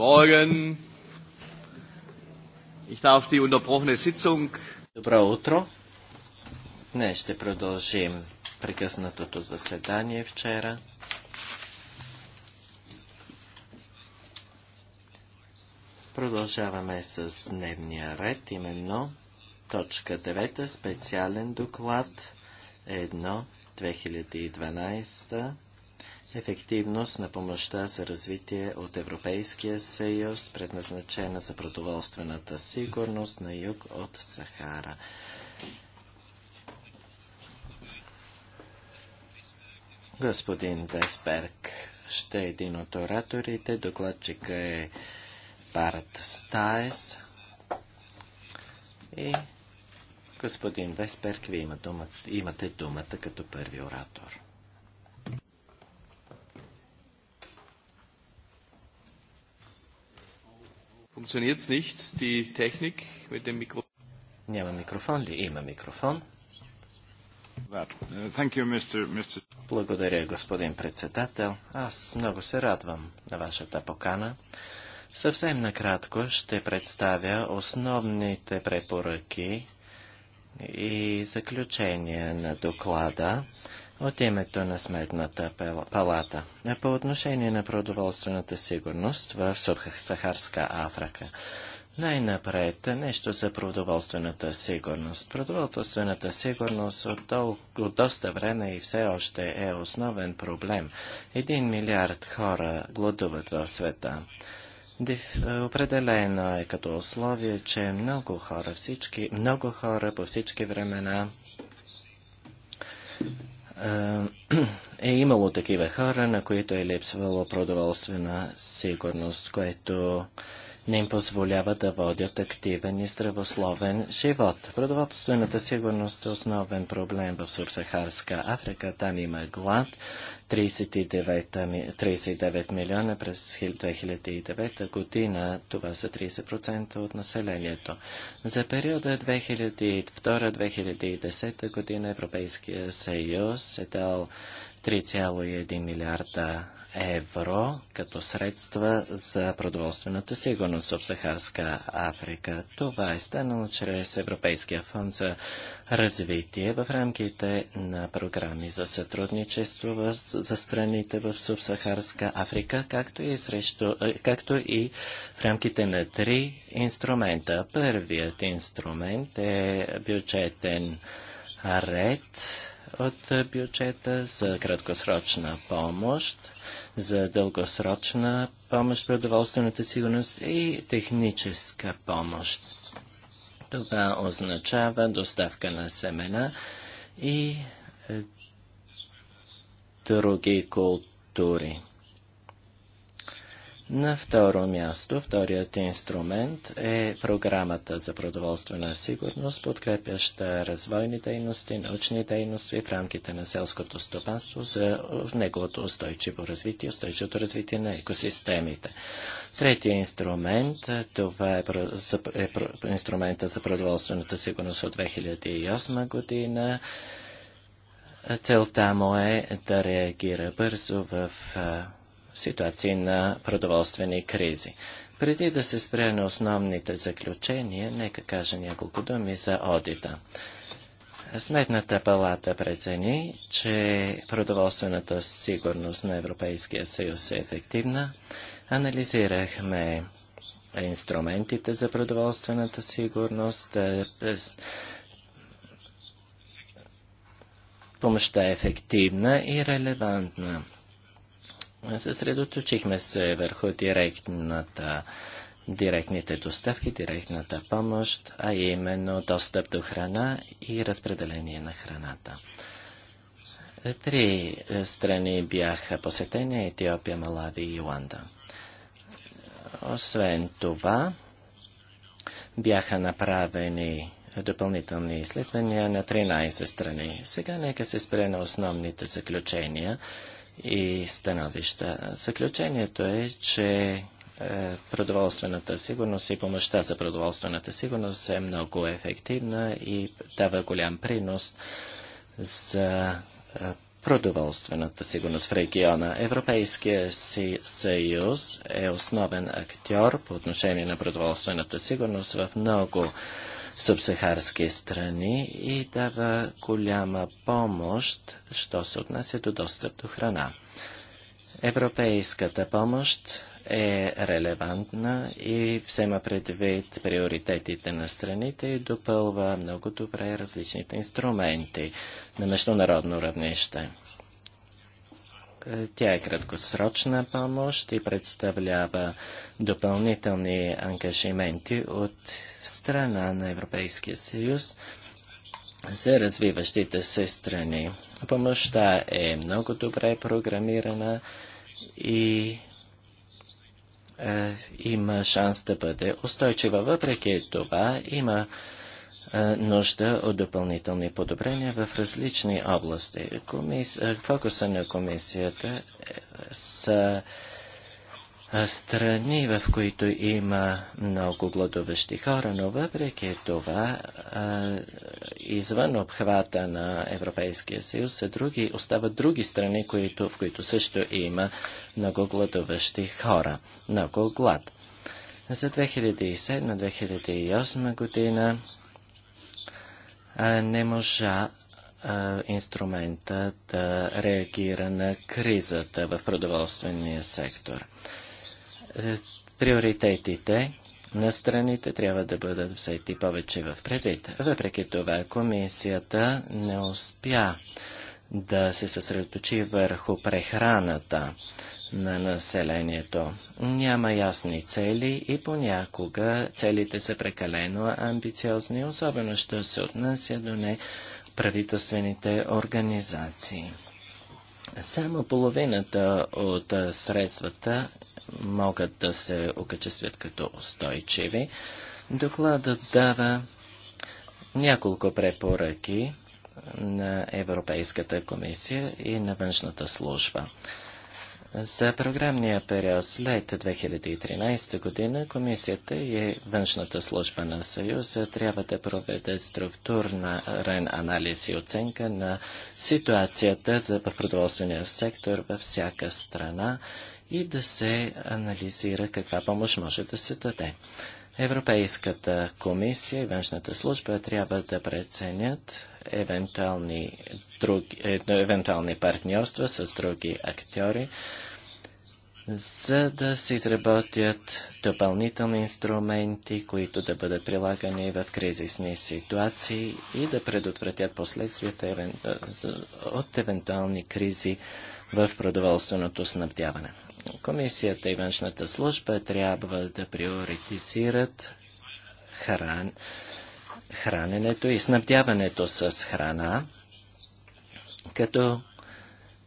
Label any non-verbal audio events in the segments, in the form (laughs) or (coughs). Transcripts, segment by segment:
Morgen. Ich darf die unterbrochene Sitzung. Добро утро. Днес ще продължим прекъснатото заседание вчера. Продължаваме с дневния ред, именно точка 9, специален доклад 1 2012 ефективност на помощта за развитие от Европейския съюз, предназначена за продоволствената сигурност на юг от Сахара. Господин Десберг ще е един от ораторите. Докладчика е Барт Стаес. И господин Весперк, вие имате думата като първи оратор. Функционирт's nicht, die Technik mit dem Mikro... Няма микрофон ли? Има микрофон. You, Mr. Mr. Благодаря, господин председател. Аз много се радвам на вашата покана. Съвсем накратко ще представя основните препоръки и заключения на доклада от името на Сметната палата. По отношение на продоволствената сигурност в Субсахарска Африка. Най-напред нещо за продоволствената сигурност. Продоволствената сигурност от, дол... от доста време и все още е основен проблем. Един милиард хора гладуват в света. Диф... Определено е като условие, че много хора, всички, много хора по всички времена е, е имало такива хора, на които е липсвало продоволствена сигурност, което не им позволява да водят активен и здравословен живот. Продоволствената сигурност е основен проблем в Субсахарска Африка. Там има глад. 39, 39 милиона през 2009 година. Това са 30% от населението. За периода 2002-2010 година Европейския съюз е дал 3,1 милиарда евро като средства за продоволствената сигурност в Сахарска Африка. Това е станало чрез Европейския фонд за развитие в рамките на програми за сътрудничество в, за страните в Субсахарска Африка, както и, срещу, е, както и в рамките на три инструмента. Първият инструмент е бюджетен ред от бюджета за краткосрочна помощ за дългосрочна помощ, продоволствената сигурност и техническа помощ. Това означава доставка на семена и е, други култури. На второ място, вторият инструмент е програмата за продоволствена сигурност, подкрепяща развойни дейности, научни дейности в рамките на селското стопанство за неговото устойчиво развитие, устойчивото развитие на екосистемите. Третият инструмент, това е, про, за, е про, инструмента за продоволствената сигурност от 2008 година. Целта му е да реагира бързо в ситуации на продоволствени кризи. Преди да се спре на основните заключения, нека кажа няколко думи за одита. Сметната палата прецени, че продоволствената сигурност на Европейския съюз е ефективна. Анализирахме инструментите за продоволствената сигурност, е, е, помощта е ефективна и релевантна. Съсредоточихме се върху директната, директните доставки, директната помощ, а именно достъп до храна и разпределение на храната. Три е, страни бяха посетени Етиопия, Малави и Иланда. Освен това, бяха направени допълнителни изследвания на 13 страни. Сега нека се спре на основните заключения и становища. Заключението е, че е, продоволствената сигурност и помощта за продоволствената сигурност е много ефективна и дава голям принос за е, продоволствената сигурност в региона. Европейския съюз е основен актьор по отношение на продоволствената сигурност в много субсахарски страни и дава голяма помощ, що се отнася до достъп до храна. Европейската помощ е релевантна и взема предвид приоритетите на страните и допълва много добре различните инструменти на международно равнище. Е, тя е краткосрочна помощ и представлява допълнителни ангажименти от страна на Европейския съюз за развиващите се страни. Помощта е много добре програмирана и е, има шанс да бъде устойчива. Въпреки това има е, нужда от допълнителни подобрения в различни области. Е, фокуса на комисията е, са страни, в които има много гладуващи хора, но въпреки това извън обхвата на Европейския съюз са други, остават други страни, които, в които също има много гладуващи хора, много глад. За 2007-2008 година не можа инструмента да реагира на кризата в продоволствения сектор. Е, приоритетите на страните трябва да бъдат взети повече в предвид. Въпреки това, комисията не успя да се съсредоточи върху прехраната на населението. Няма ясни цели и понякога целите са прекалено амбициозни, особено що се отнася до неправителствените организации. Само половината от средствата могат да се окачествят като устойчиви. Докладът дава няколко препоръки на Европейската комисия и на външната служба. За програмния период след 2013 година комисията и външната служба на Съюза трябва да проведе структурен анализ и оценка на ситуацията за продоволствения сектор във всяка страна и да се анализира каква помощ може да се даде. Европейската комисия и външната служба трябва да преценят евентуални, друг, евентуални партньорства с други актьори, за да се изработят допълнителни инструменти, които да бъдат прилагани в кризисни ситуации и да предотвратят последствията от евентуални кризи в продоволственото снабдяване. Комисията и външната служба трябва да приоритизират хран храненето и снабдяването с храна, като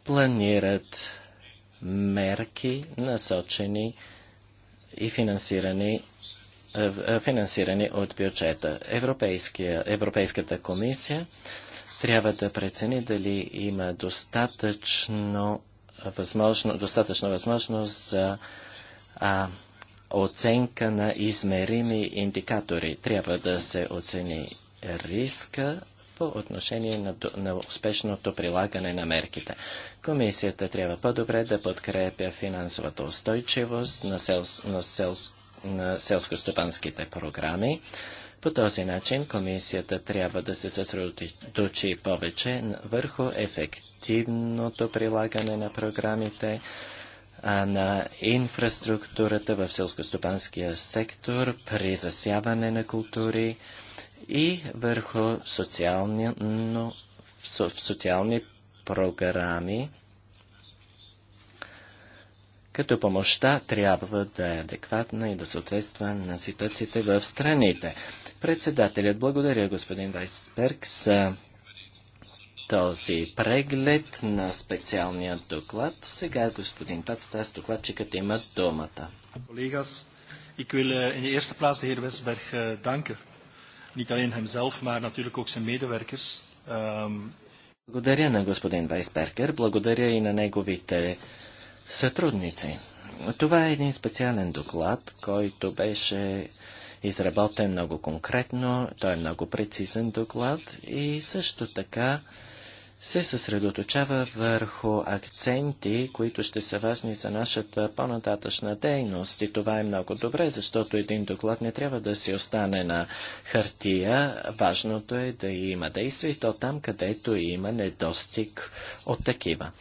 планират мерки насочени и финансирани финансирани от бюджета. Европейската комисия трябва да прецени дали има достатъчно възможно, достатъчно възможност за а, оценка на измерими индикатори. Трябва да се оцени риска по отношение на, на успешното прилагане на мерките. Комисията трябва по-добре да подкрепя финансовата устойчивост на, сел, на, сел, на селско-стопанските програми. По този начин комисията трябва да се съсредоточи повече върху ефективното прилагане на програмите, а, на инфраструктурата в селскостопанския сектор при засяване на култури и върху социални, но, в, в социални програми, като помощта трябва да е адекватна и да съответства на ситуациите в страните. Председателят благодаря господин Вайсберг за този преглед на специалния доклад. сега е господин Пацтас, докладчикът има думата. Collega's, ik wil eh, in de eerste plaats de heer Westberg eh, danken. Niet alleen hemzelf, maar natuurlijk ook zijn medewerkers. Ehm, благодаря на господин Вайсбергер, благодаря и на неговите сътрудници. Това е един специален доклад, който беше изработен много конкретно, той е много прецизен доклад и също така се съсредоточава върху акценти, които ще са важни за нашата по-нататъчна дейност. И това е много добре, защото един доклад не трябва да си остане на хартия. Важното е да има действие и то там, където има недостиг от такива.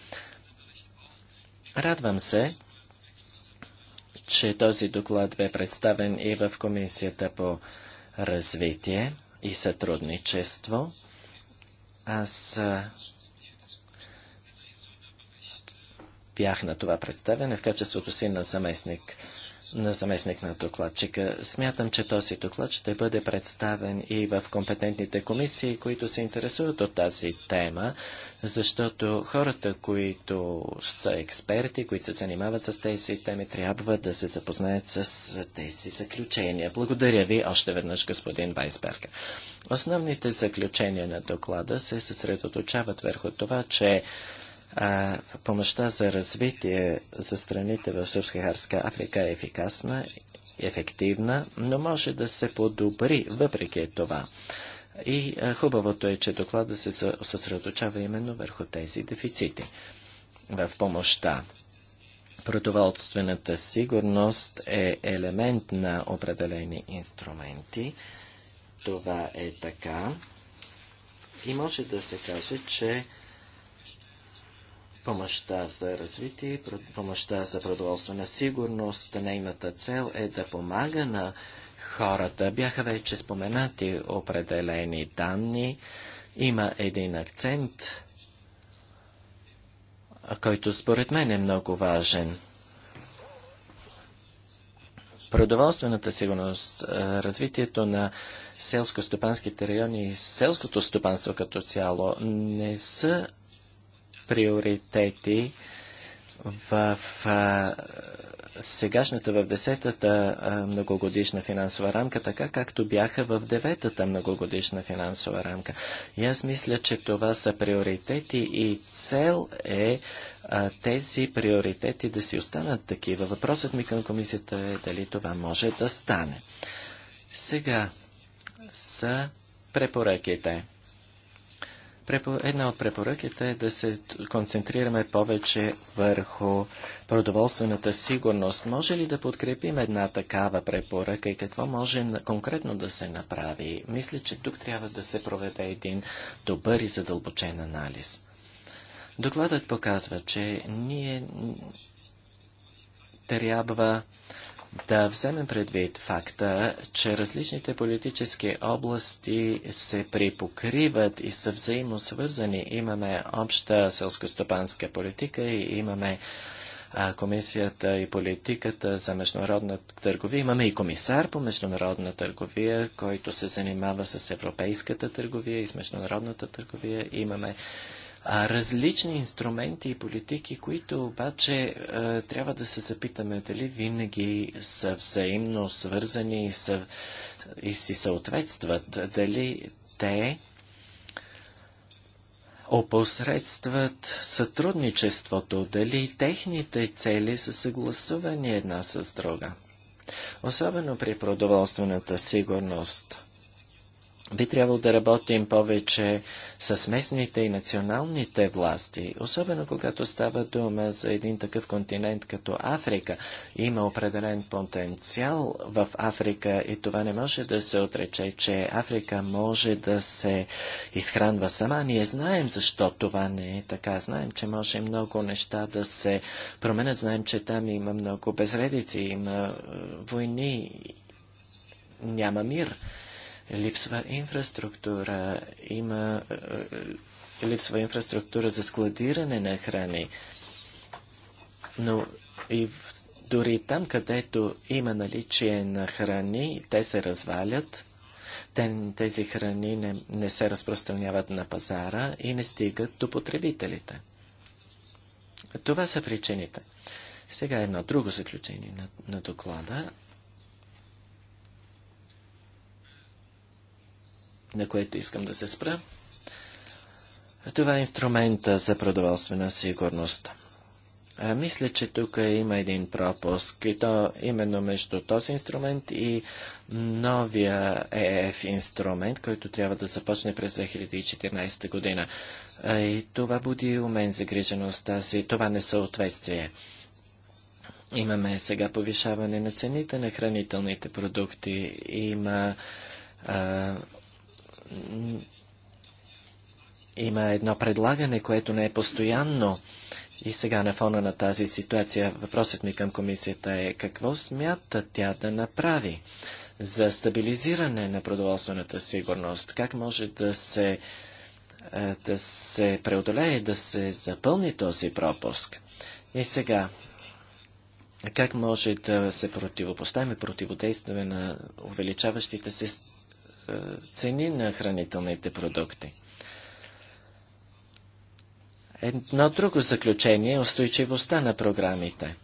Радвам се, че този доклад бе представен и в Комисията по развитие и сътрудничество. Аз бях на това представяне в качеството си на заместник на заместник на докладчика. Смятам, че този доклад ще бъде представен и в компетентните комисии, които се интересуват от тази тема, защото хората, които са експерти, които се занимават с тези теми, трябва да се запознаят с тези заключения. Благодаря ви още веднъж, господин Вайсберг. Основните заключения на доклада се съсредоточават върху това, че а, помощта за развитие за страните в Субсахарска Африка е ефикасна, ефективна, но може да се подобри въпреки това. И а, хубавото е, че доклада се съсредоточава именно върху тези дефицити в помощта. Продоволствената сигурност е елемент на определени инструменти. Това е така. И може да се каже, че помощта за развитие, помощта за продоволствена сигурност. Нейната цел е да помага на хората. Бяха вече споменати определени данни. Има един акцент, който според мен е много важен. Продоволствената сигурност, е, развитието на селско-стопанските райони и селското стопанство като цяло не са приоритети в а, сегашната, в десетата многогодишна финансова рамка, така както бяха в деветата многогодишна финансова рамка. И аз мисля, че това са приоритети и цел е а, тези приоритети да си останат такива. Въпросът ми към комисията е дали това може да стане. Сега са препоръките. Една от препоръките е да се концентрираме повече върху продоволствената сигурност. Може ли да подкрепим една такава препоръка и какво може конкретно да се направи? Мисля, че тук трябва да се проведе един добър и задълбочен анализ. Докладът показва, че ние трябва да вземем предвид факта, че различните политически области се припокриват и са взаимосвързани. Имаме обща селскостопанска политика и имаме а, комисията и политиката за международна търговия. Имаме и комисар по международна търговия, който се занимава с европейската търговия и с международната търговия. Имаме а, различни инструменти и политики, които обаче а, е, трябва да се запитаме дали винаги са взаимно свързани и, са, и си съответстват, дали те опосредстват сътрудничеството, дали техните цели са съгласувани една с друга. Особено при продоволствената сигурност – би трябвало да работим повече с местните и националните власти, особено когато става дума за един такъв континент като Африка. Има определен потенциал в Африка и това не може да се отрече, че Африка може да се изхранва сама. Ние знаем защо това не е така. Знаем, че може много неща да се променят. Знаем, че там има много безредици, има е, войни, няма мир. Липсва инфраструктура, има, е, е, липсва инфраструктура за складиране на храни. Но и в, дори там, където има наличие на храни, те се развалят, тези храни не, не се разпространяват на пазара и не стигат до потребителите. Това са причините. Сега едно друго заключение на, на доклада, на което искам да се спра. Това е инструмента за продоволствена сигурност. А, мисля, че тук има един пропуск и то именно между този инструмент и новия ЕФ инструмент, който трябва да започне през 2014 година. А, и това буди у мен загриженост, тази, това несъответствие. Имаме сега повишаване на цените на хранителните продукти, има а, има едно предлагане, което не е постоянно. И сега на фона на тази ситуация въпросът ми към комисията е какво смята тя да направи за стабилизиране на продоволствената сигурност? Как може да се, е, да се преодолее, да се запълни този пропуск? И сега, как може да се противопоставим и противодействаме на увеличаващите се е, цени на хранителните продукти. Едно друго заключение е устойчивостта на програмите.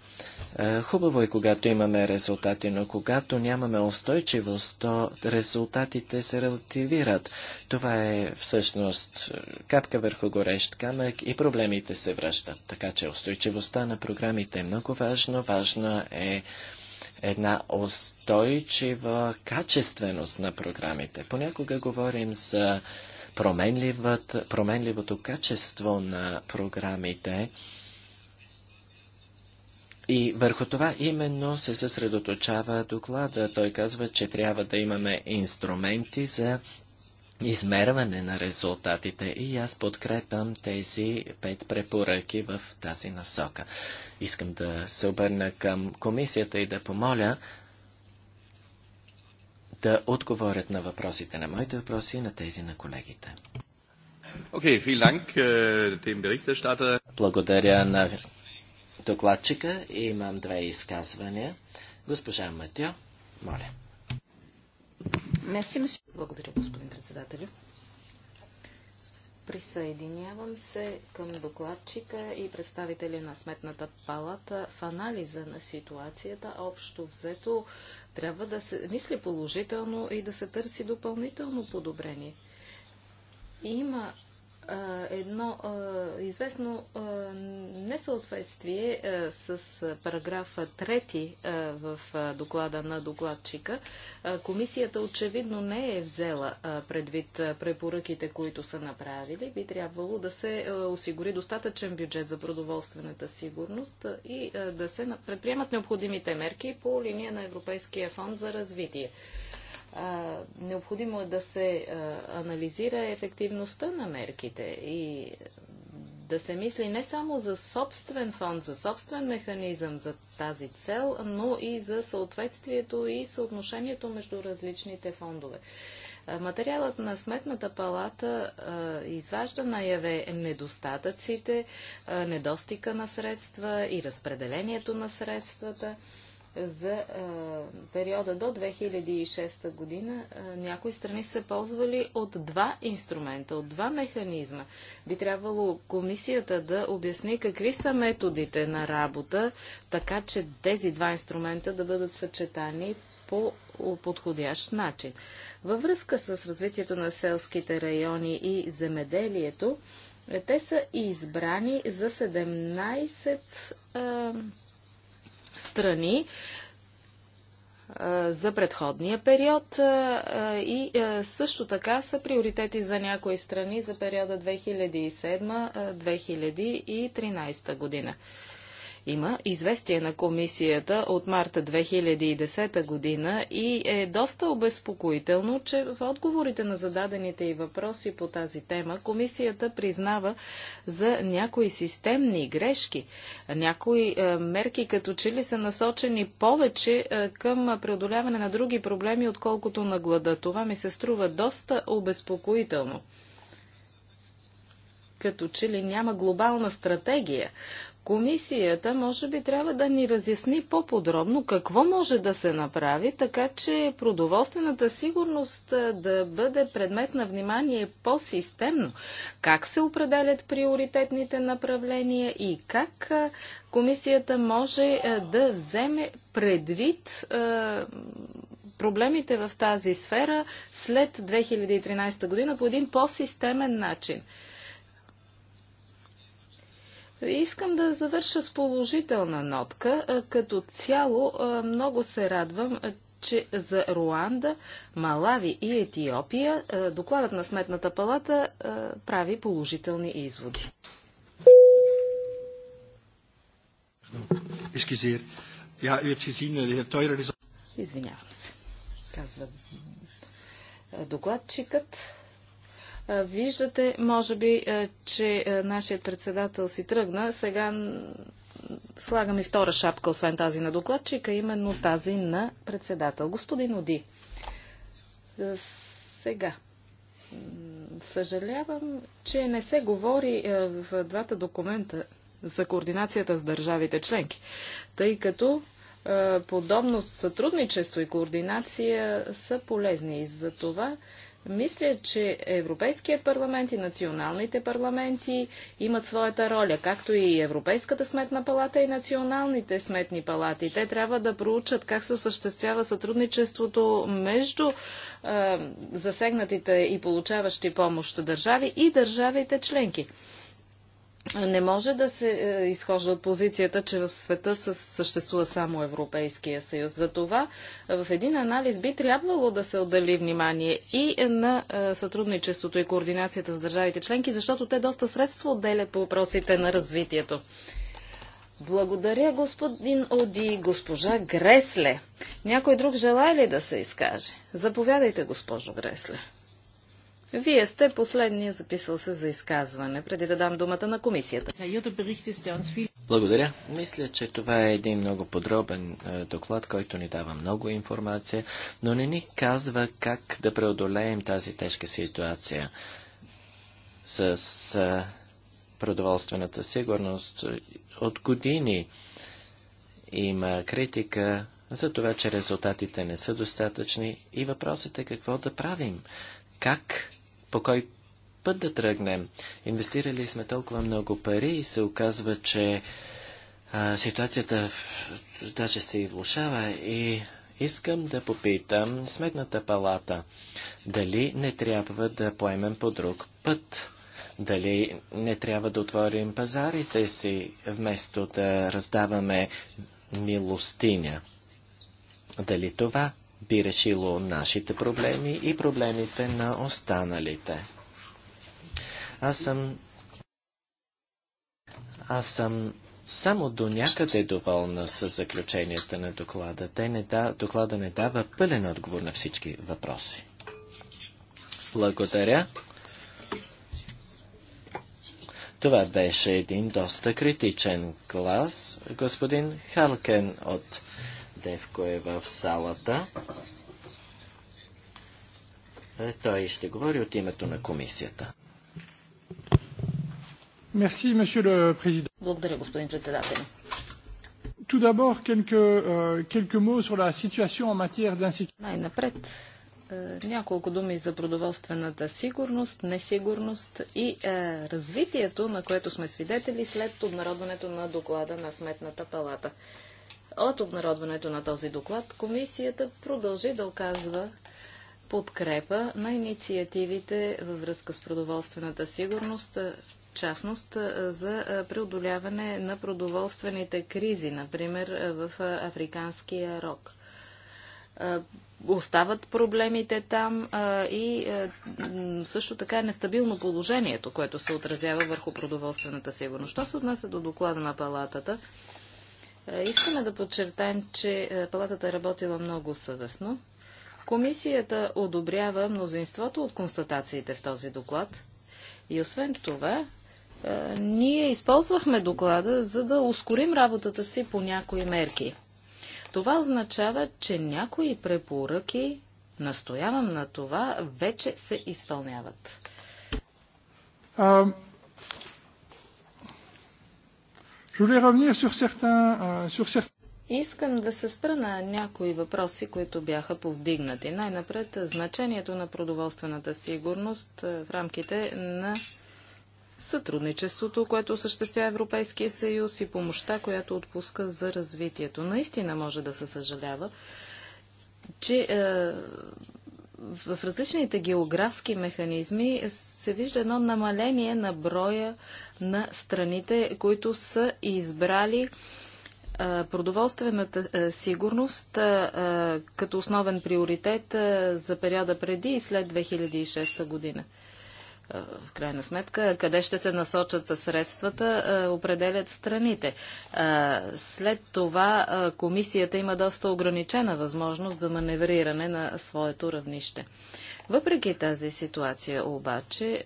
Е, хубаво е, когато имаме резултати, но когато нямаме устойчивост, то резултатите се релативират. Това е всъщност е, капка върху горещ камък и проблемите се връщат. Така че устойчивостта на програмите е много важно. Важно е една устойчива качественост на програмите. Понякога говорим за променливото качество на програмите и върху това именно се съсредоточава доклада. Той казва, че трябва да имаме инструменти за измерване на резултатите и аз подкрепям тези пет препоръки в тази насока. Искам да се обърна към комисията и да помоля да отговорят на въпросите, на моите въпроси и на тези на колегите. Dank, äh, Благодаря на докладчика. Имам две изказвания. Госпожа Матио, моля. Благодаря, господин председателю. Присъединявам се към докладчика и представители на Сметната палата в анализа на ситуацията. Общо взето трябва да се мисли положително и да се търси допълнително подобрение. Има едно известно несъответствие с параграф 3 в доклада на докладчика. Комисията очевидно не е взела предвид препоръките, които са направили. Би трябвало да се осигури достатъчен бюджет за продоволствената сигурност и да се предприемат необходимите мерки по линия на Европейския фонд за развитие необходимо е да се анализира ефективността на мерките и да се мисли не само за собствен фонд, за собствен механизъм за тази цел, но и за съответствието и съотношението между различните фондове. Материалът на Сметната палата а, изважда наяве недостатъците, а, недостига на средства и разпределението на средствата. А, за а, периода до 2006 година а, някои страни са ползвали от два инструмента, от два механизма. Би трябвало комисията да обясни какви са методите на работа, така че тези два инструмента да бъдат съчетани по подходящ начин. Във връзка с развитието на селските райони и земеделието, те са избрани за 17 а, страни за предходния период и също така са приоритети за някои страни за периода 2007-2013 година. Има известие на комисията от марта 2010 година и е доста обезпокоително, че в отговорите на зададените и въпроси по тази тема комисията признава за някои системни грешки. Някои е, мерки като че ли са насочени повече е, към преодоляване на други проблеми, отколкото на глада. Това ми се струва доста обезпокоително като че ли няма глобална стратегия Комисията може би трябва да ни разясни по-подробно какво може да се направи, така че продоволствената сигурност да бъде предмет на внимание по-системно. Как се определят приоритетните направления и как комисията може да вземе предвид проблемите в тази сфера след 2013 година по един по-системен начин. Искам да завърша с положителна нотка. Като цяло много се радвам, че за Руанда, Малави и Етиопия докладът на Сметната палата прави положителни изводи. Е Извинявам се. Казва докладчикът. Виждате, може би, че нашият председател си тръгна. Сега слагам и втора шапка, освен тази на докладчика, именно тази на председател. Господин Оди, сега. Съжалявам, че не се говори в двата документа за координацията с държавите членки, тъй като подобно сътрудничество и координация са полезни. И за това мисля, че Европейския парламент и националните парламенти имат своята роля, както и Европейската сметна палата и националните сметни палати. Те трябва да проучат как се осъществява сътрудничеството между е, засегнатите и получаващи помощ държави и държавите членки. Не може да се е, изхожда от позицията, че в света съществува само Европейския съюз. Затова в един анализ би трябвало да се отдели внимание и на е, сътрудничеството и координацията с държавите членки, защото те доста средства отделят по въпросите на развитието. Благодаря, господин Оди, госпожа Гресле. Някой друг желая ли да се изкаже? Заповядайте, госпожо Гресле. Вие сте последния записал се за изказване, преди да дам думата на комисията. Благодаря. Мисля, че това е един много подробен е, доклад, който ни дава много информация, но не ни казва как да преодолеем тази тежка ситуация с е, продоволствената сигурност. От години има критика за това, че резултатите не са достатъчни и въпросът е какво да правим. Как по кой път да тръгнем. Инвестирали сме толкова много пари и се оказва, че а, ситуацията даже се и влушава и искам да попитам Сметната палата дали не трябва да поемем по друг път. Дали не трябва да отворим пазарите си, вместо да раздаваме милостиня? Дали това би решило нашите проблеми и проблемите на останалите. Аз съм. Аз съм само до някъде доволна с заключенията на доклада. Те не да, доклада не дава пълен отговор на всички въпроси. Благодаря. Това беше един доста критичен глас. Господин Халкен от Девко е в салата. Е, той ще говори от името на комисията. Merci, monsieur le président. Благодаря, господин председател. Tout d'abord, quelques, euh, quelques mots sur la situation en matière d'insécurité. Най-напред, е, няколко думи за продоволствената сигурност, несигурност и е, развитието, на което сме свидетели след обнародването на доклада на Сметната палата. От обнародването на този доклад комисията продължи да оказва подкрепа на инициативите във връзка с продоволствената сигурност, частност за преодоляване на продоволствените кризи, например в Африканския рог. Остават проблемите там и също така е нестабилно положението, което се отразява върху продоволствената сигурност. Що се отнася до доклада на палатата, е, искаме да подчертаем, че е, палатата е работила много съвестно. Комисията одобрява мнозинството от констатациите в този доклад. И освен това, е, ние използвахме доклада, за да ускорим работата си по някои мерки. Това означава, че някои препоръки, настоявам на това, вече се изпълняват. Um, Je revenir sur certains, euh, sur certains... Искам да се спра на някои въпроси, които бяха повдигнати. Най-напред значението на продоволствената сигурност е, в рамките на сътрудничеството, което осъществя Европейския съюз и помощта, която отпуска за развитието. Наистина може да се съжалява, че е, в различните географски механизми се вижда едно намаление на броя на страните, които са избрали продоволствената сигурност като основен приоритет за периода преди и след 2006 година в крайна сметка, къде ще се насочат средствата, е, определят страните. Е, след това е, комисията има доста ограничена възможност за маневриране на своето равнище. Въпреки тази ситуация обаче,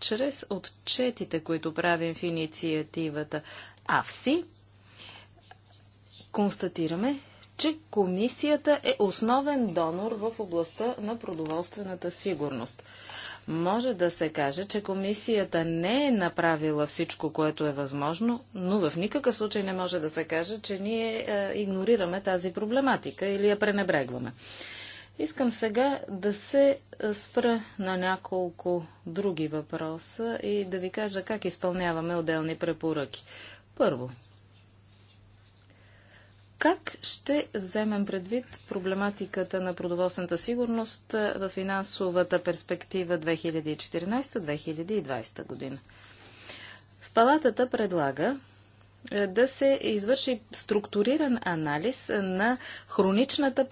чрез отчетите, които правим в инициативата АВСИ, констатираме, че комисията е основен донор в областта на продоволствената сигурност може да се каже, че комисията не е направила всичко, което е възможно, но в никакъв случай не може да се каже, че ние е, игнорираме тази проблематика или я пренебрегваме. Искам сега да се е, спра на няколко други въпроса и да ви кажа как изпълняваме отделни препоръки. Първо, как ще вземем предвид проблематиката на продоволствената сигурност в финансовата перспектива 2014-2020 година? В палатата предлага да се извърши структуриран анализ на хроничната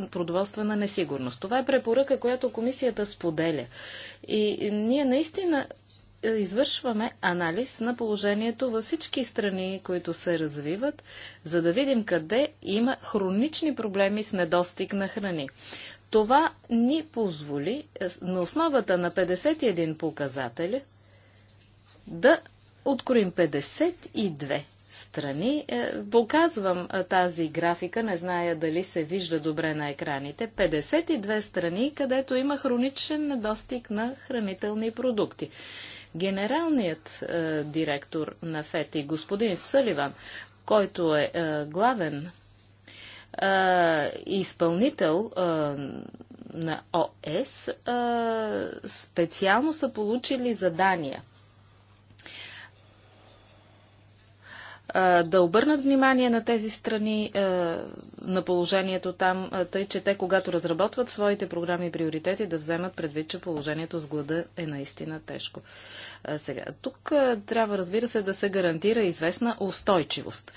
продоволствена несигурност. Това е препоръка, която комисията споделя. И ние наистина извършваме анализ на положението във всички страни, които се развиват, за да видим къде има хронични проблеми с недостиг на храни. Това ни позволи е, на основата на 51 показатели да откроим 52 страни. Е, показвам е, тази графика, не зная дали се вижда добре на екраните. 52 страни, където има хроничен недостиг на хранителни продукти. Генералният е, директор на ФЕТИ, господин Съливан, който е, е главен е, изпълнител е, на ОС, е, специално са получили задания – да обърнат внимание на тези страни, на положението там, тъй че те, когато разработват своите програми и приоритети, да вземат предвид, че положението с глада е наистина тежко. Сега, тук трябва, разбира се, да се гарантира известна устойчивост.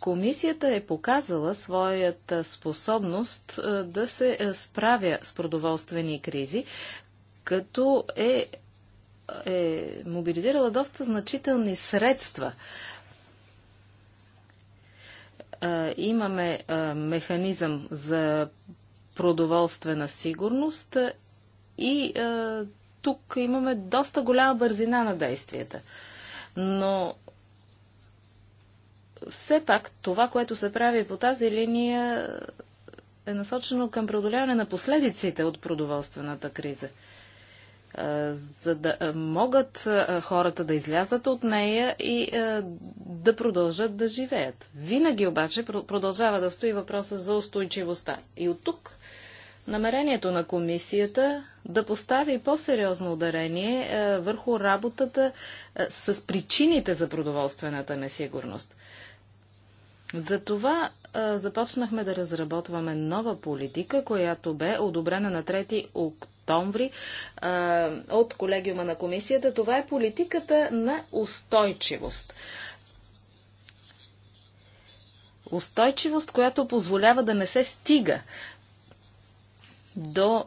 Комисията е показала своята способност да се справя с продоволствени кризи, като е е мобилизирала доста значителни средства имаме механизъм за продоволствена сигурност и тук имаме доста голяма бързина на действията. Но все пак това, което се прави по тази линия е насочено към преодоляване на последиците от продоволствената криза за да могат хората да излязат от нея и да продължат да живеят. Винаги обаче продължава да стои въпроса за устойчивостта. И от тук намерението на комисията да постави по-сериозно ударение върху работата с причините за продоволствената несигурност. Затова започнахме да разработваме нова политика, която бе одобрена на 3 октомври октомври а, от колегиума на комисията. Това е политиката на устойчивост. Устойчивост, която позволява да не се стига до е,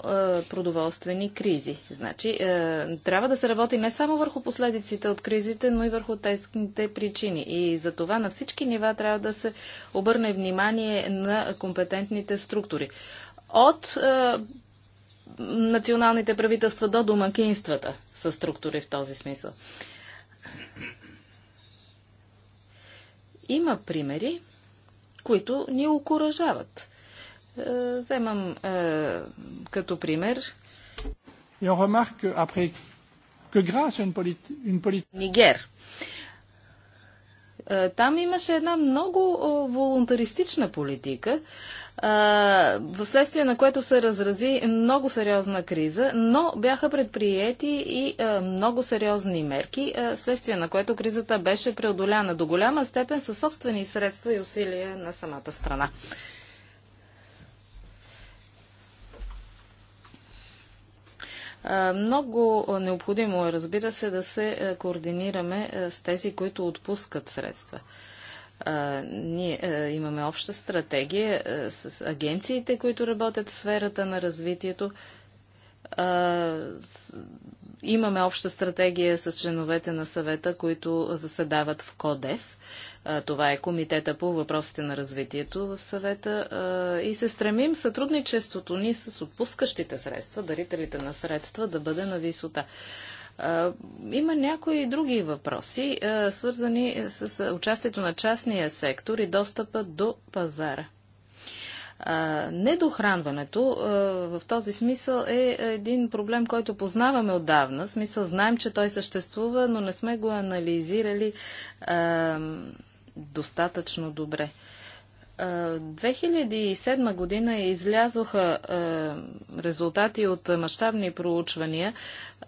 продоволствени кризи. Значи, е, трябва да се работи не само върху последиците от кризите, но и върху тезните причини. И за това на всички нива трябва да се обърне внимание на компетентните структури. От е, националните правителства до домакинствата са структури в този смисъл. Има примери, които ни окоръжават. Е, вземам е, като пример Нигер. Е, там имаше една много е, волонтаристична политика, вследствие на което се разрази много сериозна криза, но бяха предприяти и много сериозни мерки, вследствие на което кризата беше преодоляна до голяма степен със собствени средства и усилия на самата страна. Много необходимо е, разбира се, да се координираме с тези, които отпускат средства. А, ние а, имаме обща стратегия а, с агенциите, които работят в сферата на развитието. А, с, имаме обща стратегия с членовете на съвета, които заседават в КОДЕФ. А, това е комитета по въпросите на развитието в съвета. А, и се стремим сътрудничеството ни с отпускащите средства, дарителите на средства, да бъде на висота. Има някои други въпроси, свързани с участието на частния сектор и достъпа до пазара. Недохранването в този смисъл е един проблем, който познаваме отдавна. смисъл знаем, че той съществува, но не сме го анализирали достатъчно добре. 2007 година излязоха резултати от мащабни проучвания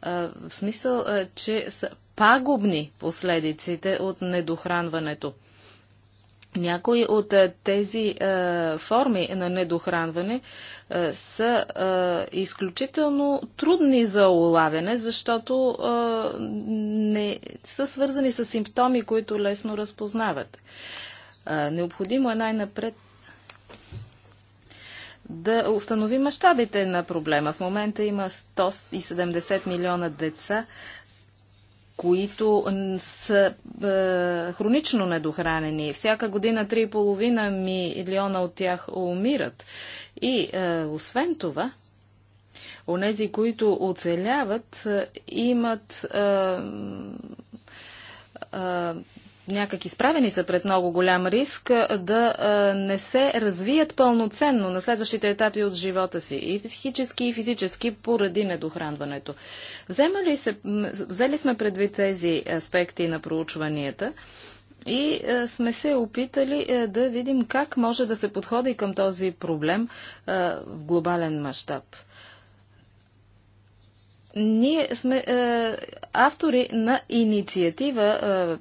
в смисъл, че са пагубни последиците от недохранването. Някои от тези е, форми на недохранване е, са е, изключително трудни за улавяне, защото е, не са свързани с симптоми, които лесно разпознават. Е, необходимо е най-напред да установи мащабите на проблема. В момента има 170 милиона деца, които са е, хронично недохранени. Всяка година 3,5 милиона от тях умират. И е, освен това, онези, които оцеляват, е, имат е, е някак изправени са пред много голям риск да не се развият пълноценно на следващите етапи от живота си и психически и физически поради недохранването. Вземали се, взели сме предвид тези аспекти на проучванията и сме се опитали да видим как може да се подходи към този проблем в глобален мащаб. Ние сме е, автори на инициатива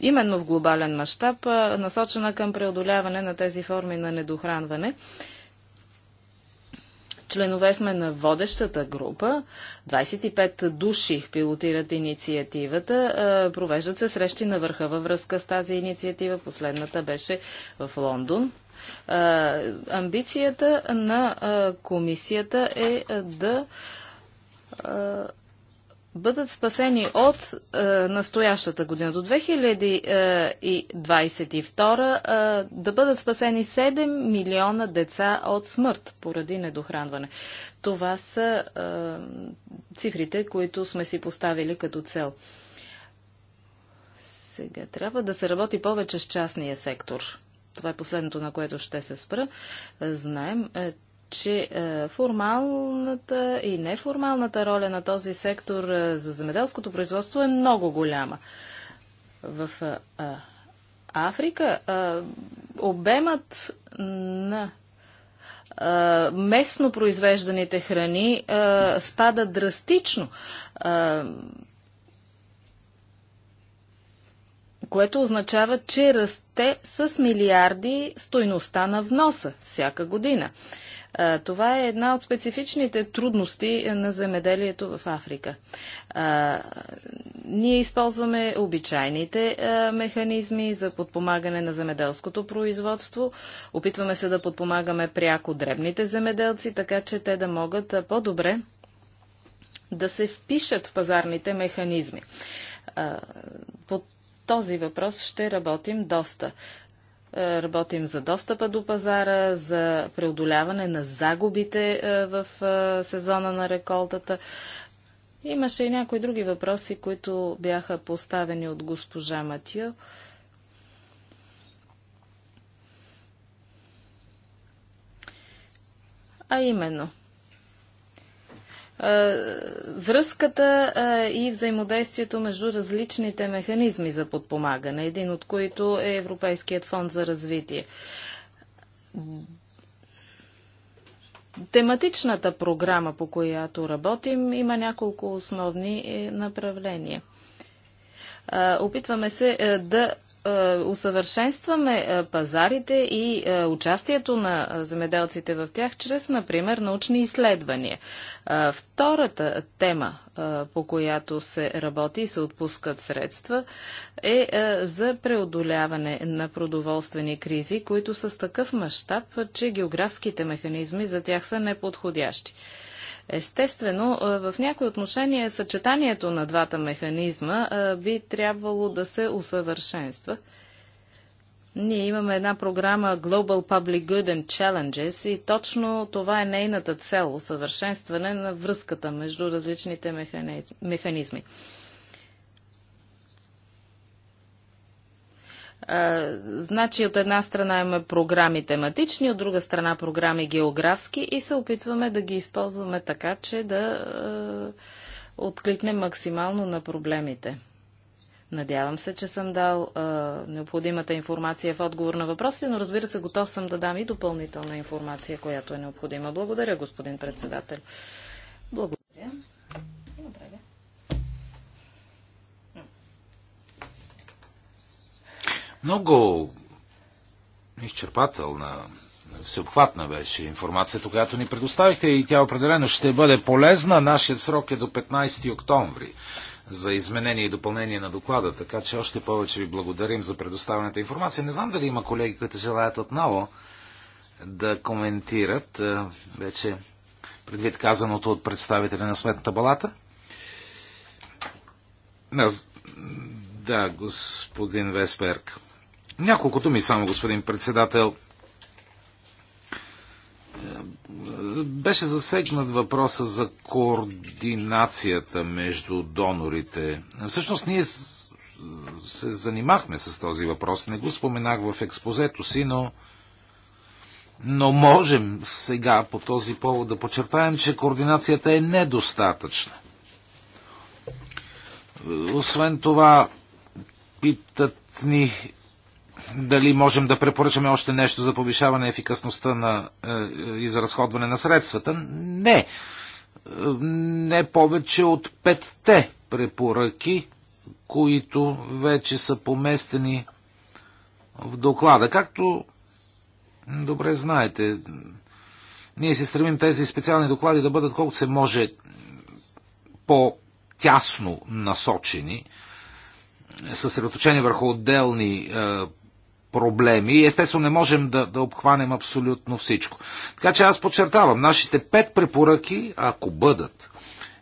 именно в глобален мащаб, насочена към преодоляване на тези форми на недохранване. Членове сме на водещата група. 25 души пилотират инициативата. Провеждат се срещи на върха във връзка с тази инициатива. Последната беше в Лондон. Амбицията на комисията е да бъдат спасени от е, настоящата година до 2022 е, да бъдат спасени 7 милиона деца от смърт поради недохранване. Това са е, цифрите, които сме си поставили като цел. Сега трябва да се работи повече с частния сектор. Това е последното, на което ще се спра. Знаем, е, че е, формалната и неформалната роля на този сектор е, за земеделското производство е много голяма. В е, Африка обемът на местно произвежданите храни спада драстично което означава, че расте с милиарди стойността на вноса всяка година. Това е една от специфичните трудности на земеделието в Африка. Ние използваме обичайните механизми за подпомагане на земеделското производство. Опитваме се да подпомагаме пряко дребните земеделци, така че те да могат по-добре да се впишат в пазарните механизми. По този въпрос ще работим доста. Е, работим за достъпа до пазара, за преодоляване на загубите е, в е, сезона на реколтата. Имаше и някои други въпроси, които бяха поставени от госпожа Матио. А именно – връзката и взаимодействието между различните механизми за подпомагане, един от които е Европейският фонд за развитие. Тематичната програма, по която работим, има няколко основни е, направления. Опитваме се е, да е, усъвършенстваме е, пазарите и е, участието на земеделците в тях чрез, например, научни изследвания. Втората тема, по която се работи и се отпускат средства, е за преодоляване на продоволствени кризи, които са с такъв мащаб, че географските механизми за тях са неподходящи. Естествено, е, в някои отношения съчетанието на двата механизма е, би трябвало да се усъвършенства. Ние имаме една програма Global Public Good and Challenges и точно това е нейната цел – усъвършенстване на връзката между различните механизми. значи от една страна имаме програми тематични, от друга страна програми географски и се опитваме да ги използваме така, че да откликнем максимално на проблемите. Надявам се, че съм дал а, необходимата информация в отговор на въпросите, но разбира се, готов съм да дам и допълнителна информация, която е необходима. Благодаря, господин председател. Благодаря. Много изчерпателна, всеобхватна беше информацията, която ни предоставихте и тя определено ще бъде полезна. Нашият срок е до 15 октомври за изменение и допълнение на доклада, така че още повече ви благодарим за предоставената информация. Не знам дали има колеги, които желаят отново да коментират вече предвид казаното от представителя на Сметната балата. Да, господин Весперк. Няколко думи само, господин председател. Беше засегнат въпроса за координацията между донорите. Всъщност ние се занимахме с този въпрос. Не го споменах в експозето си, но, но можем сега по този повод да подчертаем, че координацията е недостатъчна. Освен това, питат ни дали можем да препоръчаме още нещо за повишаване ефикасността на е, е, изразходване на средствата. Не. Е, не повече от петте препоръки, които вече са поместени в доклада. Както добре знаете, ние се стремим тези специални доклади да бъдат колкото се може по-тясно насочени, съсредоточени върху отделни е, проблеми. Естествено, не можем да, да обхванем абсолютно всичко. Така че аз подчертавам, нашите пет препоръки, ако бъдат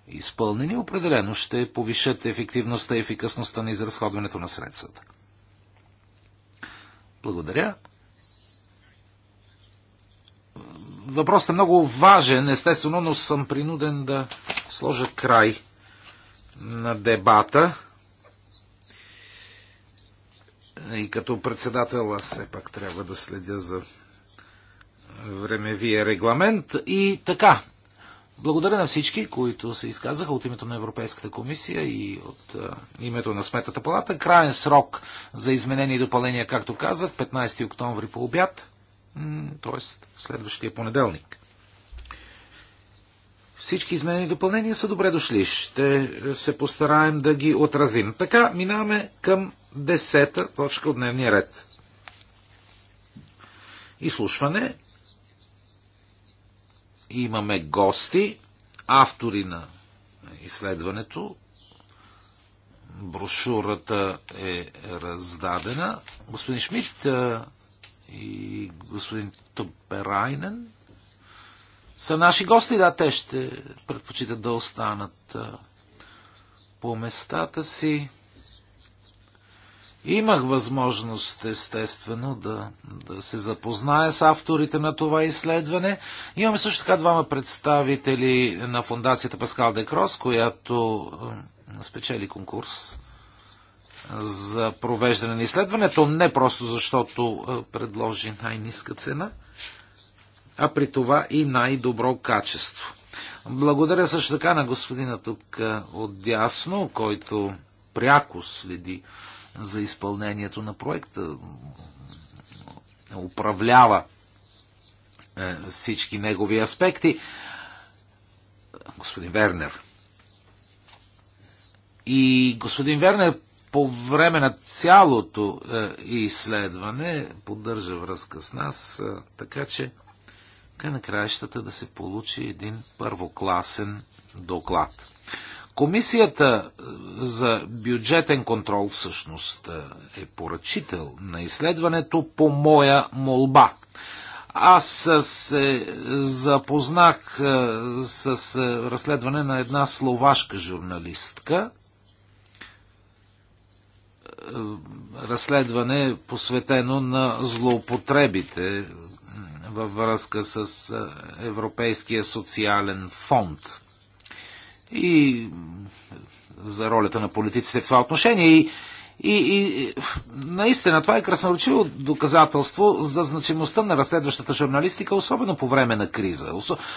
изпълнени, определено ще повишат ефективността и ефикасността на изразходването на средствата. Благодаря. Въпросът е много важен, естествено, но съм принуден да сложа край на дебата. И като председател аз все пак трябва да следя за времевия регламент. И така, благодаря на всички, които се изказаха от името на Европейската комисия и от а, името на Сметата палата. Краен срок за изменение и допълнение, както казах, 15 октомври по обяд, т.е. следващия понеделник. Всички изменени допълнения са добре дошли. Ще се постараем да ги отразим. Така, минаваме към десета точка от дневния ред. Изслушване. Имаме гости, автори на изследването. Брошурата е раздадена. Господин Шмидт и господин Топерайнен са наши гости. Да, те ще предпочитат да останат по местата си. Имах възможност, естествено, да, да се запозная с авторите на това изследване. Имаме също така двама представители на фундацията Паскал Декрос, която спечели конкурс за провеждане на изследването, не просто защото предложи най-ниска цена, а при това и най-добро качество. Благодаря също така на господина тук отдясно, който пряко следи за изпълнението на проекта, управлява е, всички негови аспекти. Господин Вернер. И господин Вернер по време на цялото е, изследване поддържа връзка с нас, е, така че край на краищата да се получи един първокласен доклад. Комисията е, за бюджетен контрол всъщност е, е поръчител на изследването по моя молба. Аз е, се запознах с разследване на една словашка журналистка. Разследване посветено на злоупотребите във връзка с Европейския социален фонд и за ролята на политиците в това отношение. И, и, и наистина това е красноречиво доказателство за значимостта на разследващата журналистика, особено по време на криза.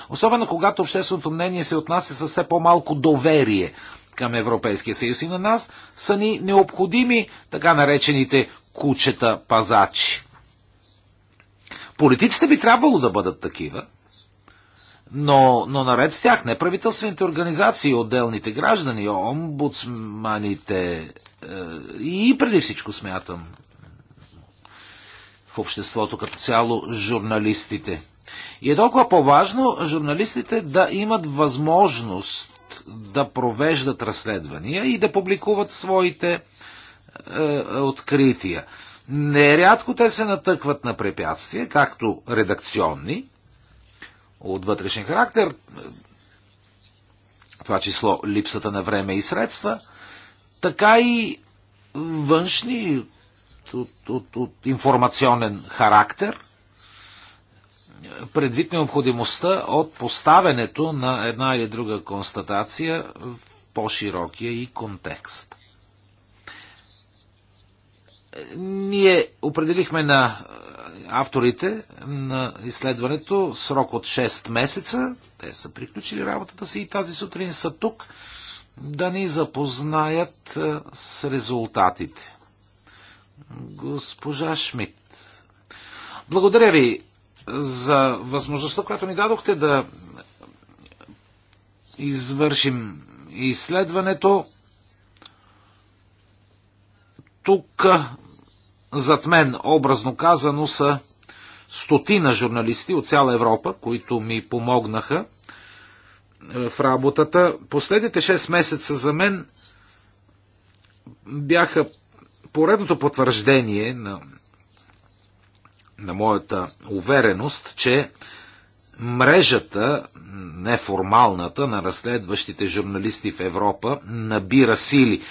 Особено когато общественото мнение се отнася с все по-малко доверие към Европейския съюз и на нас са ни необходими така наречените кучета пазачи. Политиците би трябвало да бъдат такива, но, но наред с тях неправителствените организации, отделните граждани, омбудсманите е, и преди всичко смятам в обществото като цяло журналистите. И е толкова по-важно журналистите да имат възможност да провеждат разследвания и да публикуват своите е, открития. Нерядко те се натъкват на препятствия, както редакционни, от вътрешен характер, това число липсата на време и средства, така и външни от, от, от информационен характер, предвид необходимостта от поставянето на една или друга констатация в по-широкия и контекст. Ние определихме на авторите на изследването срок от 6 месеца. Те са приключили работата си и тази сутрин са тук да ни запознаят е, с резултатите. Госпожа Шмидт. Благодаря ви за възможността, която ни дадохте да извършим изследването. Тук зад мен, образно казано, са стотина журналисти от цяла Европа, които ми помогнаха е, в работата. Последните 6 месеца за мен бяха поредното потвърждение на, на моята увереност, че мрежата, неформалната, на разследващите журналисти в Европа набира сили.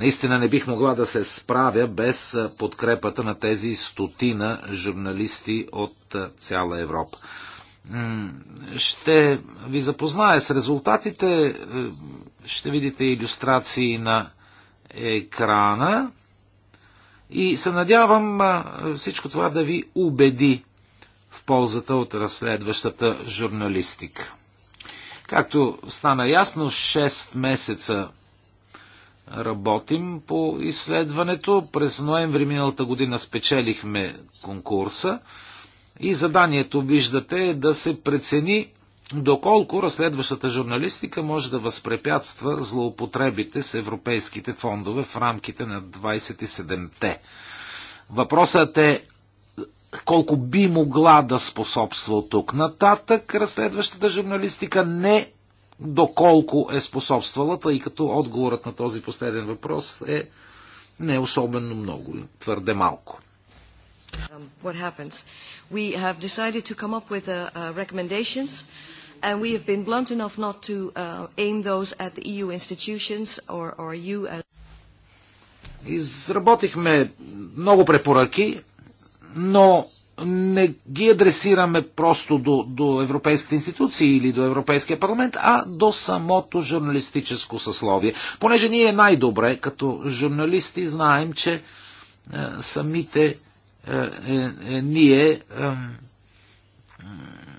Наистина не бих могла да се справя без подкрепата на тези стотина журналисти от цяла Европа. Ще ви запозная с резултатите. Е, ще видите иллюстрации на екрана. И се надявам всичко това да ви убеди в ползата от разследващата журналистика. Както стана ясно, 6 месеца работим по изследването. През ноември миналата година спечелихме конкурса и заданието, виждате, е да се прецени доколко разследващата журналистика може да възпрепятства злоупотребите с европейските фондове в рамките на 27-те. Въпросът е колко би могла да способства от тук нататък разследващата журналистика, не доколко е способствала, тъй като отговорът на този последен въпрос е не особено много, твърде малко. What happens? We have decided to come up with uh, uh, recommendations, and we have been blunt enough not to uh, aim those at the EU institutions or, or you as. Изработихме много препоръки, но не ги адресираме просто до, до европейските институции или до Европейския парламент, а до самото журналистическо съсловие. Понеже ние най-добре като журналисти знаем, че е, самите е, е, е, ние, е,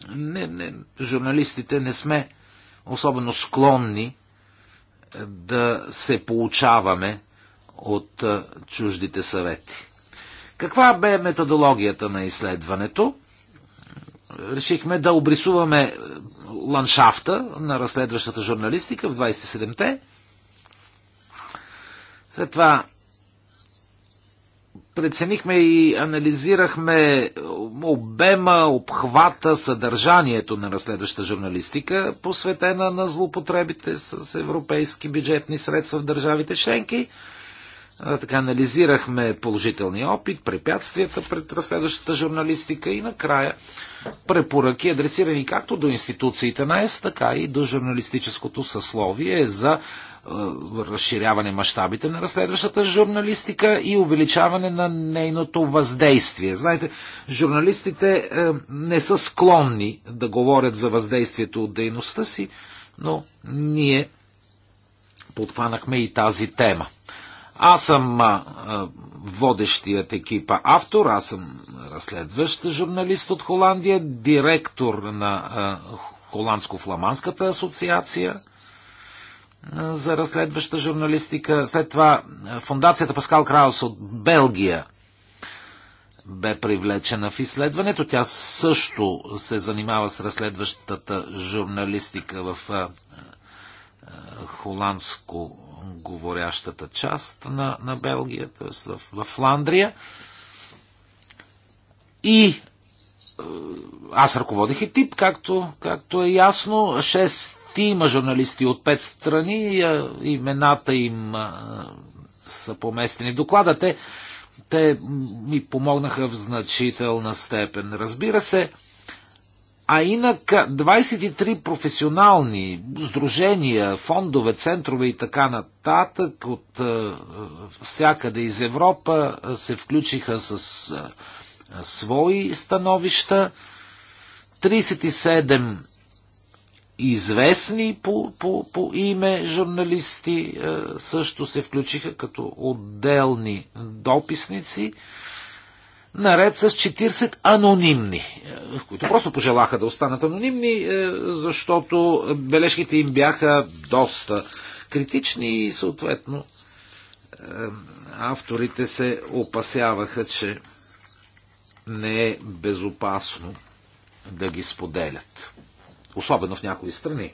не, не, журналистите, не сме особено склонни е, да се получаваме от е, чуждите съвети. Каква бе методологията на изследването? Решихме да обрисуваме ландшафта на разследващата журналистика в 27-те. След това преценихме и анализирахме обема, обхвата, съдържанието на разследваща журналистика, посветена на злоупотребите с европейски бюджетни средства в държавите членки – така анализирахме положителния опит, препятствията пред разследващата журналистика и накрая препоръки, адресирани както до институциите на ЕС, така и до журналистическото съсловие за е, разширяване мащабите на разследващата журналистика и увеличаване на нейното въздействие. Знаете, журналистите е, не са склонни да говорят за въздействието от дейността си, но ние подхванахме и тази тема. Аз съм а, водещият екипа автор, аз съм разследващ журналист от Холандия, директор на а, Холандско-фламандската асоциация за разследваща журналистика. След това фундацията Паскал Краус от Белгия бе привлечена в изследването. Тя също се занимава с разследващата журналистика в а, холандско говорящата част на, на Белгия, т.е. В, Фландрия. И е, аз ръководих и тип, както, както е ясно. Шестима журналисти от пет страни, е, имената им е, са поместени в доклада. Те, те ми помогнаха в значителна степен. Разбира се, а инак 23 професионални сдружения, фондове, центрове и така нататък от всякъде из Европа се включиха с свои становища. 37 известни по, по, по име журналисти също се включиха като отделни дописници наред с 40 анонимни, е, които просто пожелаха да останат анонимни, е, защото бележките им бяха доста критични и съответно е, авторите се опасяваха, че не е безопасно да ги споделят. Особено в някои страни.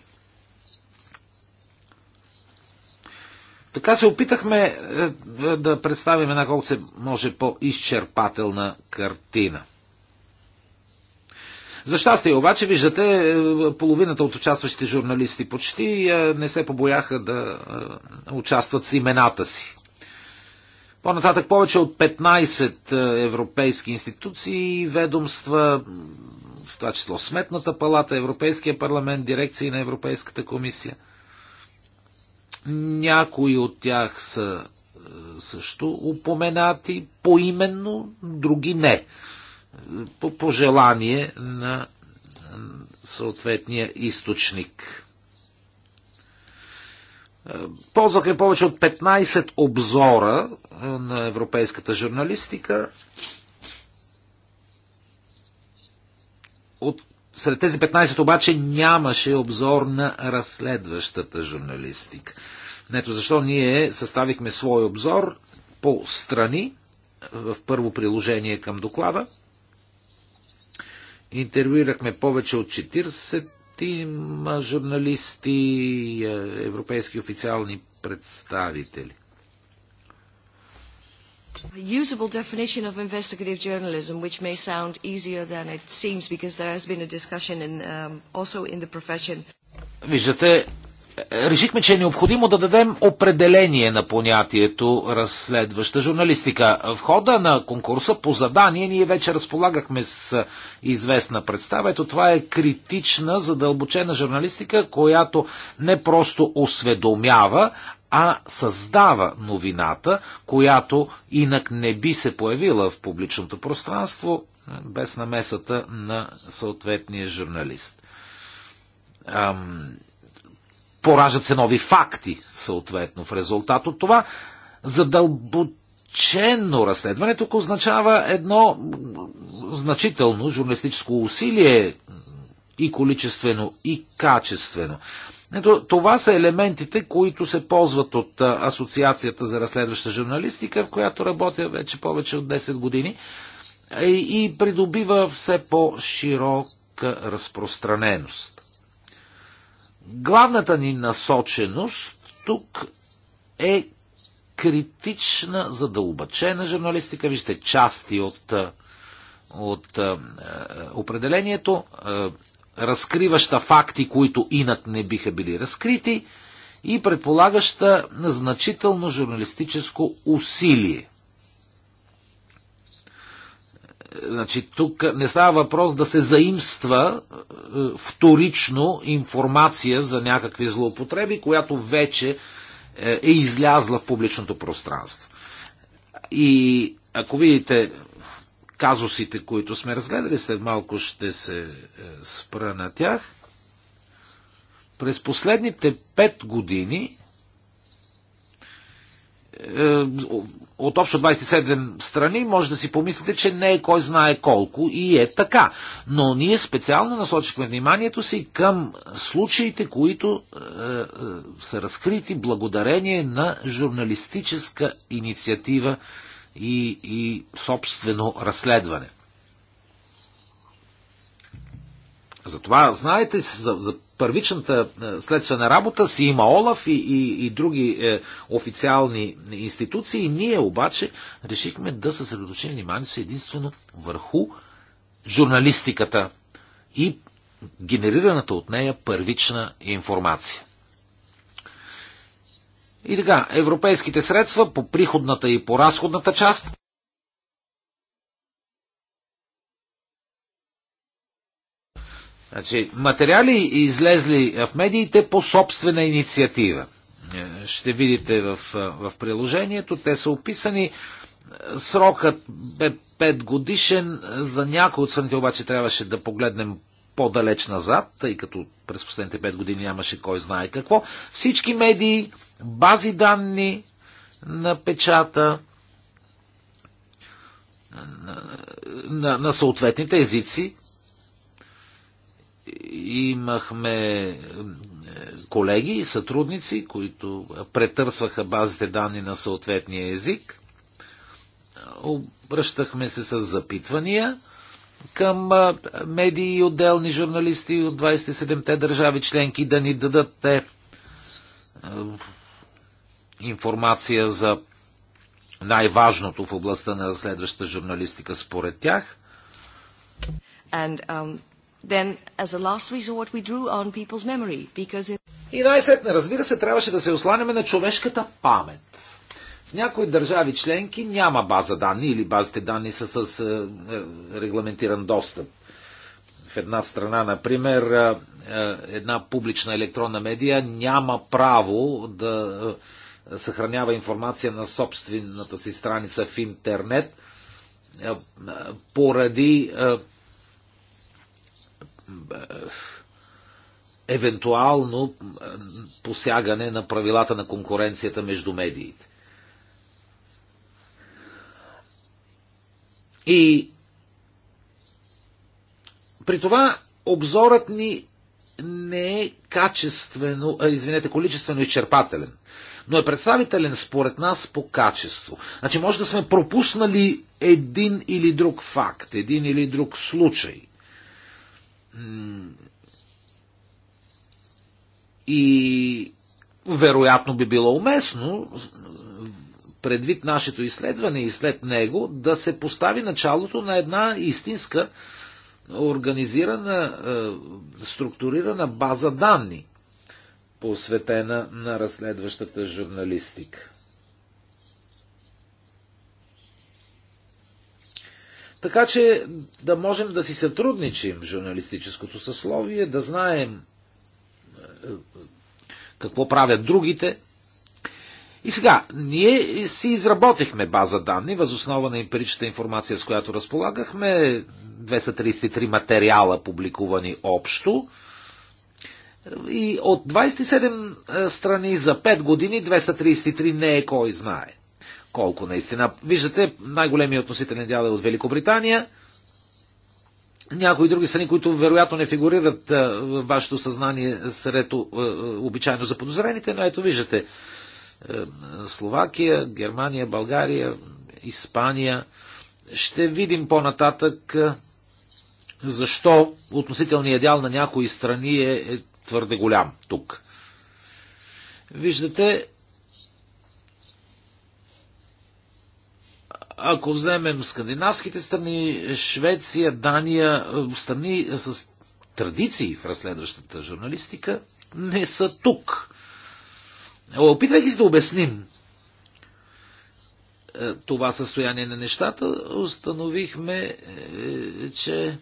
Така се опитахме е, да представим една колко се може по-изчерпателна картина. За щастие обаче, виждате, е, половината от участващите журналисти почти е, не се побояха да участват с имената си. По-нататък повече от 15 европейски институции и ведомства, в това число Сметната палата, Европейския парламент, дирекции на Европейската комисия – някои от тях са е, също упоменати поименно, други не. Е, по пожелание на е, съответния източник. Ползвахме повече от 15 обзора на европейската журналистика. От сред тези 15 обаче нямаше обзор на разследващата журналистика. Нето защо ние съставихме свой обзор по страни в първо приложение към доклада. Интервюирахме повече от 40 журналисти, е, европейски официални представители. A usable definition of investigative journalism, which may sound easier than it seems, because there has been a discussion in, um, also in the profession. Виждате, решихме, че е необходимо да дадем определение на понятието разследваща журналистика. В хода на конкурса по задание ние вече разполагахме с известна представа. Ето това е критична, задълбочена журналистика, която не просто осведомява, а създава новината, която инак не би се появила в публичното пространство е, без намесата на съответния журналист. Поражат се нови факти, съответно, в резултат от това. Задълбочено разследване тук означава едно значително журналистическо усилие и количествено, и качествено. Ето, това са елементите, които се ползват от Асоциацията за разследваща журналистика, в която работя вече повече от 10 години и придобива все по-широка разпространеност. Главната ни насоченост тук е критична, задълбачена журналистика. Вижте части от, от от определението разкриваща факти, които инак не биха били разкрити, и предполагаща значително журналистическо усилие. Значи, тук не става въпрос да се заимства е, вторично информация за някакви злоупотреби, която вече е, е излязла в публичното пространство. И ако видите казусите, които сме разгледали. След малко ще се е, спра на тях. През последните пет години е, от общо 27 страни, може да си помислите, че не е кой знае колко и е така. Но ние специално насочихме вниманието си към случаите, които е, е, са разкрити благодарение на журналистическа инициатива и, и собствено разследване. Затова, знаете, за, за първичната е, следствена работа си има ОЛАФ и, и, и други е, официални институции. Ние обаче решихме да съсредоточим вниманието си единствено върху журналистиката и генерираната от нея първична информация. И така, европейските средства по приходната и по разходната част Значи, материали излезли в медиите по собствена инициатива. Е, ще видите в, е, в приложението. Те са описани. Е, срокът бе 5 годишен. За някои от страните обаче трябваше да погледнем по-далеч назад, тъй като през последните 5 години нямаше кой знае какво. Всички медии, бази данни на печата, на, на, на съответните езици. Имахме е, колеги и сътрудници, които претърсваха базите данни на съответния език. Обръщахме се с запитвания към медии и отделни журналисти от 27-те държави членки да ни дадат те информация за най-важното в областта на следващата журналистика според тях. And, um, then, as a last resort, we drew on memory, it... И най-сетне, разбира се, трябваше да се осланяме на човешката памет някои държави членки няма база данни или базите данни са с е, е, регламентиран достъп. В една страна, например, е, една публична електронна медия няма право да съхранява информация на собствената си страница в интернет поради евентуално посягане на правилата на конкуренцията между медиите. И при това обзорът ни не е качествено, извинете, количествено изчерпателен, но е представителен според нас по качество. Значи може да сме пропуснали един или друг факт, един или друг случай. И вероятно би било уместно предвид нашето изследване и след него, да се постави началото на една истинска организирана, е, структурирана база данни, посветена на разследващата журналистика. Така че да можем да си сътрудничим в журналистическото съсловие, да знаем е, е, какво правят другите, и сега, ние си изработихме база данни, възоснова на емпиричната информация, с която разполагахме, 233 материала публикувани общо. И от 27 е, страни за 5 години 233 не е кой знае. Колко наистина. Виждате, най-големият относителен дял е от Великобритания. Някои други страни, които вероятно не фигурират е, в вашето съзнание сред е, обичайно заподозрените, но ето виждате. Е, Словакия, Германия, България, Испания. Ще видим по-нататък е, защо относителният дял на някои страни е, е твърде голям тук. Виждате, ако вземем скандинавските страни, Швеция, Дания, е, страни с традиции в разследващата журналистика, не са тук. Опитвайки се да обясним е, това състояние на нещата, установихме, е, че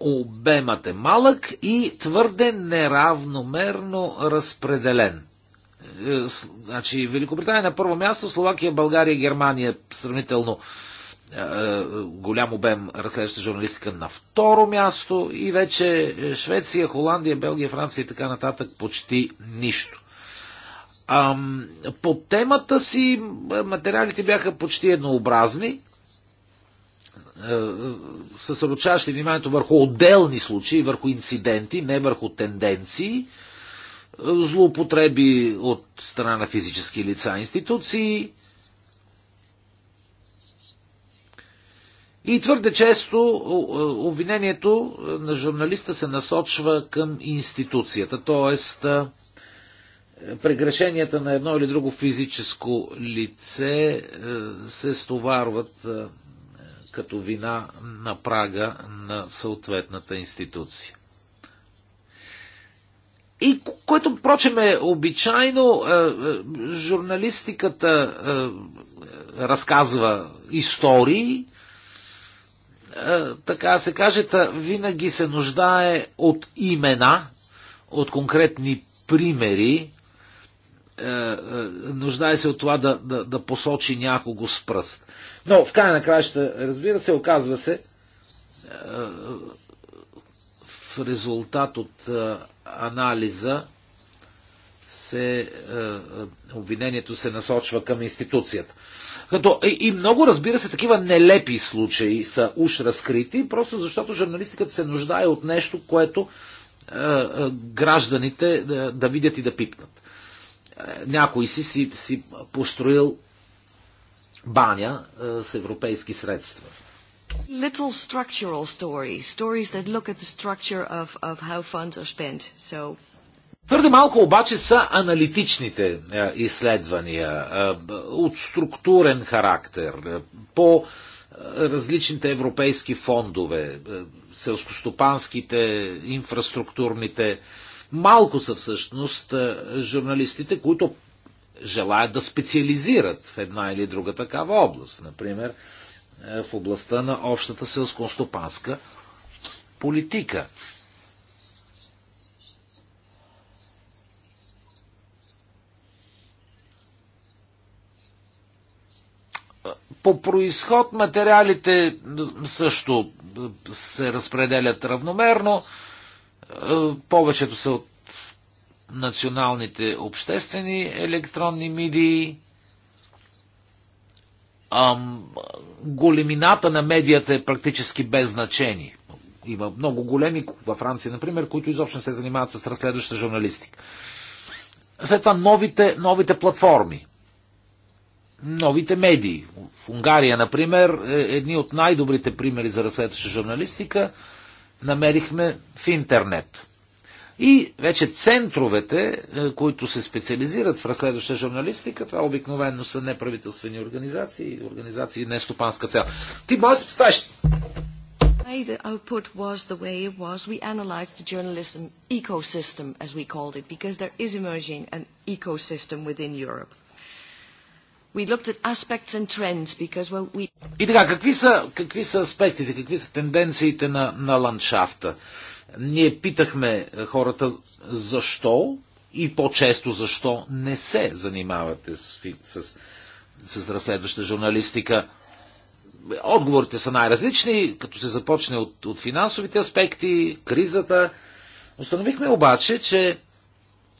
обемът е малък и твърде неравномерно разпределен. Е, значи, Великобритания на първо място, Словакия, България, Германия сравнително е, е, голям обем разследваща журналистика на второ място и вече Швеция, Холандия, Белгия, Франция и така нататък почти нищо. Ам, по темата си е, материалите бяха почти еднообразни, съсредоточаващи вниманието върху отделни случаи, върху инциденти, не върху тенденции, злоупотреби от страна на физически лица, институции, И твърде често обвинението на журналиста се насочва към институцията, т.е. прегрешенията на едно или друго физическо лице се стоварват като вина на прага на съответната институция. И което, впрочем, е обичайно, журналистиката разказва истории, е, така се каже, винаги се нуждае от имена, от конкретни примери, е, е, нуждае се от това да, да, да посочи някого с пръст. Но в край на краища, разбира се, оказва се, в резултат от анализа се, обвинението се насочва към институцията. Като, и много, разбира се, такива нелепи случаи са уж разкрити, просто защото журналистиката се нуждае от нещо, което е, е, гражданите да, е, да видят и да пипнат. Е, някой си, си, си построил баня е, с европейски средства. Little structural story, stories that look at the structure of, of how funds are spent. So Твърде малко обаче са аналитичните е, изследвания е, от структурен характер е, по различните европейски фондове, селскостопанските, инфраструктурните. Малко са всъщност журналистите, които желаят да специализират в една или друга такава област. Например, в областта на общата селскостопанска политика. По происход материалите също се разпределят равномерно. Е, повечето са от националните обществени електронни медии. големината на медията е практически без значение. Има много големи, във Франция, например, които изобщо се занимават с разследваща журналистика. След това новите, новите платформи новите медии. В Унгария, например, е, едни от най-добрите примери за разследваща журналистика намерихме в интернет. И вече центровете, е, които се специализират в разследваща журналистика, това обикновено са неправителствени организации, организации не стопанска цел. Ти може да се представиш way the output was the way it was, we analyzed the journalism ecosystem, as we called it, because there is emerging an ecosystem within Europe. We... И така, какви са, какви са аспектите, какви са тенденциите на, на ландшафта? Ние питахме хората защо и по-често защо не се занимавате с, с, с разследваща журналистика. Отговорите са най-различни, като се започне от, от финансовите аспекти, кризата. Установихме обаче, че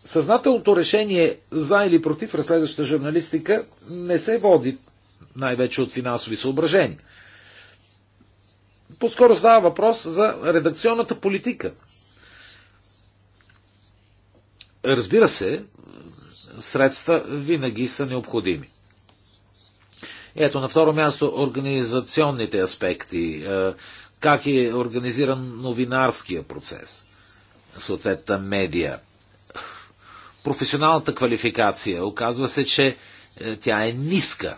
Съзнателното решение за или против разследваща журналистика не се води най-вече от финансови съображения. По-скоро става въпрос за редакционната политика. Разбира се, средства винаги са необходими. Ето на второ място организационните аспекти, е, как е организиран новинарския процес, съответната медия – професионалната квалификация. Оказва се, че е, тя е ниска.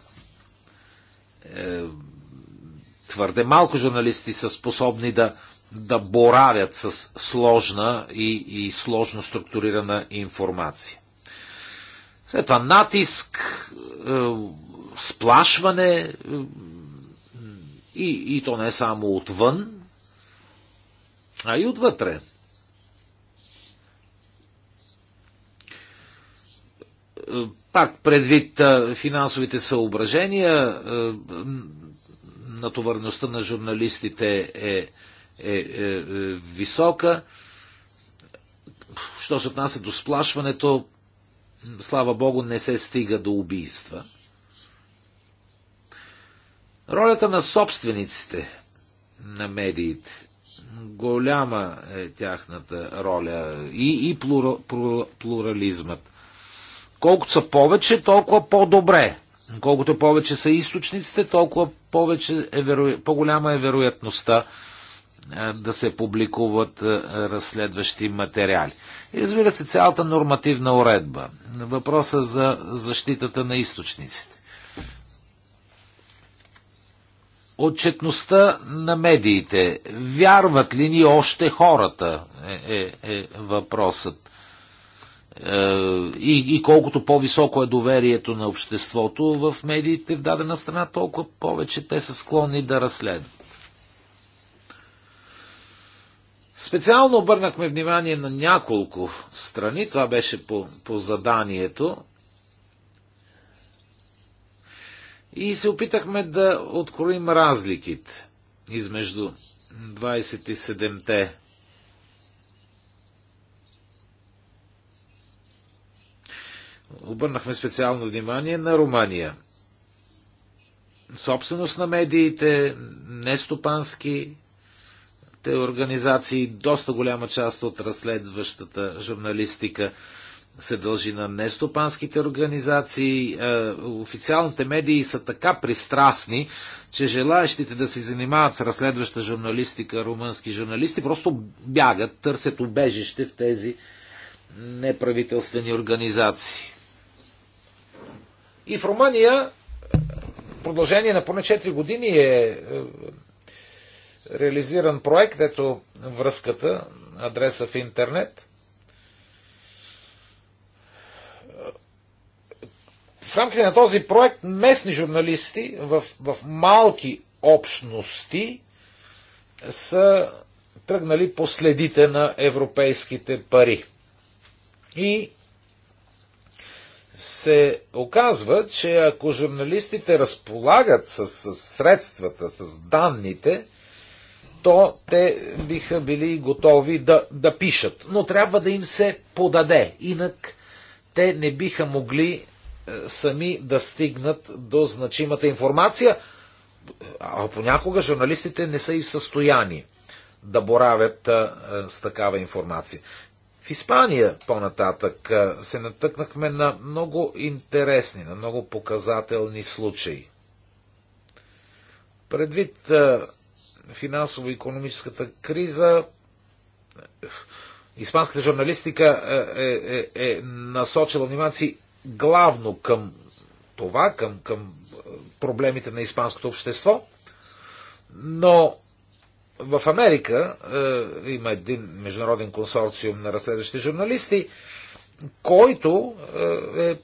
Е, твърде малко журналисти са способни да, да боравят с сложна и, и сложно структурирана информация. След това натиск, е, сплашване и, и то не е само отвън, а и отвътре. Е, пак предвид е, финансовите съображения, е, натовареността на журналистите е, е, е, е висока. Що се отнася до сплашването, слава Богу, не се стига до убийства. Ролята на собствениците на медиите. Голяма е тяхната роля и, и плура, плура, плурализмът. Колкото са повече, толкова по-добре. Колкото повече са източниците, толкова повече е веро... по-голяма е вероятността е, да се публикуват е, разследващи материали. И разбира се, цялата нормативна уредба. Въпроса за защитата на източниците. Отчетността на медиите. Вярват ли ни още хората? Е, е, е въпросът. Е, и, и колкото по-високо е доверието на обществото в медиите в дадена страна, толкова повече те са склонни да разследват. Специално обърнахме внимание на няколко страни, това беше по, по заданието, и се опитахме да откроим разликите измежду 27-те Обърнахме специално внимание на Румъния. Собственост на медиите, нестопански те организации, доста голяма част от разследващата журналистика се дължи на нестопанските организации. Е, официалните медии са така пристрастни, че желаящите да се занимават с разследваща журналистика, румънски журналисти, просто бягат, търсят убежище в тези неправителствени организации. И в Румъния е, продължение на поне 4 години е, е реализиран проект, ето връзката, адреса в интернет. В рамките на този проект местни журналисти в, в малки общности са тръгнали по следите на европейските пари. И се оказва, че ако журналистите разполагат с, с средствата, с данните, то те биха били готови да, да пишат. Но трябва да им се подаде, инак те не биха могли е, сами да стигнат до значимата информация, а понякога журналистите не са и в състояние да боравят а, е, с такава информация. В Испания по-нататък се натъкнахме на много интересни, на много показателни случаи. Предвид финансово-економическата криза, испанската журналистика е, е, е насочила внимание си главно към това, към, към проблемите на испанското общество, но в Америка е, има един международен консорциум на разследващи журналисти, който е, е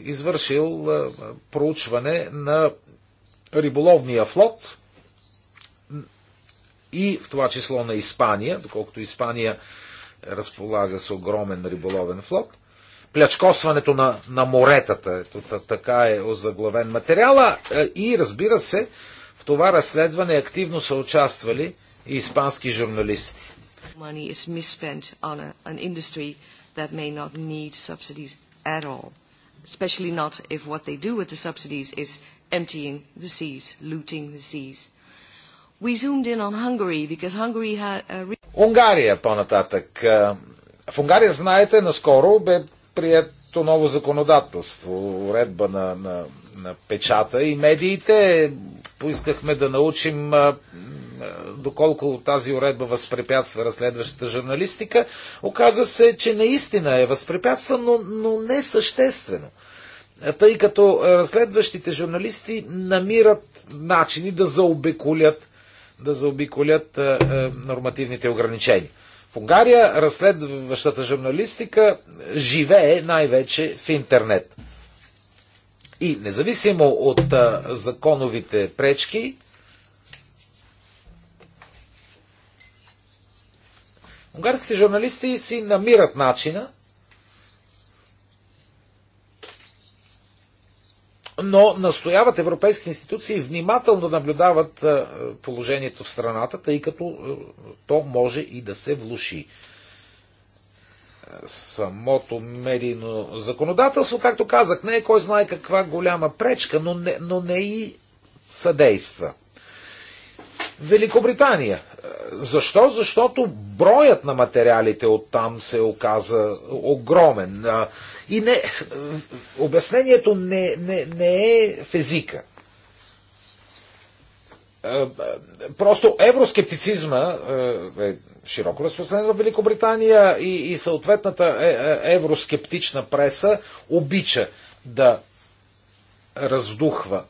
извършил е, проучване на риболовния флот и в това число на Испания, доколкото Испания разполага с огромен риболовен флот. Плячкосването на, на моретата, ето, така е озаглавен материала е, и разбира се, това разследване активно са участвали и испански журналисти. emptying the seas, looting the seas. We zoomed in on Hungary because Hungary had a... Uh, Унгария по-нататък. Е, в Унгария, знаете, наскоро бе прието ново законодателство, уредба на, на на печата и медиите. Поискахме да научим доколко тази уредба възпрепятства разследващата журналистика. Оказа се, че наистина е възпрепятства, но, но не съществено. Тъй като разследващите журналисти намират начини да заобиколят, да заобиколят нормативните ограничения. В Унгария разследващата журналистика живее най-вече в интернет. И независимо от а, законовите пречки, унгарските журналисти си намират начина, но настояват европейски институции внимателно да наблюдават положението в страната, тъй като то може и да се влуши самото медийно законодателство, както казах, не е кой знае каква голяма пречка, но не, но не и съдейства. Великобритания. Защо? Защото броят на материалите от там се оказа огромен. И не, обяснението не, не, не е в езика. Е, просто евроскептицизма е, е широко разпространен в Великобритания и, и съответната е, евроскептична преса обича да раздухва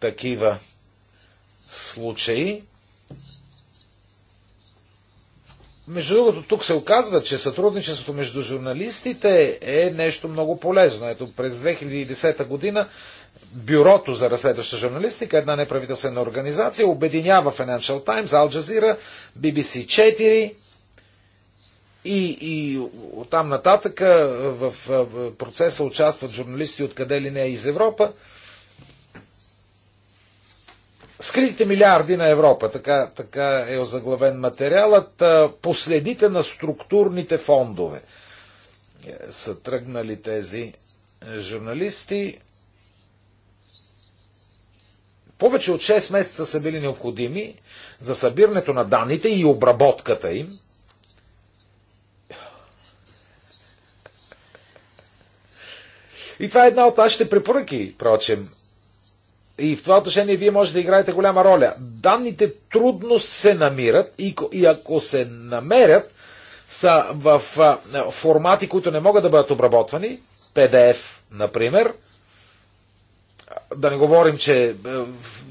такива случаи. Между другото, тук се оказва, че сътрудничеството между журналистите е нещо много полезно. Ето, през 2010 година Бюрото за разследваща журналистика, една неправителствена организация, обединява Financial Times, Al Jazeera, BBC 4 и, и оттам нататък в процеса участват журналисти откъде ли не из Европа. Скритите милиарди на Европа, така, така е озаглавен материалът, последите на структурните фондове е, са тръгнали тези журналисти повече от 6 месеца са били необходими за събирането на данните и обработката им. И това е една от нашите препоръки, прочим. И в това отношение вие можете да играете голяма роля. Данните трудно се намират и, и ако се намерят, са в формати, които не могат да бъдат обработвани, PDF, например, да не говорим, че е,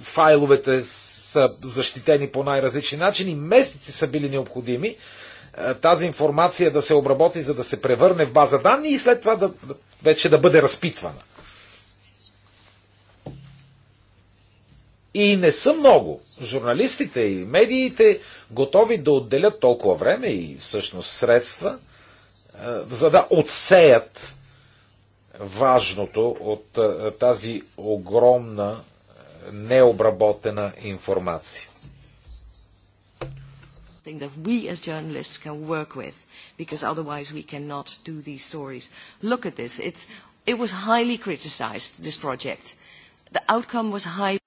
файловете са защитени по най-различни начини. Месеци са били необходими е, тази информация да се обработи, за да се превърне в база данни и след това да, вече да бъде разпитвана. И не са много журналистите и медиите готови да отделят толкова време и всъщност средства, е, за да отсеят важното от тази огромна необработена информация. That we as journalists can work with, because otherwise we cannot do these stories. Look at this. It's, it was highly criticized, this project. The outcome was high.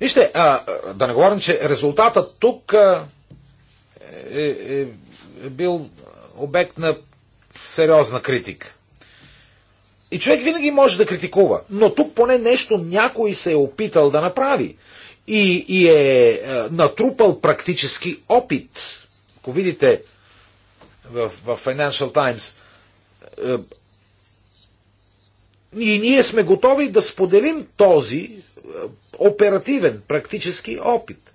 Вижте, а, да не говорим, че резултатът тук а, е, е, е бил обект на сериозна критика. И човек винаги може да критикува, но тук поне нещо някой се е опитал да направи и, и е, е натрупал практически опит. Ако видите в, в Financial Times, е, е и ние сме готови да споделим този е, оперативен, практически опит.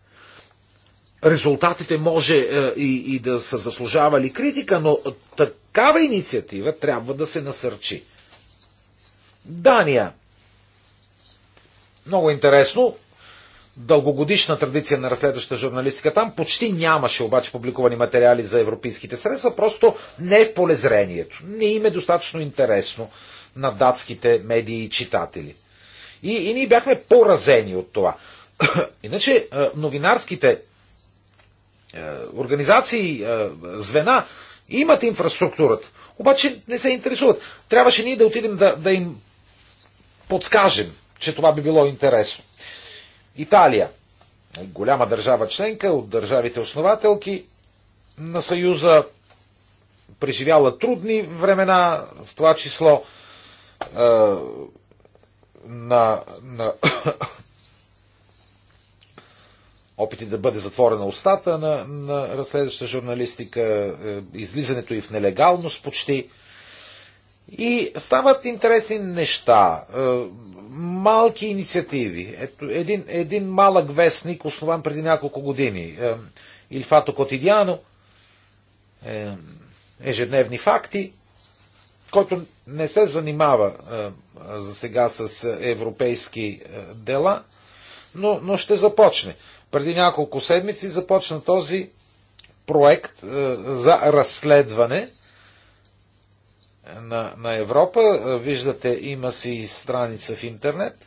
Резултатите може е, и, и да са заслужавали критика, но такава инициатива трябва да се насърчи. Дания. Много интересно. Дългогодишна традиция на разследваща журналистика там. Почти нямаше обаче публикувани материали за европейските средства. Просто не е в полезрението. Не им е достатъчно интересно на датските медии и читатели. И, и ние бяхме поразени от това. (coughs) Иначе е, новинарските е, организации, е, звена имат инфраструктурата, обаче не се интересуват. Трябваше ние да отидем да, да им подскажем, че това би било интересно. Италия, голяма държава членка от държавите основателки на Съюза, преживяла трудни времена, в това число е, на, на (coughs) опити да бъде затворена устата на, на разследваща журналистика, е, излизането и в нелегалност почти. Е, и стават интересни неща, е, малки инициативи. Ето, един, един малък вестник, основан преди няколко години, Ильфато е, Котидиано, е, ежедневни факти, който не се занимава за сега с европейски дела, но, но ще започне. Преди няколко седмици започна този проект за разследване на, на Европа. Виждате, има си страница в интернет.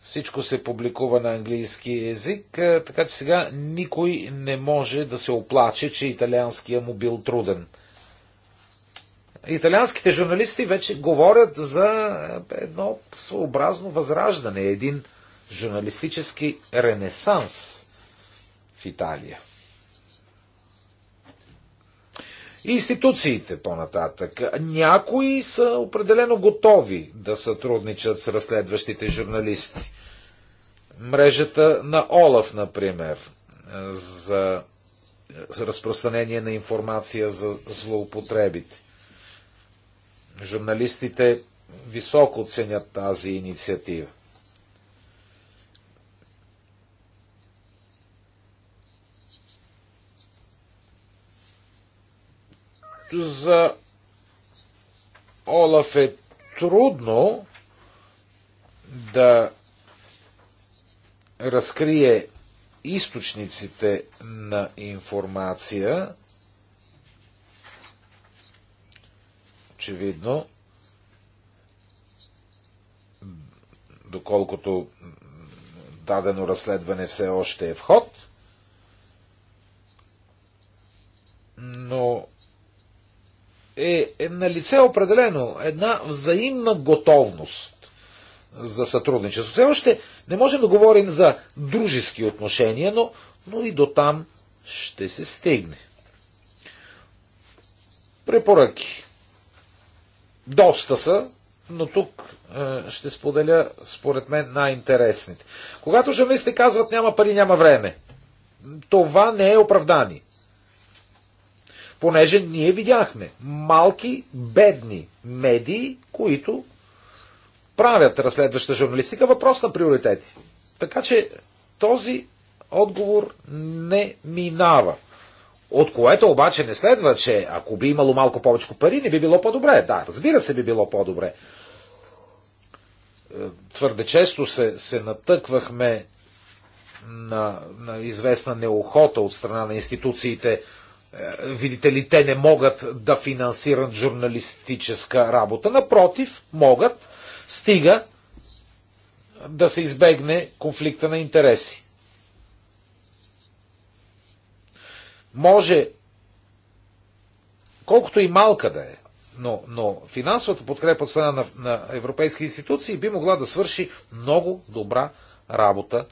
Всичко се публикува на английски език, така че сега никой не може да се оплаче, че италианския му бил труден. Италианските журналисти вече говорят за едно своеобразно възраждане, един журналистически ренесанс в Италия. институциите по-нататък. Някои са определено готови да сътрудничат с разследващите журналисти. Мрежата на Олаф, например, за разпространение на информация за злоупотребите. Журналистите високо ценят тази инициатива. за Олаф е трудно да разкрие източниците на информация. Очевидно, доколкото дадено разследване все още е в ход, но е, е на лице определено една взаимна готовност за сътрудничество. Все още не можем да говорим за дружески отношения, но, но и до там ще се стигне. Препоръки. Доста са, но тук е, ще споделя, според мен, най-интересните. Когато журналистите казват няма пари, няма време, това не е оправдание. Понеже ние видяхме малки, бедни медии, които правят разследваща журналистика въпрос на приоритети. Така че този отговор не минава. От което обаче не следва, че ако би имало малко повече пари, не би било по-добре. Да, разбира се, би било по-добре. Е, твърде често се, се натъквахме на, на известна неохота от страна на институциите е, видите ли, те не могат да финансират журналистическа работа. Напротив, могат, стига да се избегне конфликта на интереси. Може, колкото и малка да е, но, но финансовата подкрепа от страна на, на европейски институции би могла да свърши много добра работа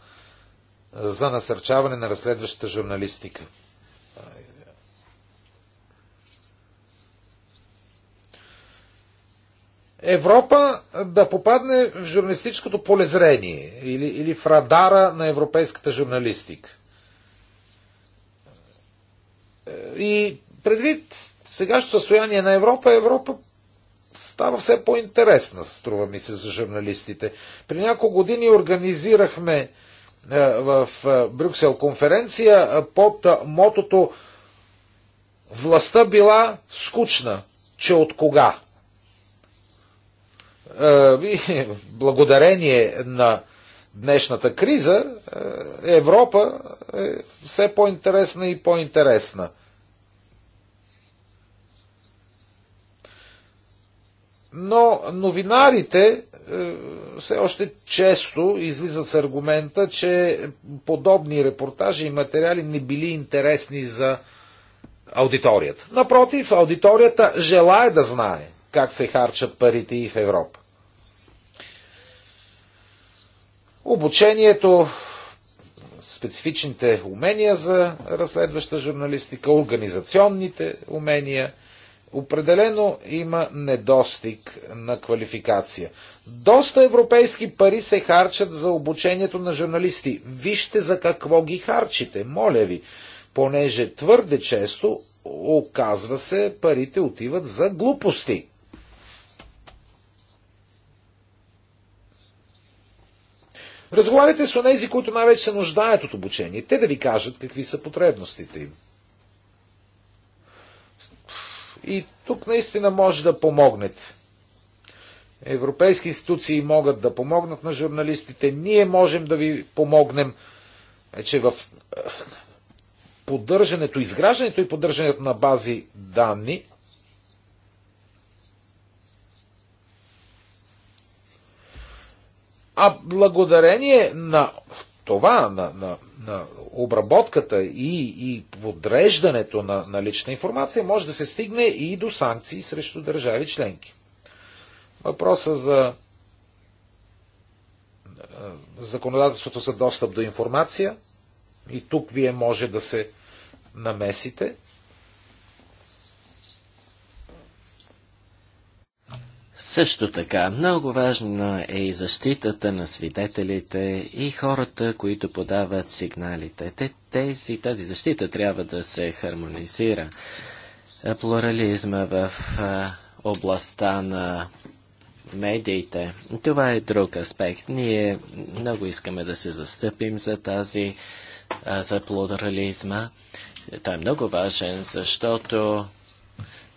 за насърчаване на разследващата журналистика. Европа да попадне в журналистическото полезрение или, или в радара на европейската журналистика. И предвид сегашното състояние на Европа, Европа става все по-интересна, струва ми се, за журналистите. При няколко години организирахме е, в е, Брюксел конференция е, под мотото Властта била скучна, че от кога? Е, и благодарение на днешната криза е, Европа е все по-интересна и по-интересна. Но новинарите е, все още често излизат с аргумента, че подобни репортажи и материали не били интересни за аудиторията. Напротив, аудиторията желая да знае как се харчат парите и в Европа. Обучението, специфичните умения за разследваща журналистика, организационните умения – Определено има недостиг на квалификация. Доста европейски пари се харчат за обучението на журналисти. Вижте за какво ги харчите, моля ви, понеже твърде често оказва се парите отиват за глупости. Разговаряйте с онези, които най-вече се нуждаят от обучение. Те да ви кажат какви са потребностите им. И тук наистина може да помогнете. Европейски институции могат да помогнат на журналистите. Ние можем да ви помогнем, е, че в е, поддържането, изграждането и поддържането на бази данни А благодарение на това, на, на, на обработката и, и подреждането на, на лична информация, може да се стигне и до санкции срещу държави членки. Въпроса за е, законодателството за достъп до информация. И тук вие може да се намесите. Също така, много важна е и защитата на свидетелите и хората, които подават сигналите. Те, тези, тази защита трябва да се хармонизира. Плурализма в областта на медиите. Това е друг аспект. Ние много искаме да се застъпим за тази, за плурализма. Той е много важен, защото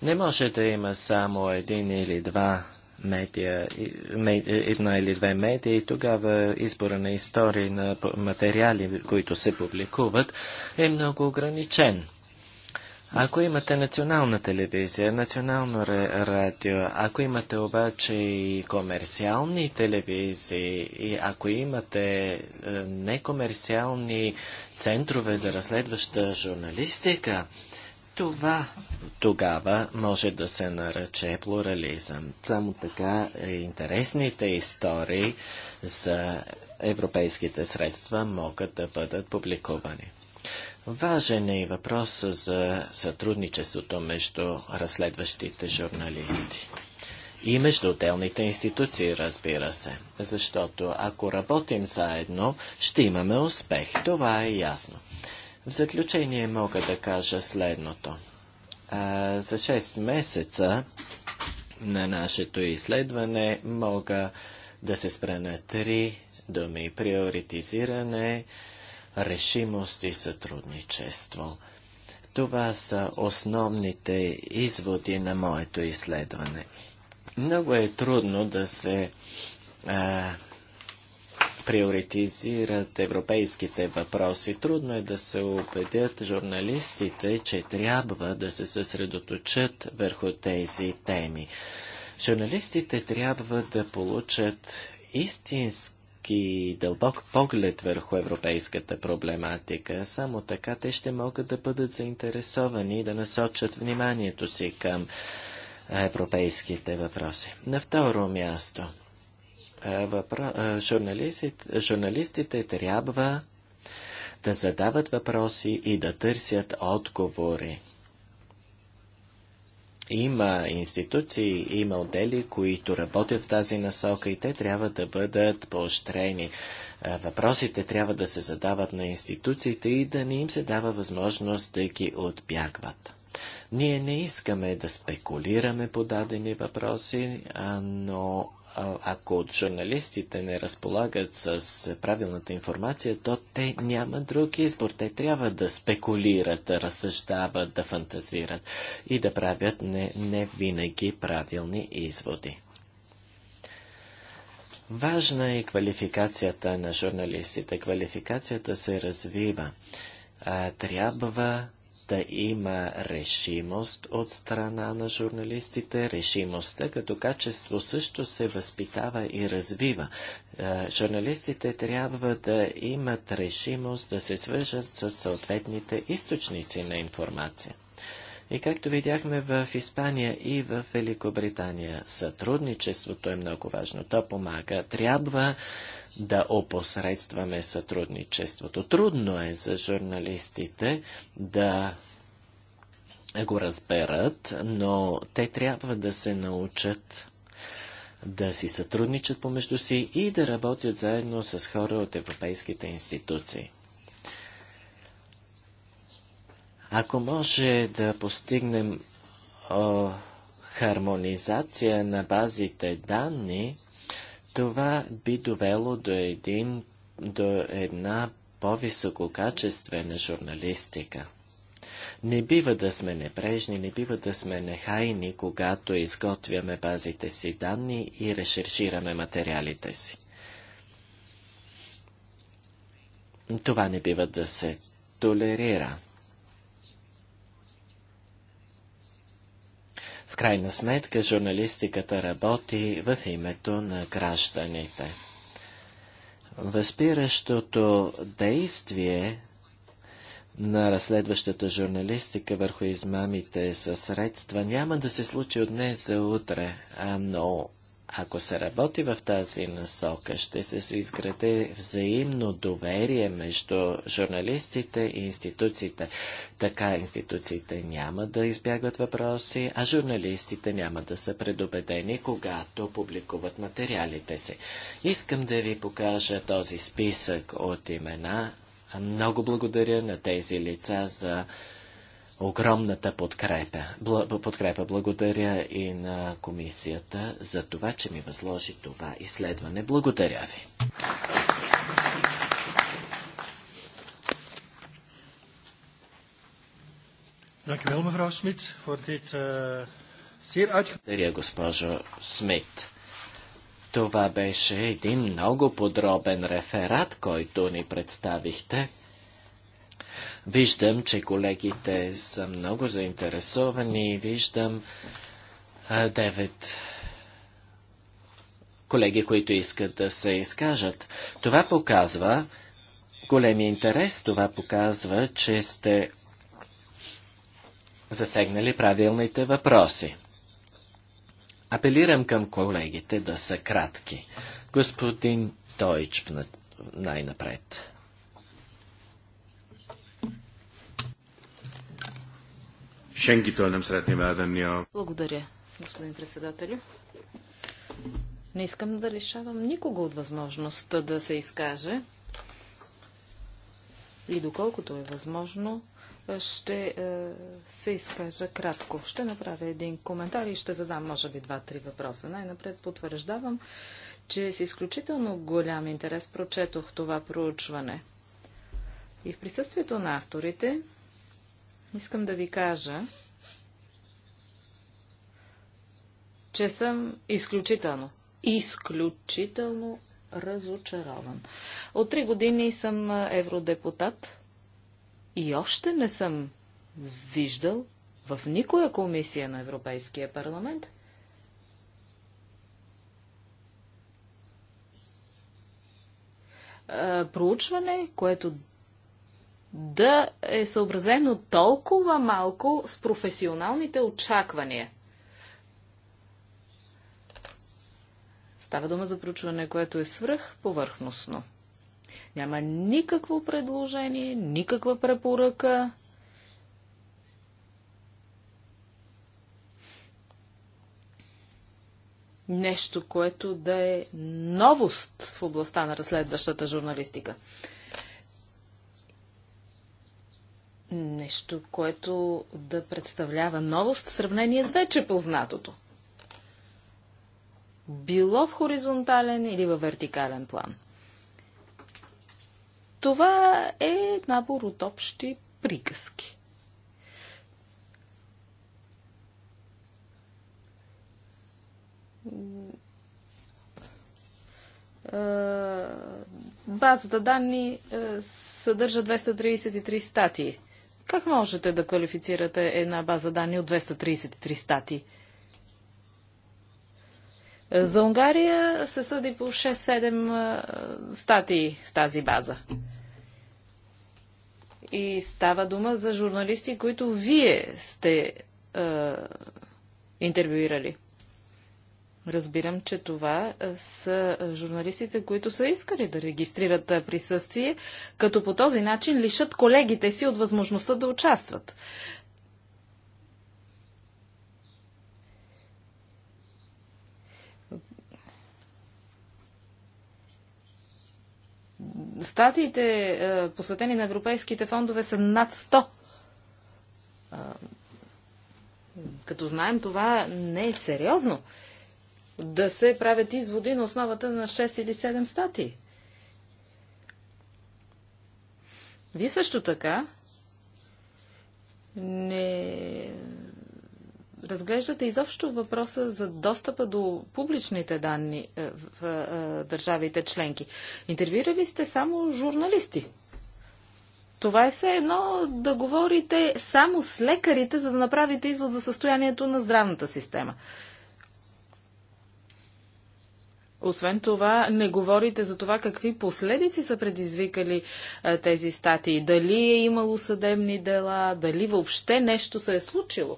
не може да има само един или два медия, е, една или две медии и тогава избора на истории, на материали, които се публикуват, е много ограничен. Ако имате национална телевизия, национално радио, ако имате обаче и комерциални телевизии, и ако имате е, некомерциални центрове за разследваща журналистика, това тогава може да се нарече плурализъм. Само така е интересните истории за европейските средства могат да бъдат публикувани. Важен е и въпрос за сътрудничеството между разследващите журналисти. И между отделните институции, разбира се. Защото ако работим заедно, ще имаме успех. Това е ясно. В заключение мога да кажа следното. А, за 6 месеца на нашето изследване мога да се спра на три думи. Приоритизиране, решимост и сътрудничество. Това са основните изводи на моето изследване. Много е трудно да се а, приоритизират европейските въпроси. Трудно е да се убедят журналистите, че трябва да се съсредоточат върху тези теми. Журналистите трябва да получат истински дълбок поглед върху европейската проблематика. Само така те ще могат да бъдат заинтересовани и да насочат вниманието си към европейските въпроси. На второ място – въпро... журналистите, журналистите трябва да задават въпроси и да търсят отговори. Има институции, има отдели, които работят в тази насока и те трябва да бъдат поощрени. Въпросите трябва да се задават на институциите и да не им се дава възможност да ги отбягват. Ние не искаме да спекулираме по дадени въпроси, но ако от журналистите не разполагат с правилната информация, то те няма друг избор. Те трябва да спекулират, да разсъждават, да фантазират и да правят не, не винаги правилни изводи. Важна е квалификацията на журналистите. Квалификацията се развива. А, трябва да има решимост от страна на журналистите. Решимостта като качество също се възпитава и развива. Е, журналистите трябва да имат решимост да се свържат с съответните източници на информация. И както видяхме в Испания и в Великобритания, сътрудничеството е много важно. То помага. Трябва да опосредстваме сътрудничеството. Трудно е за журналистите да го разберат, но те трябва да се научат да си сътрудничат помежду си и да работят заедно с хора от европейските институции. Ако може да постигнем о, хармонизация на базите данни, това би довело до, един, до една по-висококачествена журналистика. Не бива да сме непрежни, не бива да сме нехайни, когато изготвяме базите си данни и решершираме материалите си. Това не бива да се толерира. крайна сметка журналистиката работи в името на гражданите. Възпиращото действие на разследващата журналистика върху измамите със средства няма да се случи от днес за утре, а, но ако се работи в тази насока, ще се изгради взаимно доверие между журналистите и институциите. Така институциите няма да избягват въпроси, а журналистите няма да са предубедени, когато публикуват материалите си. Искам да ви покажа този списък от имена. Много благодаря на тези лица за огромната подкрепа. Бл- подкрепа. Благодаря и на комисията за това, че ми възложи това изследване. Благодаря ви. Eh, Благодаря, госпожо Смит. Това беше един много подробен реферат, който ни представихте. Виждам, че колегите са много заинтересовани. Виждам девет колеги, които искат да се изкажат. Това показва големи интерес. Това показва, че сте засегнали правилните въпроси. Апелирам към колегите да са кратки. Господин Тойч най-напред. Senkitől nem szeretném elvenni a... Благодаря, господин председателю. Не искам да лишавам никого от възможността да се изкаже. И доколкото е възможно, е, ще е, се изкажа кратко. Ще направя един коментар и ще задам, може би, два-три въпроса. Най-напред потвърждавам, че с изключително голям интерес прочетох това проучване. И в присъствието на авторите Искам да ви кажа, че съм изключително, изключително разочарован. От три години съм евродепутат и още не съм виждал в никоя комисия на Европейския парламент проучване, което да е съобразено толкова малко с професионалните очаквания. Става дума за проучване, което е свръх повърхностно. Няма никакво предложение, никаква препоръка. Нещо, което да е новост в областта на разследващата журналистика. нещо, което да представлява новост в сравнение с вече познатото. Било в хоризонтален или в вертикален план. Това е набор от общи приказки. Е, базата данни е, съдържа 233 статии как можете да квалифицирате една база данни от 233 стати? За Унгария се съди по 6-7 статии в тази база. И става дума за журналисти, които вие сте е, интервюирали. Разбирам, че това са журналистите, които са искали да регистрират присъствие, като по този начин лишат колегите си от възможността да участват. Статиите, посветени на европейските фондове, са над 100. Като знаем, това не е сериозно да се правят изводи на основата на 6 или 7 стати. Вие също така не разглеждате изобщо въпроса за достъпа до публичните данни е, в е, държавите членки. Интервюирали сте само журналисти. Това е все едно да говорите само с лекарите, за да направите извод за състоянието на здравната система. Освен това, не говорите за това какви последици са предизвикали а, тези статии. Дали е имало съдебни дела, дали въобще нещо се е случило.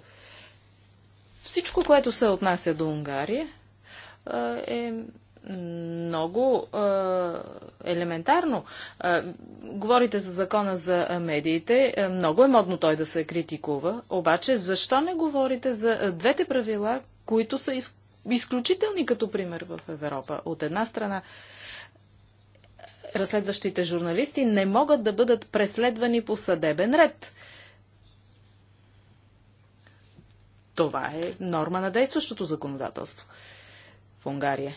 Всичко, което се отнася до Унгария, а, е много е, елементарно. Е, говорите за закона за медиите. Е, много е модно той да се критикува. Обаче, защо не говорите за двете правила, които са изключени? изключителни като пример в Европа. От една страна, разследващите журналисти не могат да бъдат преследвани по съдебен ред. Това е норма на действащото законодателство в Унгария.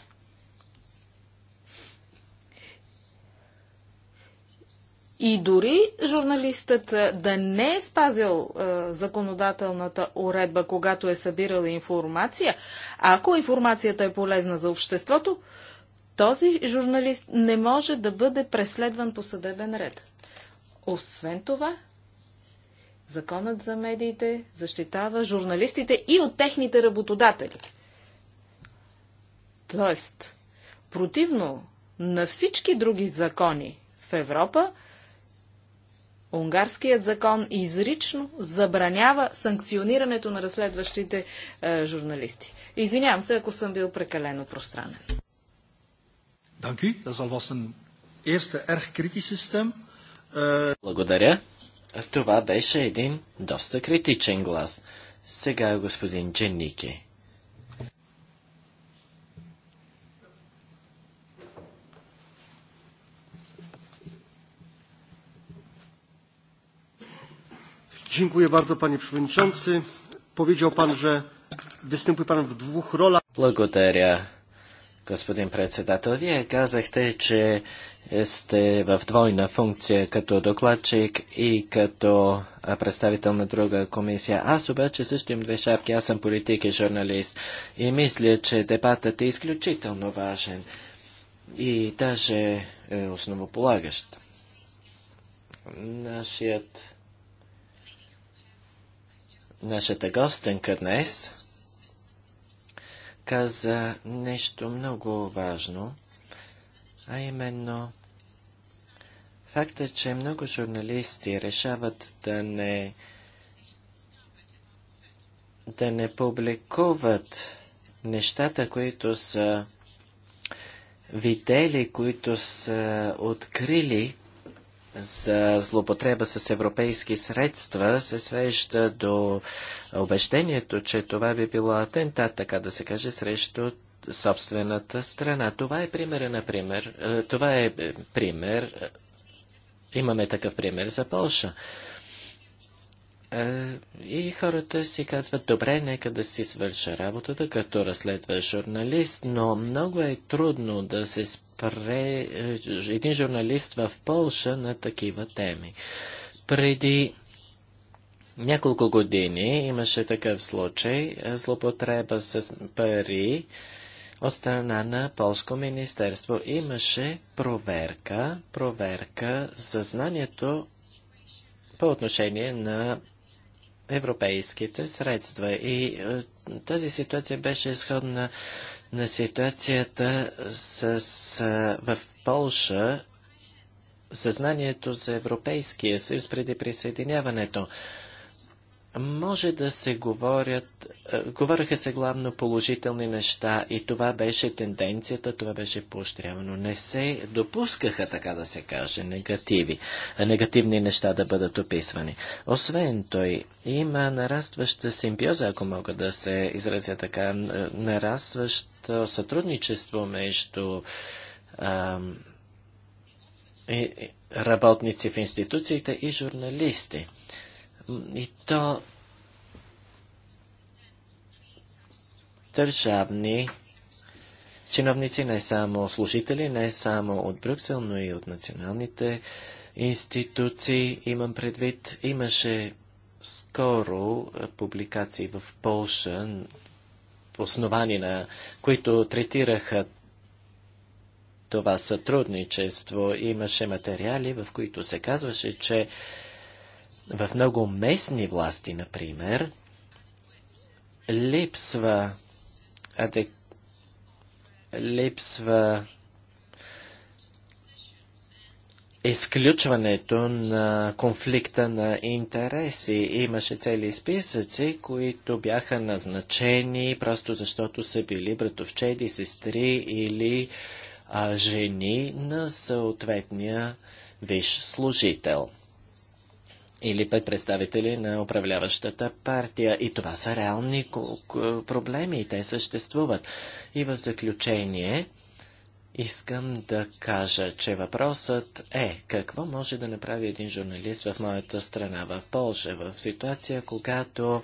И дори журналистът да не е спазил е, законодателната уредба, когато е събирал информация, ако информацията е полезна за обществото, този журналист не може да бъде преследван по съдебен ред. Освен това, Законът за медиите защитава журналистите и от техните работодатели. Тоест, противно на всички други закони в Европа, Унгарският закон изрично забранява санкционирането на разследващите е, журналисти. Извинявам се, ако съм бил прекалено пространен. Eh, Благодаря. Това беше един доста критичен глас. Сега господин Дженнике. Благодаря, господин председател. Вие казахте, че сте в двойна функция като докладчик и като представител на друга комисия. Аз обаче също им две шапки. Аз съм политик и журналист. И мисля, че дебатът е изключително важен и даже е основополагащ. Нашият Нашата гостенка днес каза нещо много важно, а именно факта, че много журналисти решават да не да не публикуват нещата, които са видели, които са открили за злопотреба с европейски средства се свежда до обещението, че това би било атентат, така да се каже, срещу собствената страна. Това е пример, например, е, това е, е пример, е, имаме такъв пример за Польша. И хората си казват, добре, нека да си свърша работата като разследва журналист, но много е трудно да се спре е, един журналист в Полша на такива теми. Преди няколко години имаше такъв случай, е, злопотреба с пари от страна на Полско министерство. Имаше проверка, проверка за знанието по отношение на европейските средства. И е, тази ситуация беше изходна на ситуацията с, с, е, в Полша съзнанието за Европейския съюз преди присъединяването може да се говорят, е, говореха се главно положителни неща и това беше тенденцията, това беше поощрявано. Не се допускаха, така да се каже, негативи, негативни неща да бъдат описвани. Освен той, има нарастваща симбиоза, ако мога да се изразя така, нарастващо сътрудничество между ам, работници в институциите и журналисти. И то държавни чиновници, не само служители, не само от Брюксел, но и от националните институции. Имам предвид, имаше скоро публикации в Полша, основани на които третираха това сътрудничество. Имаше материали, в които се казваше, че в много местни власти, например, липсва адек... липсва изключването на конфликта на интереси. Имаше цели списъци, които бяха назначени просто защото са били братовчеди, сестри или а, жени на съответния виш служител или пък представители на управляващата партия. И това са реални проблеми и те съществуват. И в заключение искам да кажа, че въпросът е какво може да направи един журналист в моята страна, в Польша, в ситуация, когато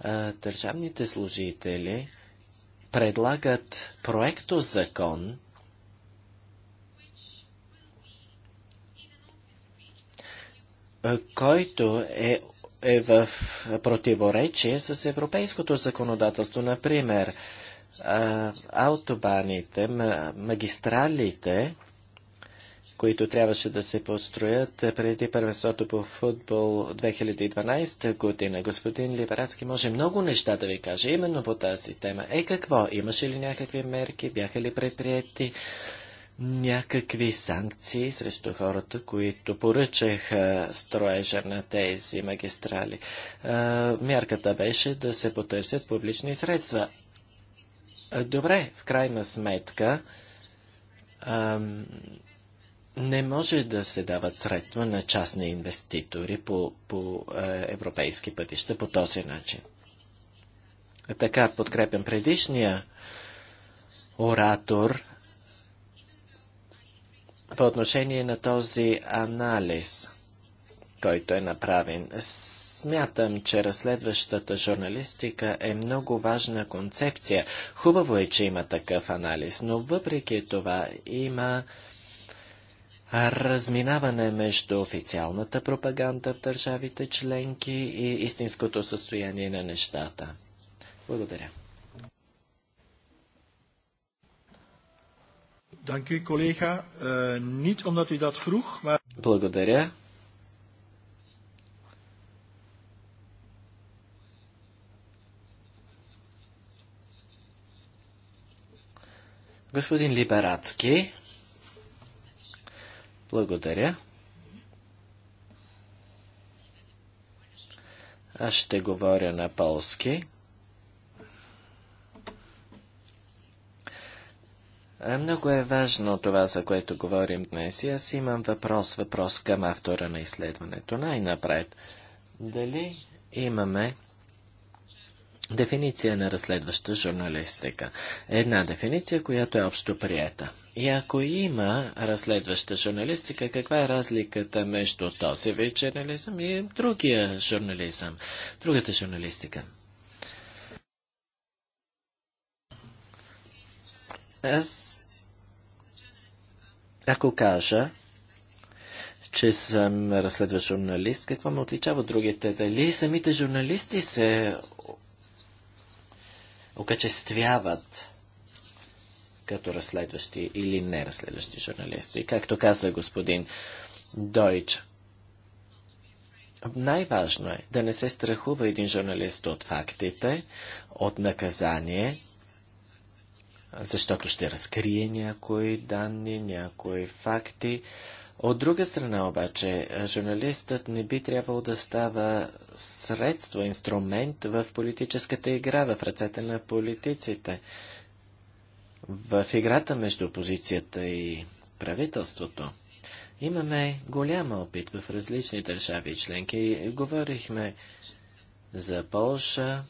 а, държавните служители предлагат проекто закон, Е, който е, е в противоречие с европейското законодателство. Например, е, автобаните, магистралите, които трябваше да се построят преди първенството по футбол 2012 година. Господин Либерацки може много неща да ви каже именно по тази тема. Е какво? Имаше ли някакви мерки? Бяха ли предприяти? някакви санкции срещу хората, които поръчаха строежа на тези магистрали. мярката беше да се потърсят публични средства. добре, в крайна сметка не може да се дават средства на частни инвеститори по, по европейски пътища по този начин. Така подкрепям предишния оратор по отношение на този анализ, който е направен. Смятам, че разследващата журналистика е много важна концепция. Хубаво е, че има такъв анализ, но въпреки това има разминаване между официалната пропаганда в държавите членки и истинското състояние на нещата. Благодаря. Dank u, collega. Uh, niet omdat u dat vroeg, maar... Благодаря. Господин Либерацки, благодаря. Аз ще говоря на полски. Много е важно това, за което говорим днес. И аз имам въпрос, въпрос към автора на изследването. Най-напред, дали имаме дефиниция на разследваща журналистика? Една дефиниция, която е общо приета. И ако има разследваща журналистика, каква е разликата между този вид журнализъм и другия журнализъм, другата журналистика? Аз, ако кажа, че съм разследващ журналист, какво ме отличава от другите? Дали самите журналисти се окачествяват като разследващи или не разследващи журналисти? Както каза господин Дойч, най-важно е да не се страхува един журналист от фактите, от наказание, защото ще разкрие някои данни, някои факти. От друга страна обаче, журналистът не би трябвало да става средство, инструмент в политическата игра, в ръцете на политиците, в играта между опозицията и правителството. Имаме голям опит в различни държави и членки. Говорихме за Полша,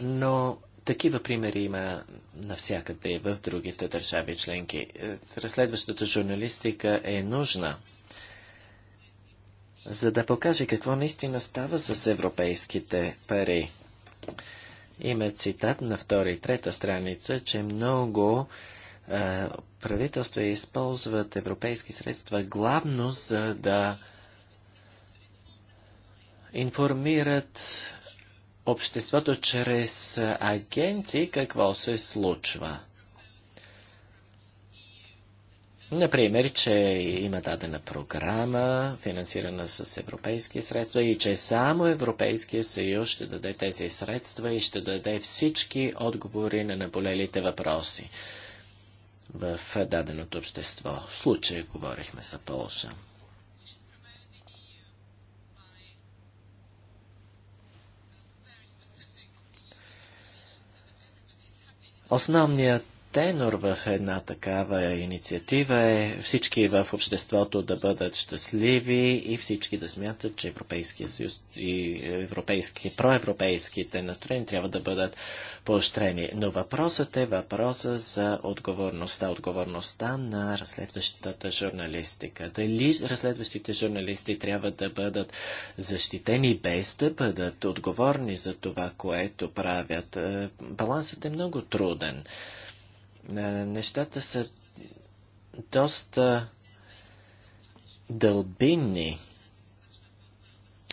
но такива примери има навсякъде и в другите държави членки. Е, разследващата журналистика е нужна, за да покаже какво наистина става с европейските пари. Има цитат на втора и трета страница, че много е, правителства използват европейски средства главно за да информират обществото чрез агенции какво се случва. Например, че има дадена програма, финансирана с европейски средства и че само Европейския съюз ще даде тези средства и ще даде всички отговори на наболелите въпроси в даденото общество. В случая говорихме за Полша. Основният тенор в една такава инициатива е всички в обществото да бъдат щастливи и всички да смятат, че Европейския съюз и европейски, проевропейските настроения трябва да бъдат поощрени. Но въпросът е въпроса за отговорността. Отговорността на разследващата журналистика. Дали разследващите журналисти трябва да бъдат защитени без да бъдат отговорни за това, което правят. Балансът е много труден. Е, нещата са доста дълбинни.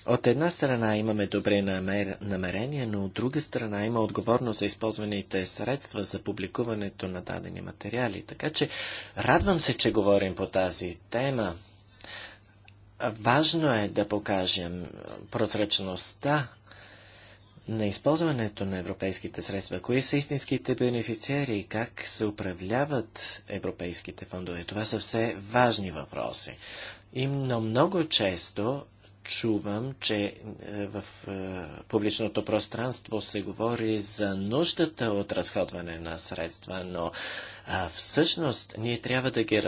От една страна имаме добре намер... намерения, но от друга страна има отговорност за използваните средства за публикуването на дадени материали. Така че радвам се, че говорим по тази тема. Важно е да покажем прозрачността на използването на европейските средства? Кои са истинските бенефициери и как се управляват европейските фондове? Това са все важни въпроси. И много често чувам, че е, в е, публичното пространство се говори за нуждата от разходване на средства, но всъщност ние трябва да ги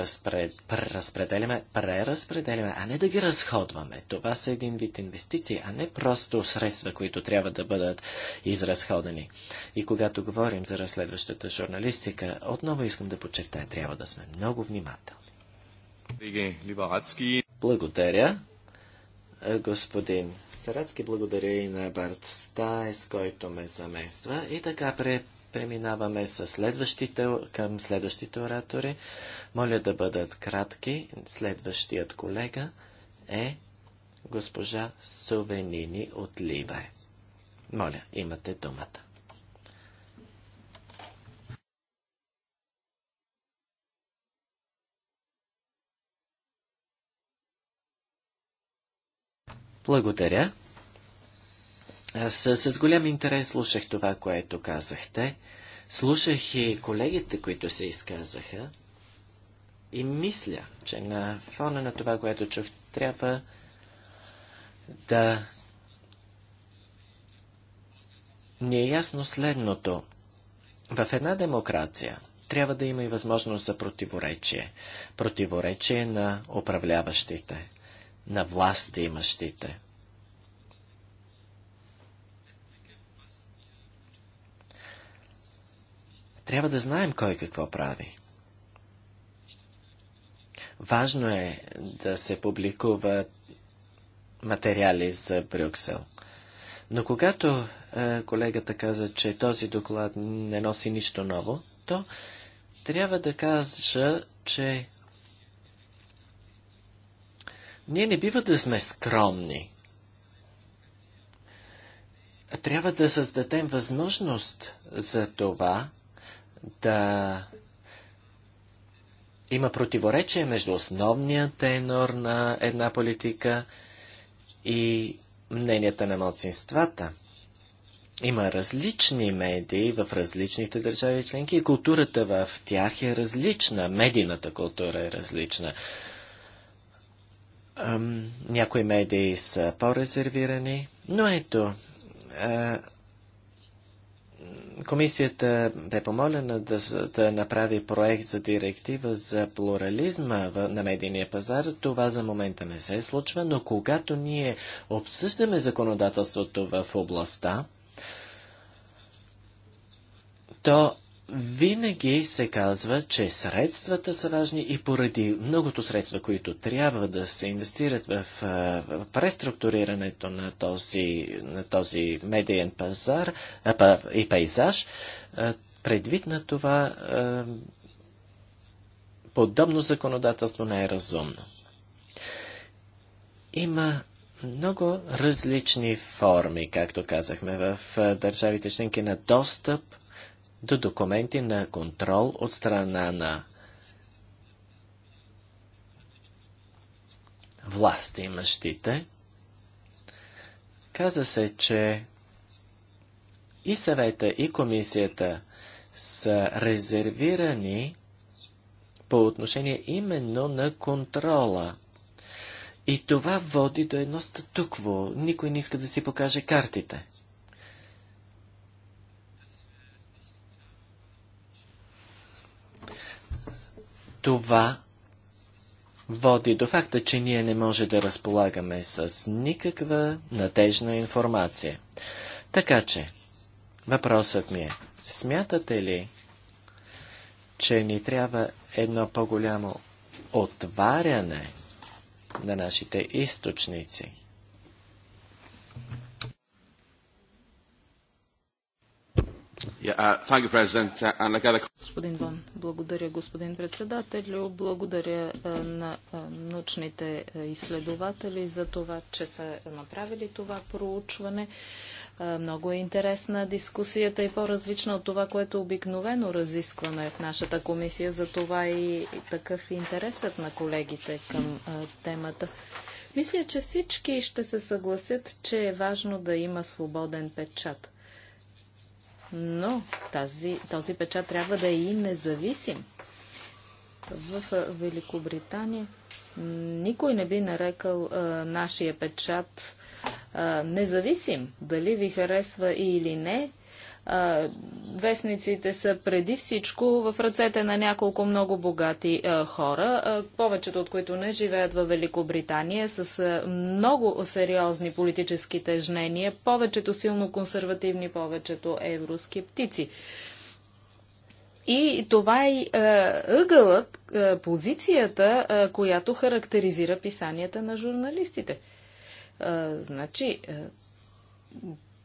разпределяме, преразпределяме, а не да ги разходваме. Това са един вид инвестиции, а не просто средства, които трябва да бъдат изразходени. И когато говорим за разследващата журналистика, отново искам да подчертая, трябва да сме много внимателни. Благодаря господин Сарацки. Благодаря и на Барт Стайс, който ме замества. И така пре, преминаваме със следващите, към следващите оратори. Моля да бъдат кратки. Следващият колега е госпожа Сувенини от Ливе. Моля, имате думата. Благодаря. Аз с голям интерес слушах това, което казахте. Слушах и колегите, които се изказаха. И мисля, че на фона на това, което чух, трябва да ни е ясно следното. В една демокрация трябва да има и възможност за противоречие. Противоречие на управляващите на и имащите. Трябва да знаем кой какво прави. Важно е да се публикуват материали за Брюксел. Но когато е, колегата каза, че този доклад не носи нищо ново, то трябва да кажа, че ние не бива да сме скромни. Трябва да създадем възможност за това да има противоречие между основния тенор на една политика и мненията на младсинствата. Има различни медии в различните държави членки и културата в тях е различна, медийната култура е различна някои медии са по-резервирани, но ето, а, комисията бе помолена да, да направи проект за директива за плурализма в, на медийния пазар. Това за момента не се случва, но когато ние обсъждаме законодателството в областта, то винаги се казва, че средствата са важни и поради многото средства, които трябва да се инвестират в, в преструктурирането на този, на този медиен пазар а, и пейзаж, а, предвид на това а, подобно законодателство не е разумно. Има много различни форми, както казахме, в държавите членки на достъп – до документи на контрол от страна на власти и мъщите. Каза се, че и съвета, и комисията са резервирани по отношение именно на контрола. И това води до едно статукво. Никой не иска да си покаже картите. Това води до факта, че ние не може да разполагаме с никаква надежна информация. Така че, въпросът ми е, смятате ли, че ни трябва едно по-голямо отваряне на нашите източници? Uh, uh, господин Вон, благодаря господин председател, Благодаря е, на е, научните е, изследователи за това, че са направили това проучване. Много е интересна дискусията и по-различна от това, което обикновено разискваме в нашата комисия. За това и такъв интересът на колегите към темата. Мисля, че всички ще се съгласят, че е важно да има свободен печат но тази, този печат трябва да е и независим. В Великобритания никой не би нарекал а, нашия печат а, независим. Дали ви харесва или не, а, вестниците са преди всичко в ръцете на няколко много богати а, хора, а, повечето от които не живеят в Великобритания, с а, много сериозни политически тежнения, повечето силно консервативни, повечето евроскептици. И това е ъгълът, позицията, която характеризира писанията на журналистите. Значи,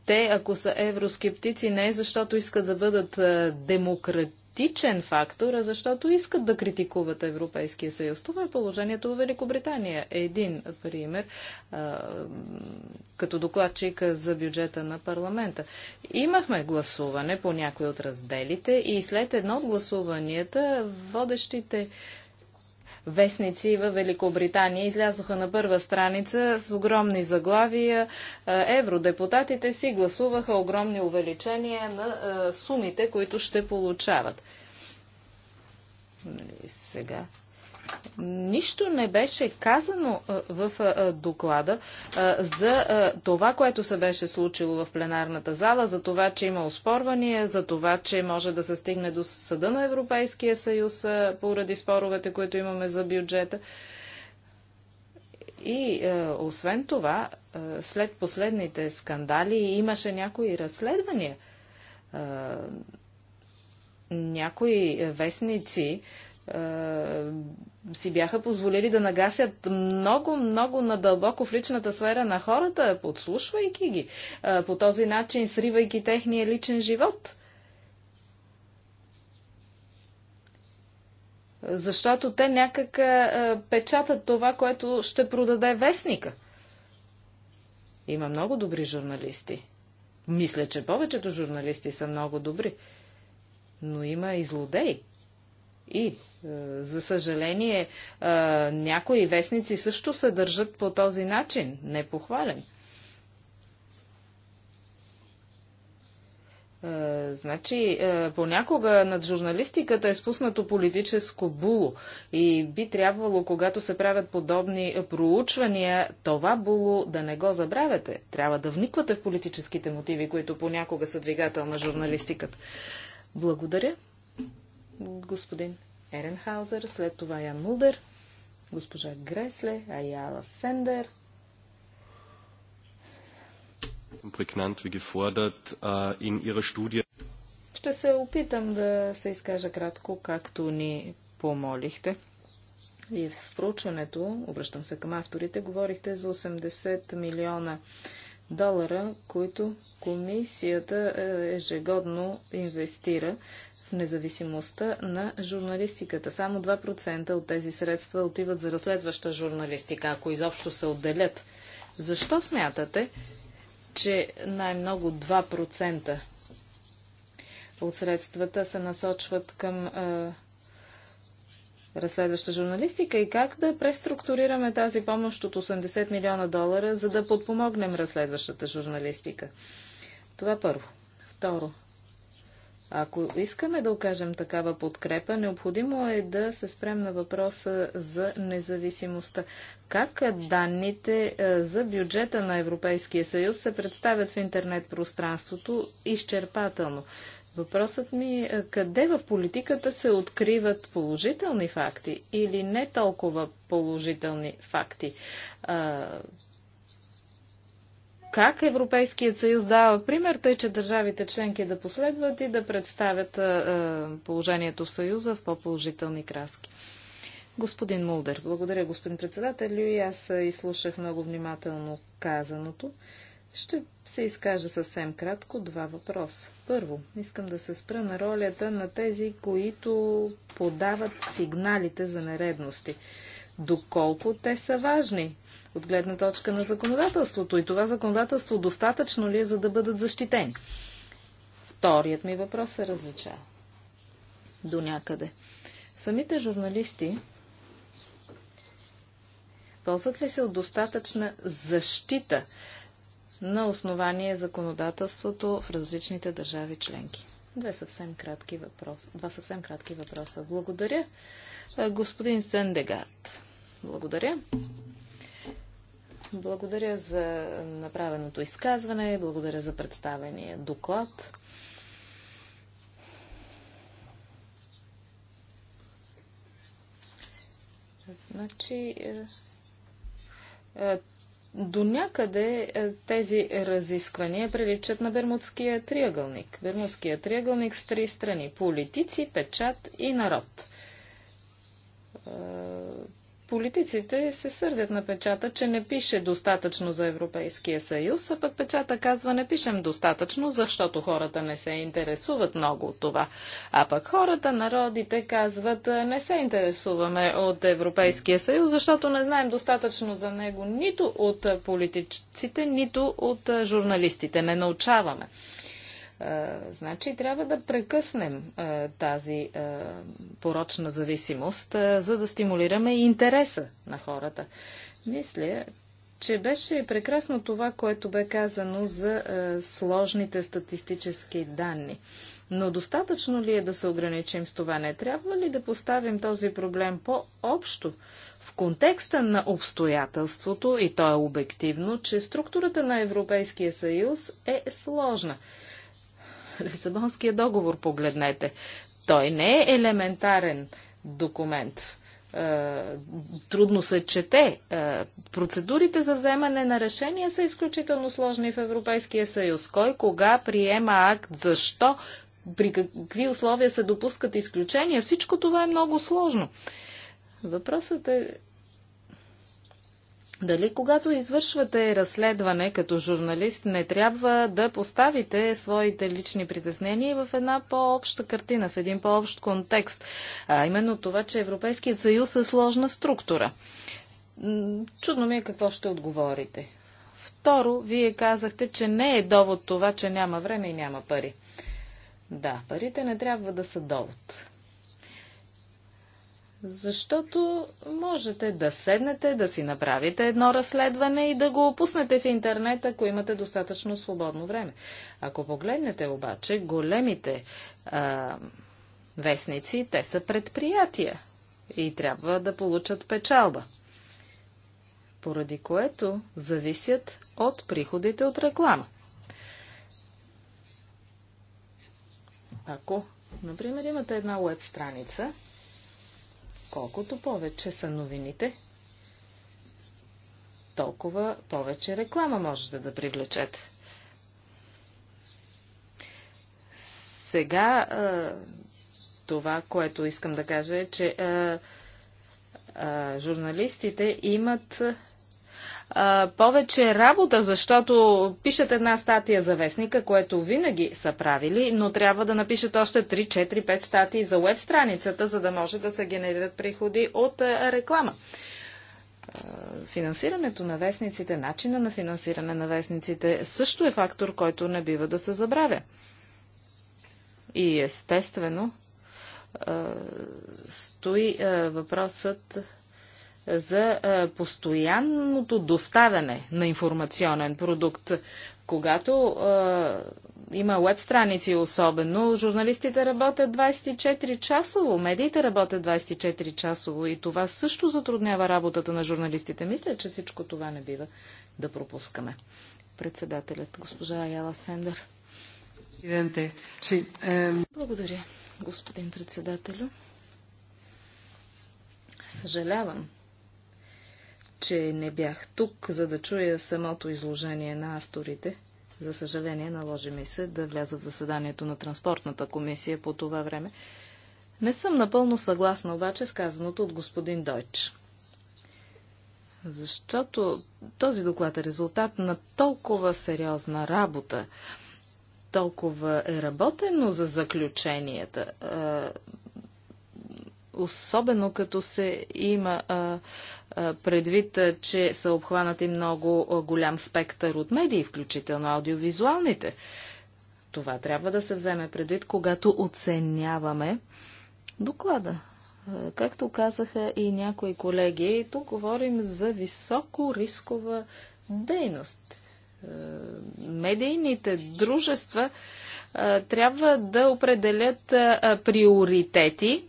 те, ако са евроскептици, не е защото искат да бъдат е, демократичен фактор, а защото искат да критикуват Европейския съюз. Това е положението в Великобритания. Един пример, а, е, като докладчик за бюджета на парламента. Имахме гласуване по някои от разделите и след едно от гласуванията водещите вестници в Великобритания излязоха на първа страница с огромни заглавия. Е, евродепутатите си гласуваха огромни увеличения на е, сумите, които ще получават. Нали, сега Нищо не беше казано в доклада за това, което се беше случило в пленарната зала, за това, че има оспорвания, за това, че може да се стигне до съда на Европейския съюз поради споровете, които имаме за бюджета. И е, освен това, е, след последните скандали имаше някои разследвания. Е, някои вестници е, е, си бяха позволили да нагасят много, много надълбоко в личната сфера на хората, подслушвайки ги, е, по този начин сривайки техния личен живот. Защото те някак е, печатат това, което ще продаде вестника. Има много добри журналисти. Мисля, че повечето журналисти са много добри. Но има и злодеи. И, е, за съжаление, е, някои вестници също се държат по този начин, непохвален. Е, значи, понякога над журналистиката е спуснато политическо було и би трябвало, когато се правят подобни проучвания, това було да не го забравяте. Трябва да вниквате в политическите мотиви, които понякога са двигател на журналистиката. Благодаря господин Еренхаузер, след това Ян Мулдер, госпожа Гресле, Аяла Сендер. Äh, Ще се опитам да се изкажа кратко, както ни помолихте. И в проучването, обръщам се към авторите, говорихте за 80 милиона долара, които комисията е, ежегодно инвестира независимостта на журналистиката. Само 2% от тези средства отиват за разследваща журналистика, ако изобщо се отделят. Защо смятате, че най-много 2% от средствата се насочват към е, разследваща журналистика и как да преструктурираме тази помощ от 80 милиона долара, за да подпомогнем разследващата журналистика? Това първо. Второ, ако искаме да окажем такава подкрепа, необходимо е да се спрем на въпроса за независимостта. Как данните е, за бюджета на Европейския съюз се представят в интернет пространството изчерпателно? Въпросът ми е къде в политиката се откриват положителни факти или не толкова положителни факти? как Европейският съюз дава пример, тъй че държавите членки да последват и да представят положението в съюза в по-положителни краски. Господин Мулдер, благодаря господин председател, и аз изслушах много внимателно казаното. Ще се изкажа съвсем кратко два въпроса. Първо, искам да се спра на ролята на тези, които подават сигналите за нередности. Доколко те са важни? от гледна точка на законодателството. И това законодателство достатъчно ли е, за да бъдат защитени? Вторият ми въпрос се различава. До някъде. Самите журналисти ползват ли се от достатъчна защита на основание законодателството в различните държави членки? Две съвсем кратки въпроса. Два съвсем кратки въпроса. Благодаря. Е, господин Сендегард. Благодаря. Благодаря за направеното изказване, благодаря за представения доклад. Значи, е, е, до някъде е, тези разисквания приличат на Бермудския триъгълник. Бермудския триъгълник с три страни – политици, печат и народ Политиците се сърдят на печата, че не пише достатъчно за Европейския съюз, а пък печата казва не пишем достатъчно, защото хората не се интересуват много от това. А пък хората, народите казват е, не се интересуваме от Европейския съюз, защото не знаем достатъчно за него нито от политиците, нито от журналистите. Не научаваме. Значи трябва да прекъснем тази порочна зависимост, за да стимулираме интереса на хората. Мисля, че беше прекрасно това, което бе казано за сложните статистически данни. Но достатъчно ли е да се ограничим с това? Не трябва ли да поставим този проблем по-общо? В контекста на обстоятелството, и то е обективно, че структурата на Европейския съюз е сложна. (laughs) Лисабонския договор погледнете. Той не е елементарен документ. Е, трудно се чете. Е, процедурите за вземане на решения са изключително сложни в Европейския съюз. Кой кога приема акт, защо, при какви условия се допускат изключения, всичко това е много сложно. Въпросът е дали когато извършвате разследване като журналист, не трябва да поставите своите лични притеснения в една по-обща картина, в един по-общ контекст, а именно това, че Европейският съюз е сложна структура? Чудно ми е какво ще отговорите. Второ, вие казахте, че не е довод това, че няма време и няма пари. Да, парите не трябва да са довод. Защото можете да седнете, да си направите едно разследване и да го опуснете в интернет, ако имате достатъчно свободно време. Ако погледнете обаче големите а, вестници, те са предприятия и трябва да получат печалба, поради което зависят от приходите от реклама. Ако, например, имате една веб страница, Колкото повече са новините, толкова повече реклама можете да привлечете. Сега това, което искам да кажа е, че журналистите имат а, повече работа, защото пишат една статия за вестника, което винаги са правили, но трябва да напишат още 3, 4, 5 статии за веб страницата, за да може да се генерират приходи от реклама. финансирането на вестниците, начина на финансиране на вестниците също е фактор, който не бива да се забравя. И естествено, стои въпросът за постоянното доставяне на информационен продукт. Когато има веб страници особено, журналистите работят 24 часово, медиите работят 24 часово и това също затруднява работата на журналистите. Мисля, че всичко това не бива да пропускаме. Председателят, госпожа Яла Сендър. Е, Благодаря, господин председателю. Съжалявам, че не бях тук, за да чуя самото изложение на авторите. За съжаление, наложи ми се да вляза в заседанието на Транспортната комисия по това време. Не съм напълно съгласна обаче с казаното от господин Дойч. Защото този доклад е резултат на толкова сериозна работа. Толкова е работено за заключенията особено като се има предвид, че са обхванати много голям спектър от медии, включително аудиовизуалните. Това трябва да се вземе предвид, когато оценяваме доклада. Както казаха и някои колеги, тук говорим за високо рискова дейност. Медийните дружества трябва да определят приоритети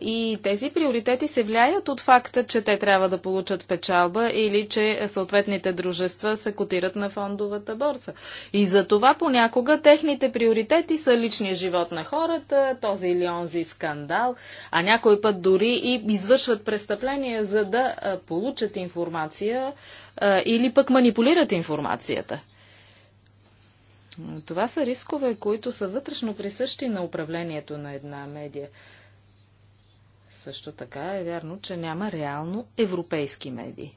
и тези приоритети се влияят от факта, че те трябва да получат печалба или че съответните дружества се котират на фондовата борса. И за това понякога техните приоритети са личния живот на хората, този или онзи скандал, а някой път дори и извършват престъпления, за да получат информация или пък манипулират информацията. Това са рискове, които са вътрешно присъщи на управлението на една медия. Също така е вярно, че няма реално европейски медии.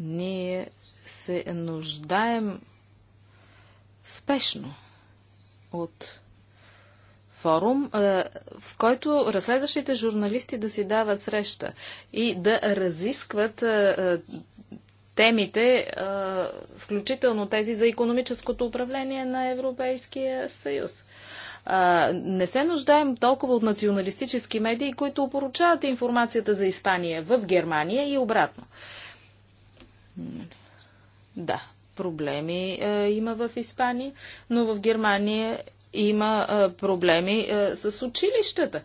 Ние се нуждаем спешно от форум, е, в който разследващите журналисти да си дават среща и да разискват е, е, темите, включително тези за економическото управление на Европейския съюз а, не се нуждаем толкова от националистически медии, които опоручават информацията за Испания в Германия и обратно. Да, проблеми а, е, има в Испания, но в Германия има а, е, проблеми а, е, с училищата.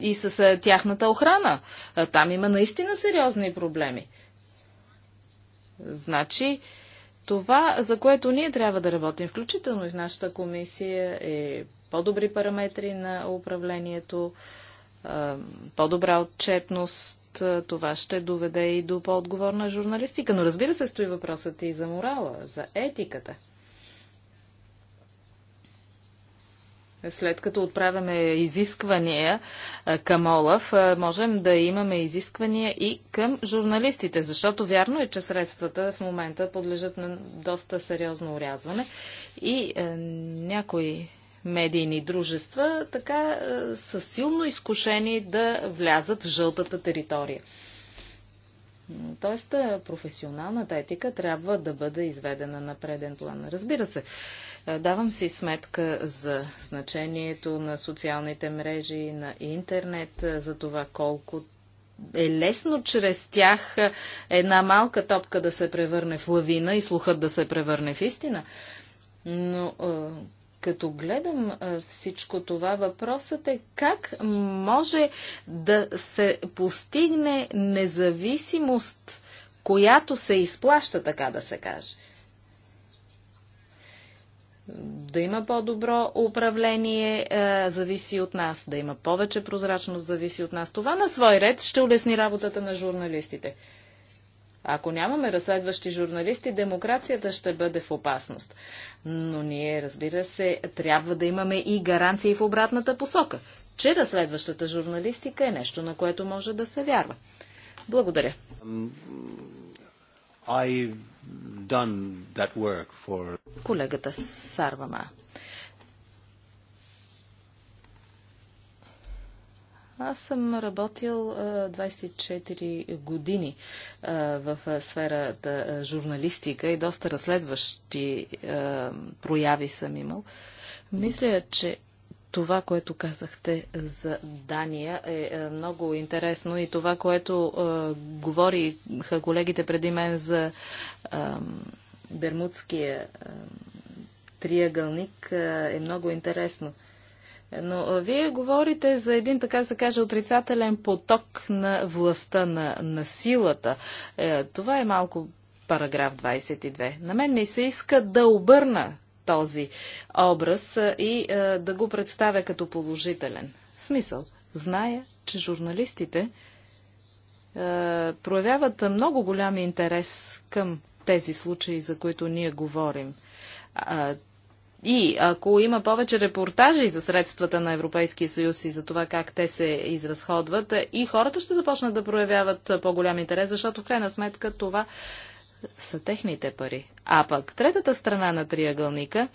и с тяхната охрана. Там има наистина сериозни проблеми. Значи, това, за което ние трябва да работим, включително и в нашата комисия, е по-добри параметри на управлението, по-добра отчетност. Това ще доведе и до по-отговорна журналистика. Но разбира се, стои въпросът и за морала, за етиката. След като отправяме изисквания към Олаф, можем да имаме изисквания и към журналистите, защото вярно е, че средствата в момента подлежат на доста сериозно урязване и е, някои медийни дружества така е, са силно изкушени да влязат в жълтата територия. Тоест, професионалната етика трябва да бъде изведена на преден план. Разбира се, давам си сметка за значението на социалните мрежи, на интернет, за това колко е лесно чрез тях една малка топка да се превърне в лавина и слухът да се превърне в истина. Но като гледам всичко това, въпросът е как може да се постигне независимост, която се изплаща, така да се каже да има по-добро управление, е, зависи от нас. Да има повече прозрачност, зависи от нас. Това на свой ред ще улесни работата на журналистите. Ако нямаме разследващи журналисти, демокрацията ще бъде в опасност. Но ние, разбира се, трябва да имаме и гаранции в обратната посока, че разследващата журналистика е нещо, на което може да се вярва. Благодаря. For... Колегата Сарвама. Аз съм работил 24 години в сферата журналистика и доста разследващи прояви съм имал. Мисля, че това, което казахте за Дания е, е много интересно и това, което говориха колегите преди мен за Бермудския триъгълник е много интересно. Но вие говорите за един, така да се каже, отрицателен поток на властта, на, на силата. Е, това е малко параграф 22. На мен ми се иска да обърна този образ и е, да го представя като положителен. В смисъл, зная, че журналистите е, проявяват много голям интерес към тези случаи, за които ние говорим. И ако има повече репортажи за средствата на Европейския съюз и за това как те се изразходват, и хората ще започнат да проявяват по-голям интерес, защото в крайна сметка това са техните пари. А пък третата страна на триъгълника,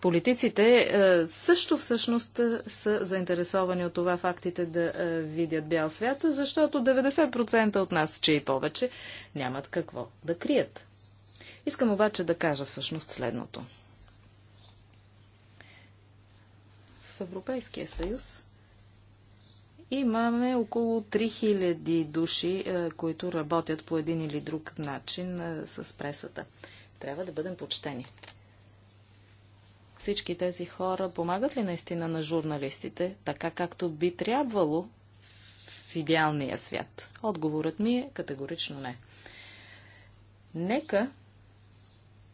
политиците също всъщност са заинтересовани от това фактите да видят бял свят, защото 90% от нас, че и повече, нямат какво да крият. Искам обаче да кажа всъщност следното. В Европейския съюз имаме около 3000 души, е, които работят по един или друг начин е, с пресата. Трябва да бъдем почтени. Всички тези хора помагат ли наистина на журналистите, така както би трябвало в идеалния свят? Отговорът ми е категорично не. Нека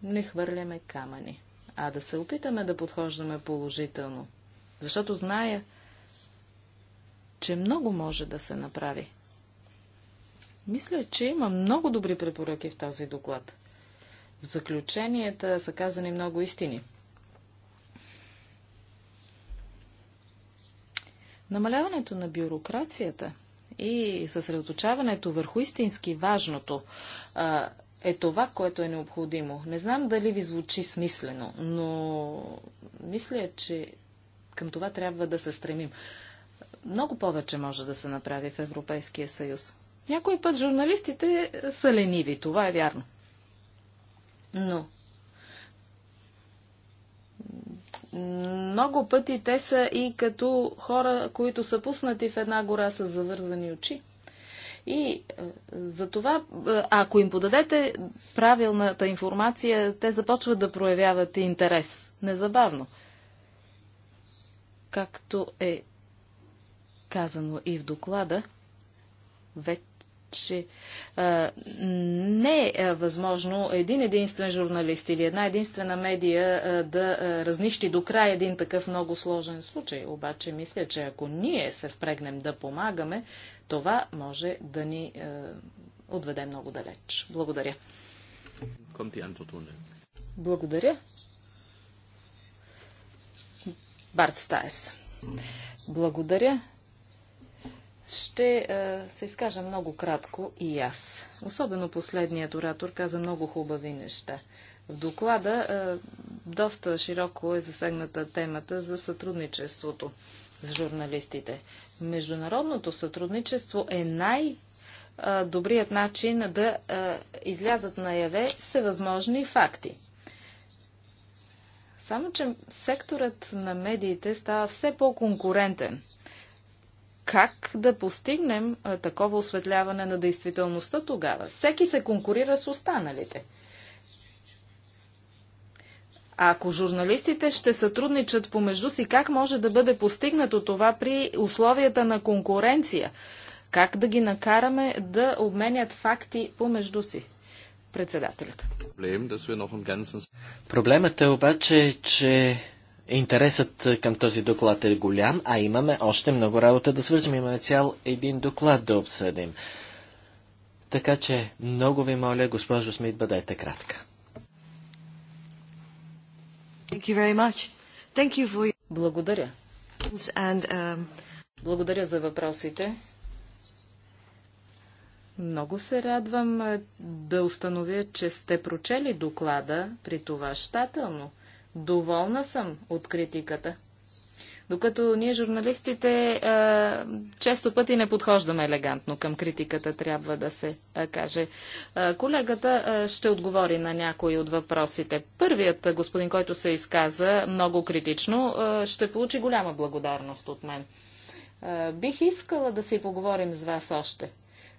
не хвърляме камъни, а да се опитаме да подхождаме положително. Защото зная, че много може да се направи. Мисля, че има много добри препоръки в този доклад. В заключенията са казани много истини. Намаляването на бюрокрацията и съсредоточаването върху истински важното, е това, което е необходимо. Не знам дали ви звучи смислено, но мисля, че към това трябва да се стремим. Много повече може да се направи в Европейския съюз. Някой път журналистите са лениви, това е вярно. Но много пъти те са и като хора, които са пуснати в една гора с завързани очи. И е, за това, е, ако им подадете правилната информация, те започват да проявяват интерес незабавно. Както е казано и в доклада, вече а, е, не е възможно един единствен журналист или една единствена медия а, да а, разнищи до край един такъв много сложен случай. Обаче мисля, че ако ние се впрегнем да помагаме, това може да ни е, отведе много далеч. Благодаря. Благодаря. Барт Стаес. Благодаря. Ще е, се изкажа много кратко и аз. Особено последният оратор каза много хубави неща. В доклада е, доста широко е засегната темата за сътрудничеството с журналистите. Международното сътрудничество е най- добрият начин да излязат наяве всевъзможни факти. Само, че секторът на медиите става все по-конкурентен. Как да постигнем такова осветляване на действителността тогава? Всеки се конкурира с останалите – ако журналистите ще сътрудничат помежду си, как може да бъде постигнато това при условията на конкуренция? Как да ги накараме да обменят факти помежду си? Председателят. Проблемът е обаче, че интересът към този доклад е голям, а имаме още много работа да свържим. Имаме цял един доклад да обсъдим. Така че много ви моля, госпожо Смит, бъдете кратка. For... Благодаря. And, um... Благодаря за въпросите. Много се радвам е, да установя, че сте прочели доклада, при това щателно. Доволна съм от критиката. Докато ние журналистите често пъти не подхождаме елегантно към критиката, трябва да се каже. Колегата ще отговори на някои от въпросите. Първият господин, който се изказа много критично, ще получи голяма благодарност от мен. Бих искала да си поговорим с вас още.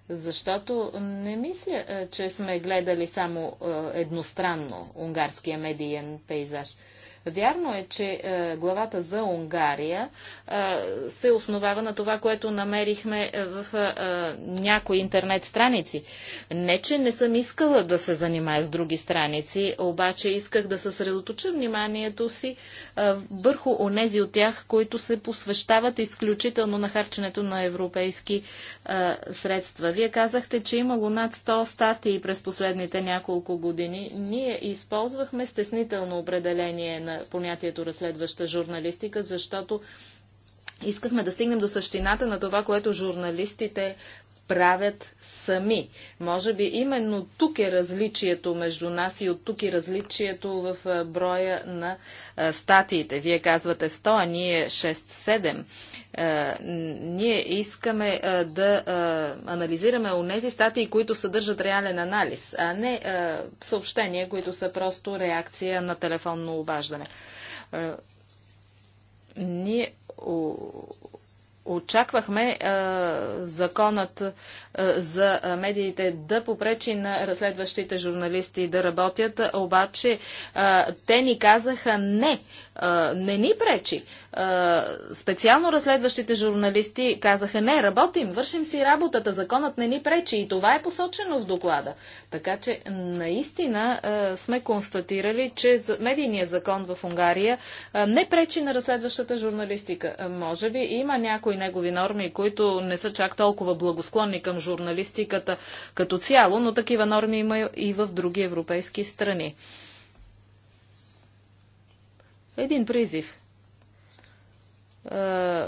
Защото не мисля, че сме гледали само едностранно унгарския медиен пейзаж – Вярно е, че е, главата за Унгария е, се основава на това, което намерихме е, в е, е, някои интернет страници. Не, че не съм искала да се занимая с други страници, обаче исках да съсредоточа вниманието си е, върху онези от тях, които се посвещават изключително на харченето на европейски средства. Вие казахте, че имало над 100 статии през последните няколко години. Ние използвахме стеснително определение на на понятието разследваща журналистика, защото искахме да стигнем до същината на това, което журналистите правят сами. Може би именно тук е различието между нас и от тук е различието в броя на статиите. Вие казвате 100, а ние 6-7. Ние искаме да анализираме онези статии, които съдържат реален анализ, а не съобщения, които са просто реакция на телефонно обаждане. Ние очаквахме а, законът а, за медиите да попречи на разследващите журналисти да работят, обаче а, те ни казаха не, а, не ни пречи специално разследващите журналисти казаха не, работим, вършим си работата, законът не ни пречи и това е посочено в доклада. Така че наистина сме констатирали, че медийният закон в Унгария не пречи на разследващата журналистика. Може би има някои негови норми, които не са чак толкова благосклонни към журналистиката като цяло, но такива норми има и в други европейски страни. Един призив е,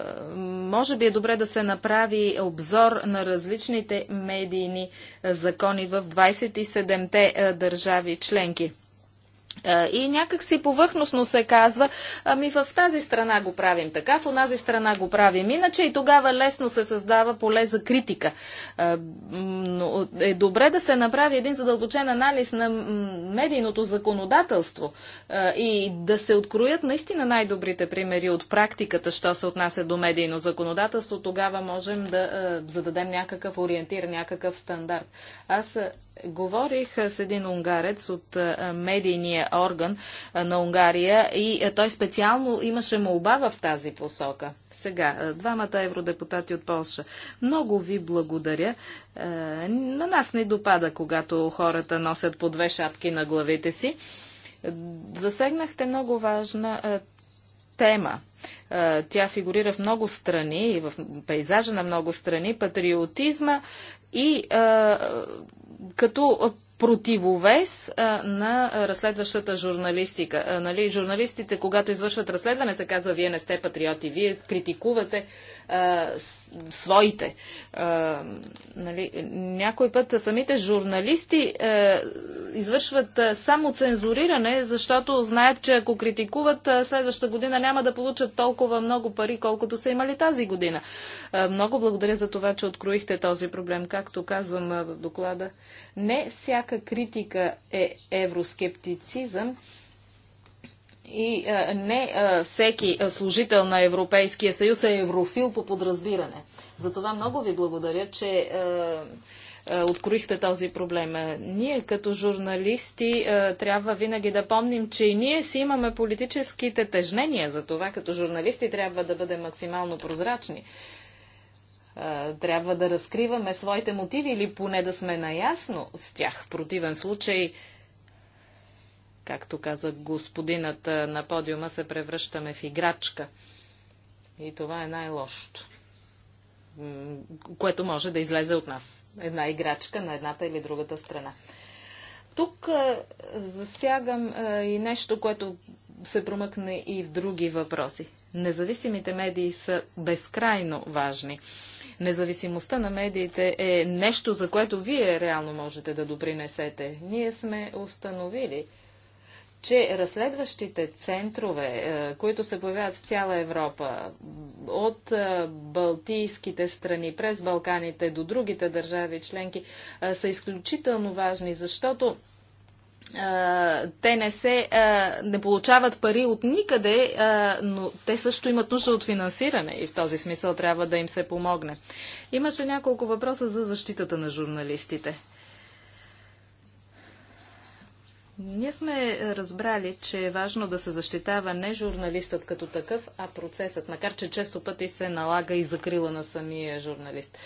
може би е добре да се направи обзор на различните медийни е, закони в 27-те е, държави членки. И някак си повърхностно се казва, ами в тази страна го правим така, в онази страна го правим иначе и тогава лесно се създава поле за критика. Но е добре да се направи един задълбочен анализ на медийното законодателство и да се откроят наистина най-добрите примери от практиката, що се отнася до медийно законодателство, тогава можем да зададем някакъв ориентир, някакъв стандарт. Аз говорих с един унгарец от медийния съдебния орган на Унгария и той специално имаше молба в тази посока. Сега, двамата евродепутати от Польша. Много ви благодаря. На нас не допада, когато хората носят по две шапки на главите си. Засегнахте много важна тема. Тя фигурира в много страни и в пейзажа на много страни. Патриотизма и като противовес а, на разследващата журналистика. А, нали, журналистите, когато извършват разследване, се казва, вие не сте патриоти, вие критикувате а, своите. А, нали, някой път самите журналисти а, извършват само цензуриране, защото знаят, че ако критикуват а, следващата година, няма да получат толкова много пари, колкото са имали тази година. А, много благодаря за това, че откроихте този проблем. Както казвам в доклада, не всяка критика е евроскептицизъм и а, е, не а, е, всеки а, е, служител на Европейския съюз е еврофил по подразбиране. Затова много ви благодаря, че а, а, откроихте този проблем. ние като журналисти а, трябва винаги да помним, че и ние си имаме политическите тежнения. Затова като журналисти трябва да бъдем максимално прозрачни трябва да разкриваме своите мотиви или поне да сме наясно с тях. В противен случай както каза господината на подиума, се превръщаме в играчка. И това е най-лошото, което може да излезе от нас. Една играчка на едната или другата страна. Тук засягам и нещо, което се промъкне и в други въпроси. Независимите медии са безкрайно важни. Независимостта на медиите е нещо, за което вие реално можете да допринесете. Ние сме установили, че разследващите центрове, е, които се появяват в цяла Европа, от е, Балтийските страни, през Балканите до другите държави членки, е, са изключително важни, защото те не се не получават пари от никъде, но те също имат нужда от финансиране и в този смисъл трябва да им се помогне. Имаше няколко въпроса за защитата на журналистите. Ние сме разбрали, че е важно да се защитава не журналистът като такъв, а процесът, макар че често пъти се налага и закрила на самия журналист.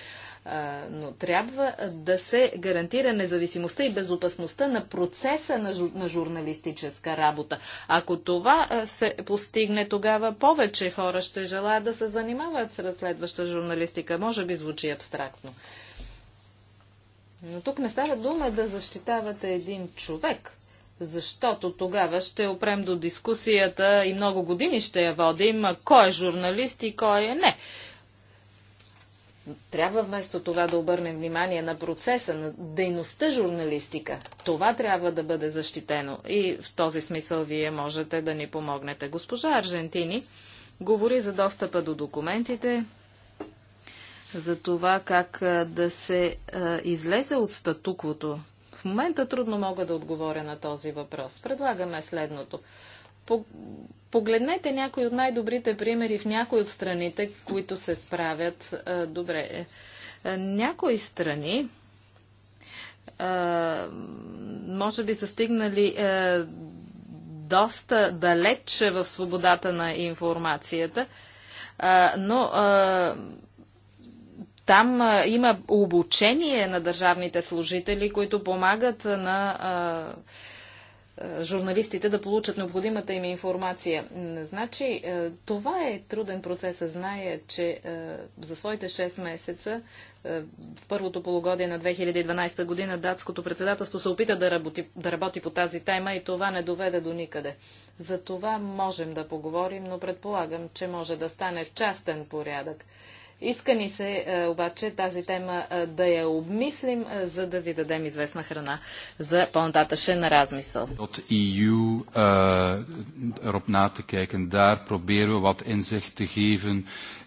но трябва да се гарантира независимостта и безопасността на процеса на, жур, на журналистическа работа. Ако това се постигне, тогава повече хора ще желаят да се занимават с разследваща журналистика. Може би звучи абстрактно. Но тук не става дума да защитавате един човек защото тогава ще опрем до дискусията и много години ще я водим, кой е журналист и кой е не. Трябва вместо това да обърнем внимание на процеса, на дейността журналистика. Това трябва да бъде защитено и в този смисъл вие можете да ни помогнете. Госпожа Аржентини говори за достъпа до документите, за това как да се излезе от статуквото, момента трудно мога да отговоря на този въпрос. Предлагаме следното. Погледнете някои от най-добрите примери в някои от страните, които се справят добре. Е, е, някои страни може би са стигнали е, доста далече в свободата на информацията, но там има обучение на държавните служители, които помагат на журналистите да получат необходимата им информация. Значи, това е труден процес. Зная, че за своите 6 месеца, в първото полугодие на 2012 година, датското председателство се опита да работи, да работи по тази тема и това не доведе до никъде. За това можем да поговорим, но предполагам, че може да стане частен порядък. Иска ни се е, обаче тази тема е, да я обмислим, е, за да ви дадем известна храна за по-нататъшен размисъл. От EU erop na te kijken, daar proberen we wat inzicht te geven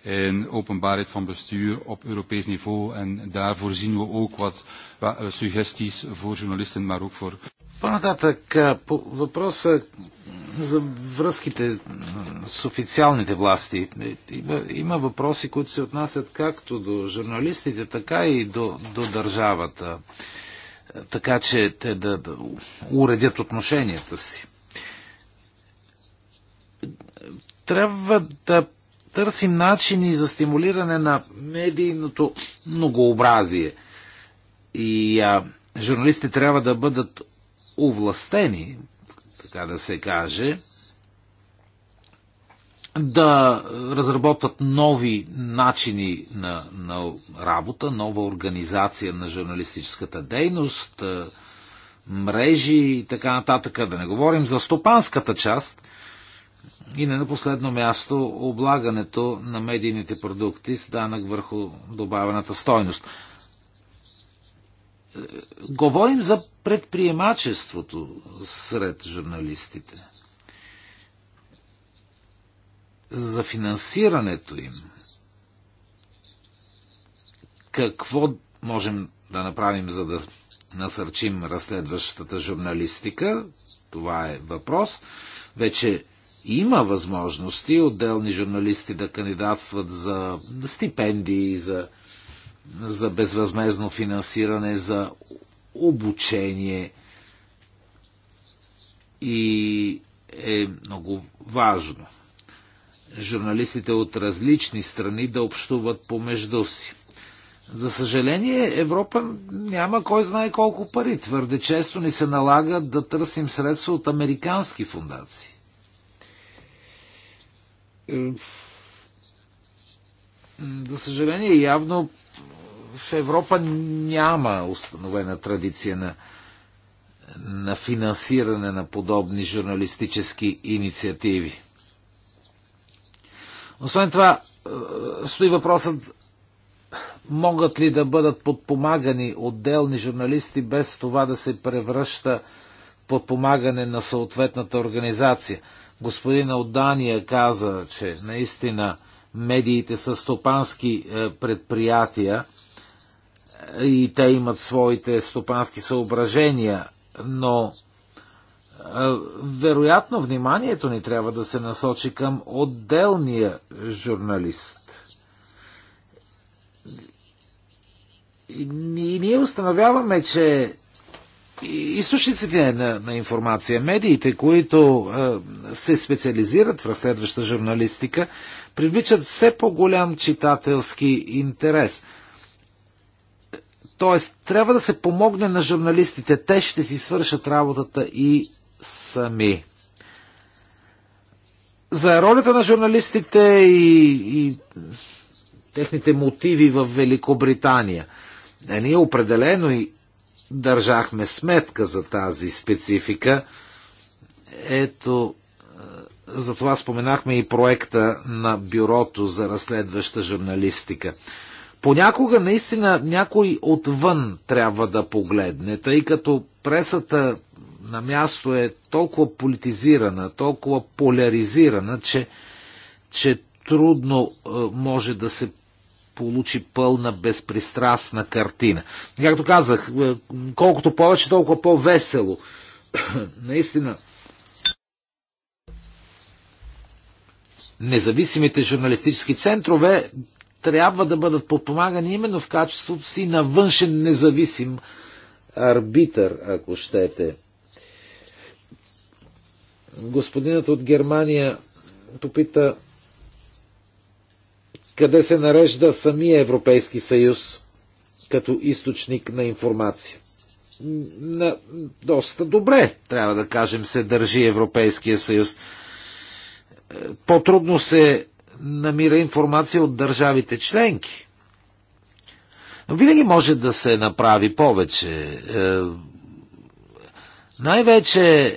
in openbaarheid van bestuur op Europees niveau en daarvoor zien we ook wat, wat suggesties voor journalisten, maar ook voor... По-нататък, по въпроса за връзките с официалните власти. Има, има въпроси, които се отнасят както до журналистите, така и до, до държавата. Така че те да, да уредят отношенията си. Трябва да търсим начини за стимулиране на медийното многообразие. И а, журналистите трябва да бъдат овластени така да се каже, да разработват нови начини на, на работа, нова организация на журналистическата дейност, мрежи и така нататък. Да не говорим за стопанската част и не на последно място облагането на медийните продукти с данък върху добавената стойност говорим за предприемачеството сред журналистите, за финансирането им. Какво можем да направим, за да насърчим разследващата журналистика? Това е въпрос. Вече има възможности отделни журналисти да кандидатстват за стипендии, за за безвъзмезно финансиране за обучение и е много важно журналистите от различни страни да общуват помежду си. За съжаление, Европа няма кой знае колко пари. Твърде често ни се налага да търсим средства от американски фундации е, за съжаление, явно в Европа няма установена традиция на, на финансиране на подобни журналистически инициативи. Освен това, е, стои въпросът могат ли да бъдат подпомагани отделни журналисти без това да се превръща подпомагане на съответната организация. Господина от Дания каза, че наистина медиите са стопански е, предприятия е, и те имат своите стопански съображения, но е, вероятно вниманието ни трябва да се насочи към отделния журналист. И ние установяваме, че източниците на, на информация, медиите, които е, се специализират в разследваща журналистика, привличат все по-голям читателски интерес. Тоест, трябва да се помогне на журналистите. Те ще си свършат работата и сами. За ролята на журналистите и, и техните мотиви в Великобритания. Е, ние определено и държахме сметка за тази специфика. Ето, е, за това споменахме и проекта на Бюрото за разследваща журналистика. Понякога наистина някой отвън трябва да погледне, тъй като пресата на място е толкова политизирана, толкова поляризирана, че, че трудно е, може да се получи пълна безпристрастна картина. Както казах, е, колкото повече, толкова по-весело. (coughs) Наистина, независимите журналистически центрове трябва да бъдат подпомагани именно в качеството си на външен независим арбитър, ако щете. Господинът от Германия попита къде се нарежда самия Европейски съюз като източник на информация. На, доста добре, трябва да кажем, се държи Европейския съюз. По-трудно се намира информация от държавите членки. Но винаги може да се направи повече. Е, най-вече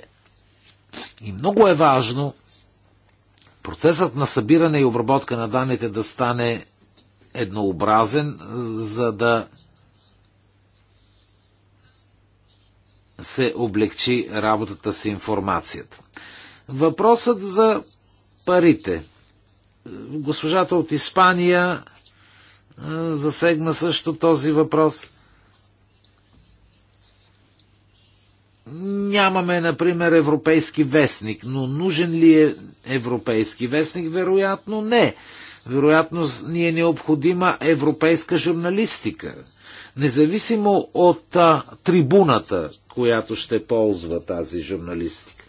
и много е важно процесът на събиране и обработка на данните да стане еднообразен, за да се облегчи работата с информацията. Въпросът за парите. Госпожата от Испания засегна също този въпрос. Нямаме, например, европейски вестник, но нужен ли е европейски вестник? Вероятно не. Вероятно ни е необходима европейска журналистика. Независимо от а, трибуната, която ще ползва тази журналистика.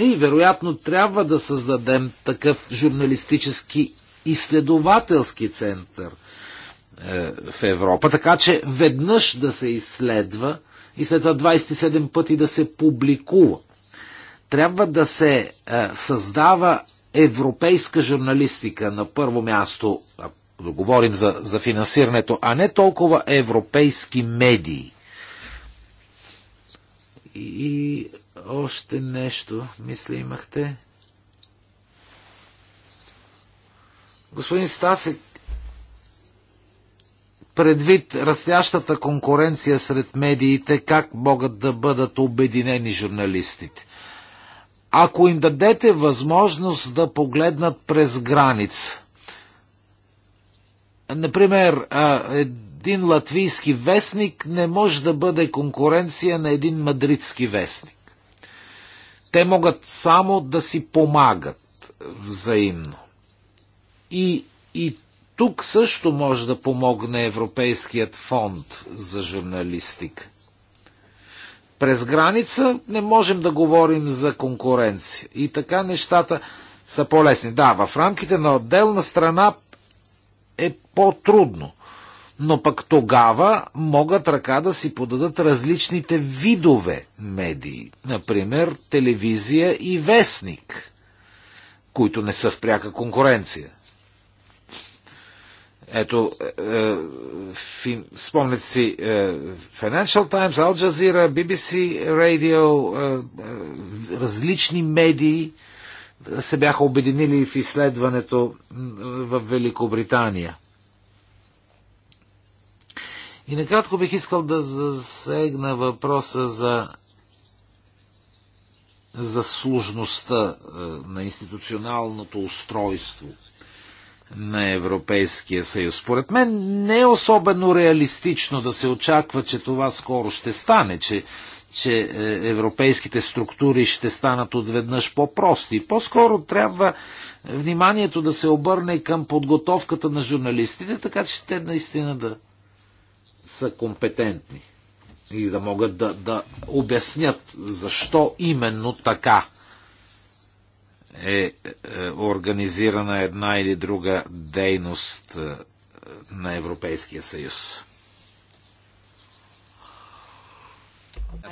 И вероятно трябва да създадем такъв журналистически изследователски център е, в Европа, така че веднъж да се изследва и след това 27 пъти да се публикува. Трябва да се е, създава европейска журналистика на първо място, да говорим за, за финансирането, а не толкова европейски медии. И още нещо, мисля, имахте. Господин Стасек предвид растящата конкуренция сред медиите, как могат да бъдат обединени журналистите? Ако им дадете възможност да погледнат през граница, например, един латвийски вестник не може да бъде конкуренция на един мадридски вестник. Те могат само да си помагат взаимно. И, и тук също може да помогне Европейският фонд за журналистика. През граница не можем да говорим за конкуренция. И така нещата са по-лесни. Да, в рамките на отделна страна е по-трудно. Но пък тогава могат ръка да си подадат различните видове медии. Например, телевизия и вестник, които не са в пряка конкуренция. Ето, е, е спомнете си е, Financial Times, Al Jazeera, BBC Radio, е, е, различни медии се бяха обединили в изследването в Великобритания. И накратко бих искал да засегна въпроса за за сложността е, на институционалното устройство – на Европейския съюз. Според мен не е особено реалистично да се очаква, че това скоро ще стане, че, че е, европейските структури ще станат отведнъж по-прости. По-скоро трябва вниманието да се обърне към подготовката на журналистите, така че те наистина да са компетентни и да могат да, да обяснят защо именно така е, е организирана една или друга дейност е, на Европейския съюз.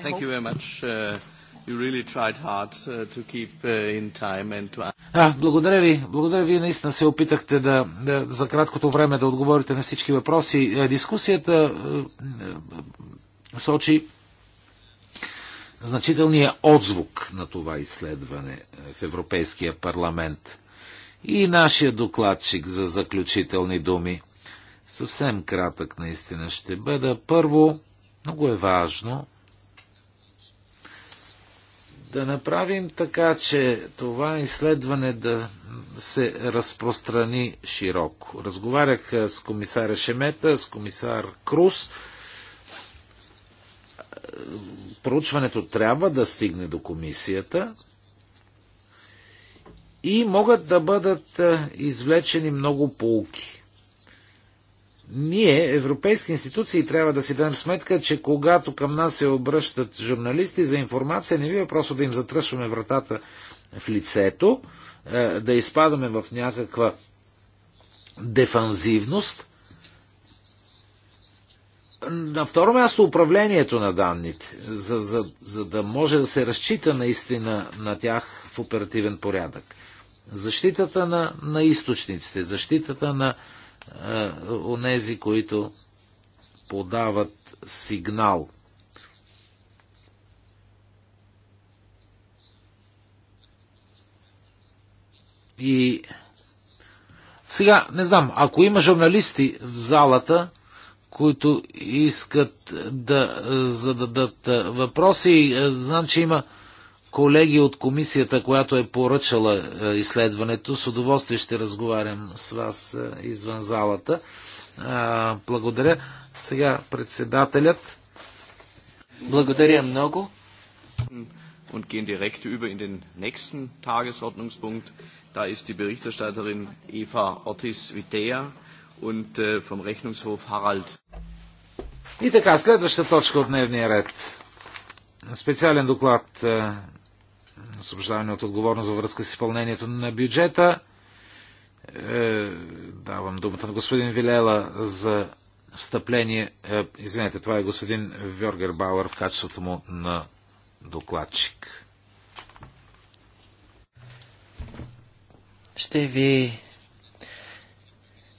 Thank you very much. Uh, you really tried hard uh, to keep uh, in time and to... А, благодаря ви. Благодаря ви. Наистина се опитахте да, да за краткото време да отговорите на всички въпроси. Е, дискусията сочи Значителният отзвук на това изследване е, в Европейския парламент. И нашия докладчик за заключителни думи. Съвсем кратък наистина ще бъда. Първо, много е важно да направим така, че това изследване да се разпространи широко. Разговарях е, с комисаря Шемета, с комисар Крус, проучването трябва да стигне до комисията и могат да бъдат е, извлечени много полки. Ние, европейски институции, трябва да си дадем сметка, че когато към нас се обръщат журналисти за информация, не бива просто да им затръшваме вратата в лицето, е, да изпадаме в някаква дефанзивност, на второ място управлението на данните, за, за, за да може да се разчита наистина на тях в оперативен порядък. Защитата на, на източниците, защитата на е, онези, които подават сигнал. И сега, не знам, ако има журналисти в залата, които искат да зададат въпроси. Знам, че има колеги от комисията, която е поръчала изследването. С удоволствие ще разговарям с вас извън залата. Благодаря. Сега председателят. Благодаря много. Und gehen direkt über in den nächsten Tagesordnungspunkt. Da ist die Berichterstatterin Eva und äh, vom Rechnungshof Harald. И така, следваща точка от дневния ред. Специален доклад е, от отговорност за връзка с изпълнението на бюджета. Е, давам думата на господин Вилела за встъпление. Е, извинете, това е господин Вьоргер Бауер в качеството му на докладчик. Ще ви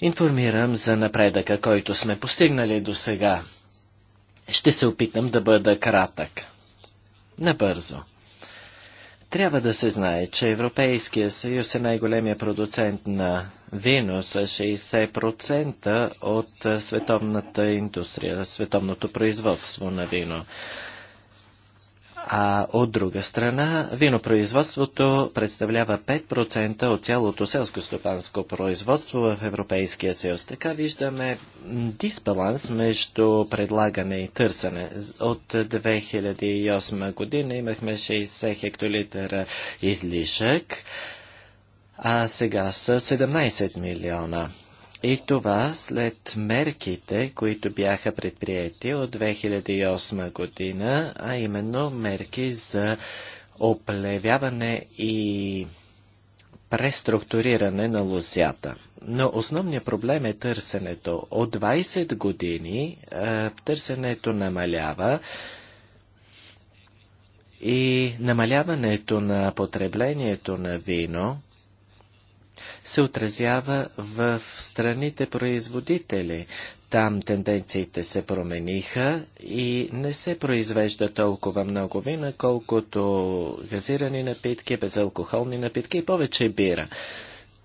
информирам за напредъка, който сме постигнали до сега. Ще се опитам да бъда кратък. Набързо. Трябва да се знае, че Европейския съюз е най-големия продуцент на вино с 60% от световната индустрия, световното производство на вино. А от друга страна, винопроизводството представлява 5% от цялото селско-стопанско производство в Европейския съюз. Така виждаме дисбаланс между предлагане и търсене. От 2008 година имахме 60 хектолитра излишък, а сега са 17 милиона. И това след мерките, които бяха предприяти от 2008 година, а именно мерки за оплевяване и преструктуриране на лузята. Но основният проблем е търсенето. От 20 години търсенето намалява и намаляването на потреблението на вино се отразява в страните производители. Там тенденциите се промениха и не се произвежда толкова много вина, колкото газирани напитки, безалкохолни напитки и повече бира.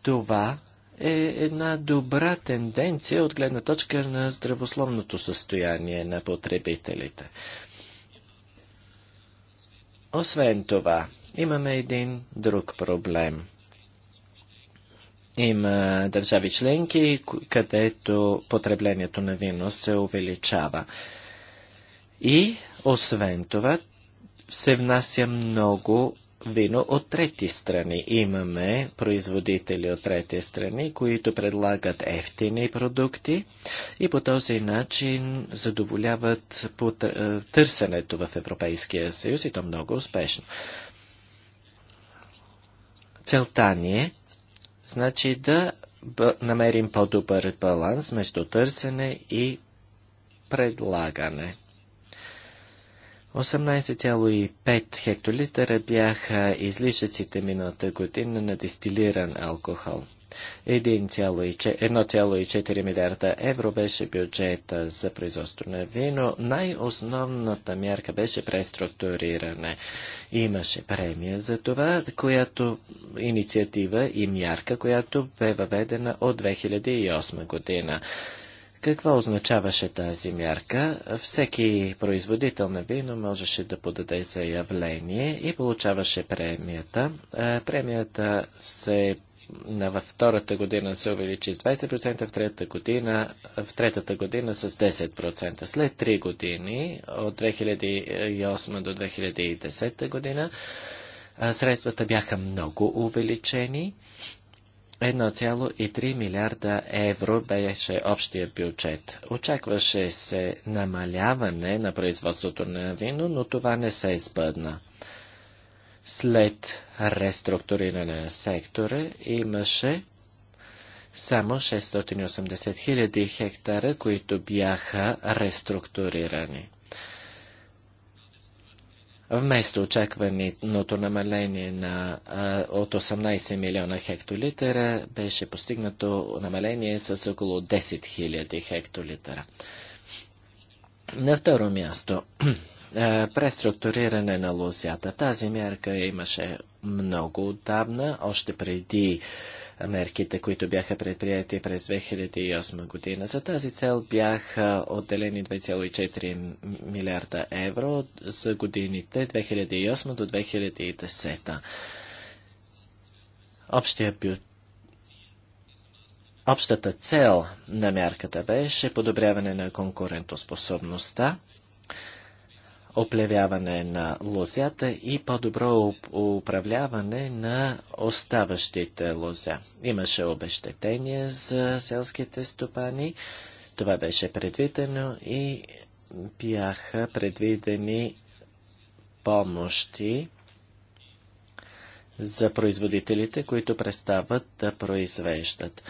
Това е една добра тенденция от гледна точка на здравословното състояние на потребителите. Освен това, имаме един друг проблем – има държави членки, където потреблението на вино се увеличава. И, освен това, се внася много вино от трети страни. Имаме производители от трети страни, които предлагат ефтини продукти и по този начин задоволяват е, търсенето в Европейския съюз и то много успешно. Целта ни е Значи да намерим по-добър баланс между търсене и предлагане. 18,5 хектолитъра бяха излишъците миналата година на дистилиран алкохол. 1,4 милиарда евро беше бюджета за производство на вино. Най-основната мярка беше преструктуриране. Имаше премия за това, която инициатива и мярка, която бе въведена от 2008 година. Какво означаваше тази мярка? Всеки производител на вино можеше да подаде заявление и получаваше премията. Е, премията се във втората година се увеличи с 20%, в третата година, в третата година с 10%. След 3 години, от 2008 до 2010 година, средствата бяха много увеличени. 1,3 милиарда евро беше общия бюджет. Очакваше се намаляване на производството на вино, но това не се избъдна. След реструктуриране на сектора имаше само 680 000 хектара, които бяха реструктурирани. Вместо очакваното намаление на, а, от 18 милиона хектолитъра, беше постигнато намаление с около 10 000 хектолитъра. На второ място, (clears throat) Е, преструктуриране на Лузията. Тази мярка имаше много отдавна, още преди мерките, които бяха предприяти през 2008 година. За тази цел бяха отделени 2,4 милиарда евро за годините 2008 до 2010. Общия бюджет Общата цел на мярката беше подобряване на конкурентоспособността оплевяване на лозята и по-добро управляване на оставащите лозя. Имаше обещетение за селските стопани, това беше предвидено и бяха предвидени помощи за производителите, които престават да произвеждат.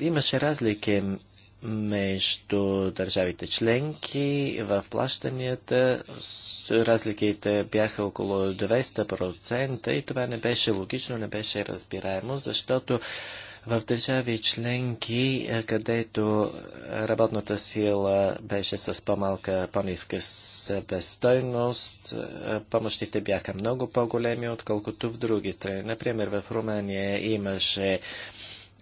Имаше разлики между държавите членки в плащанията разликите бяха около 200% и това не беше логично, не беше разбираемо, защото в държави членки, е, където работната сила беше с по-малка, по-ниска себестойност, е, помощите бяха много по-големи, отколкото в други страни. Например, в Румъния имаше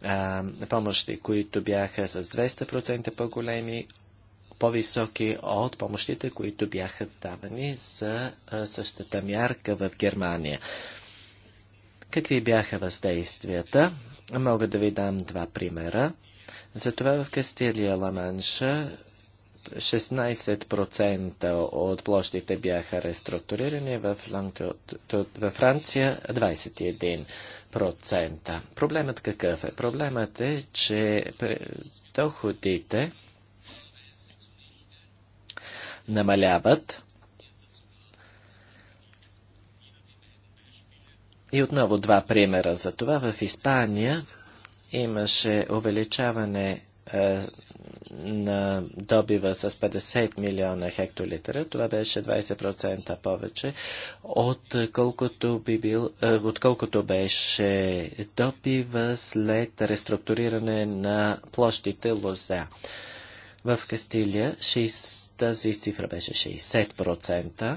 а, помощи, които бяха с 200% по-големи, по-високи от помощите, които бяха давани за а, същата мярка в Германия. Какви бяха въздействията? Мога да ви дам два примера. Затова в Кастилия Ламанша 16% от площите бяха реструктурирани, в, във Франция 21% процента. Проблемът какъв е? Проблемът е, че доходите намаляват и отново два примера за това. В Испания имаше увеличаване на. Е, на добива с 50 милиона хектолитра. Това беше 20% повече, отколкото, би бил, е, отколкото беше добива след реструктуриране на площите лоза. В Кастилия тази цифра беше 60%.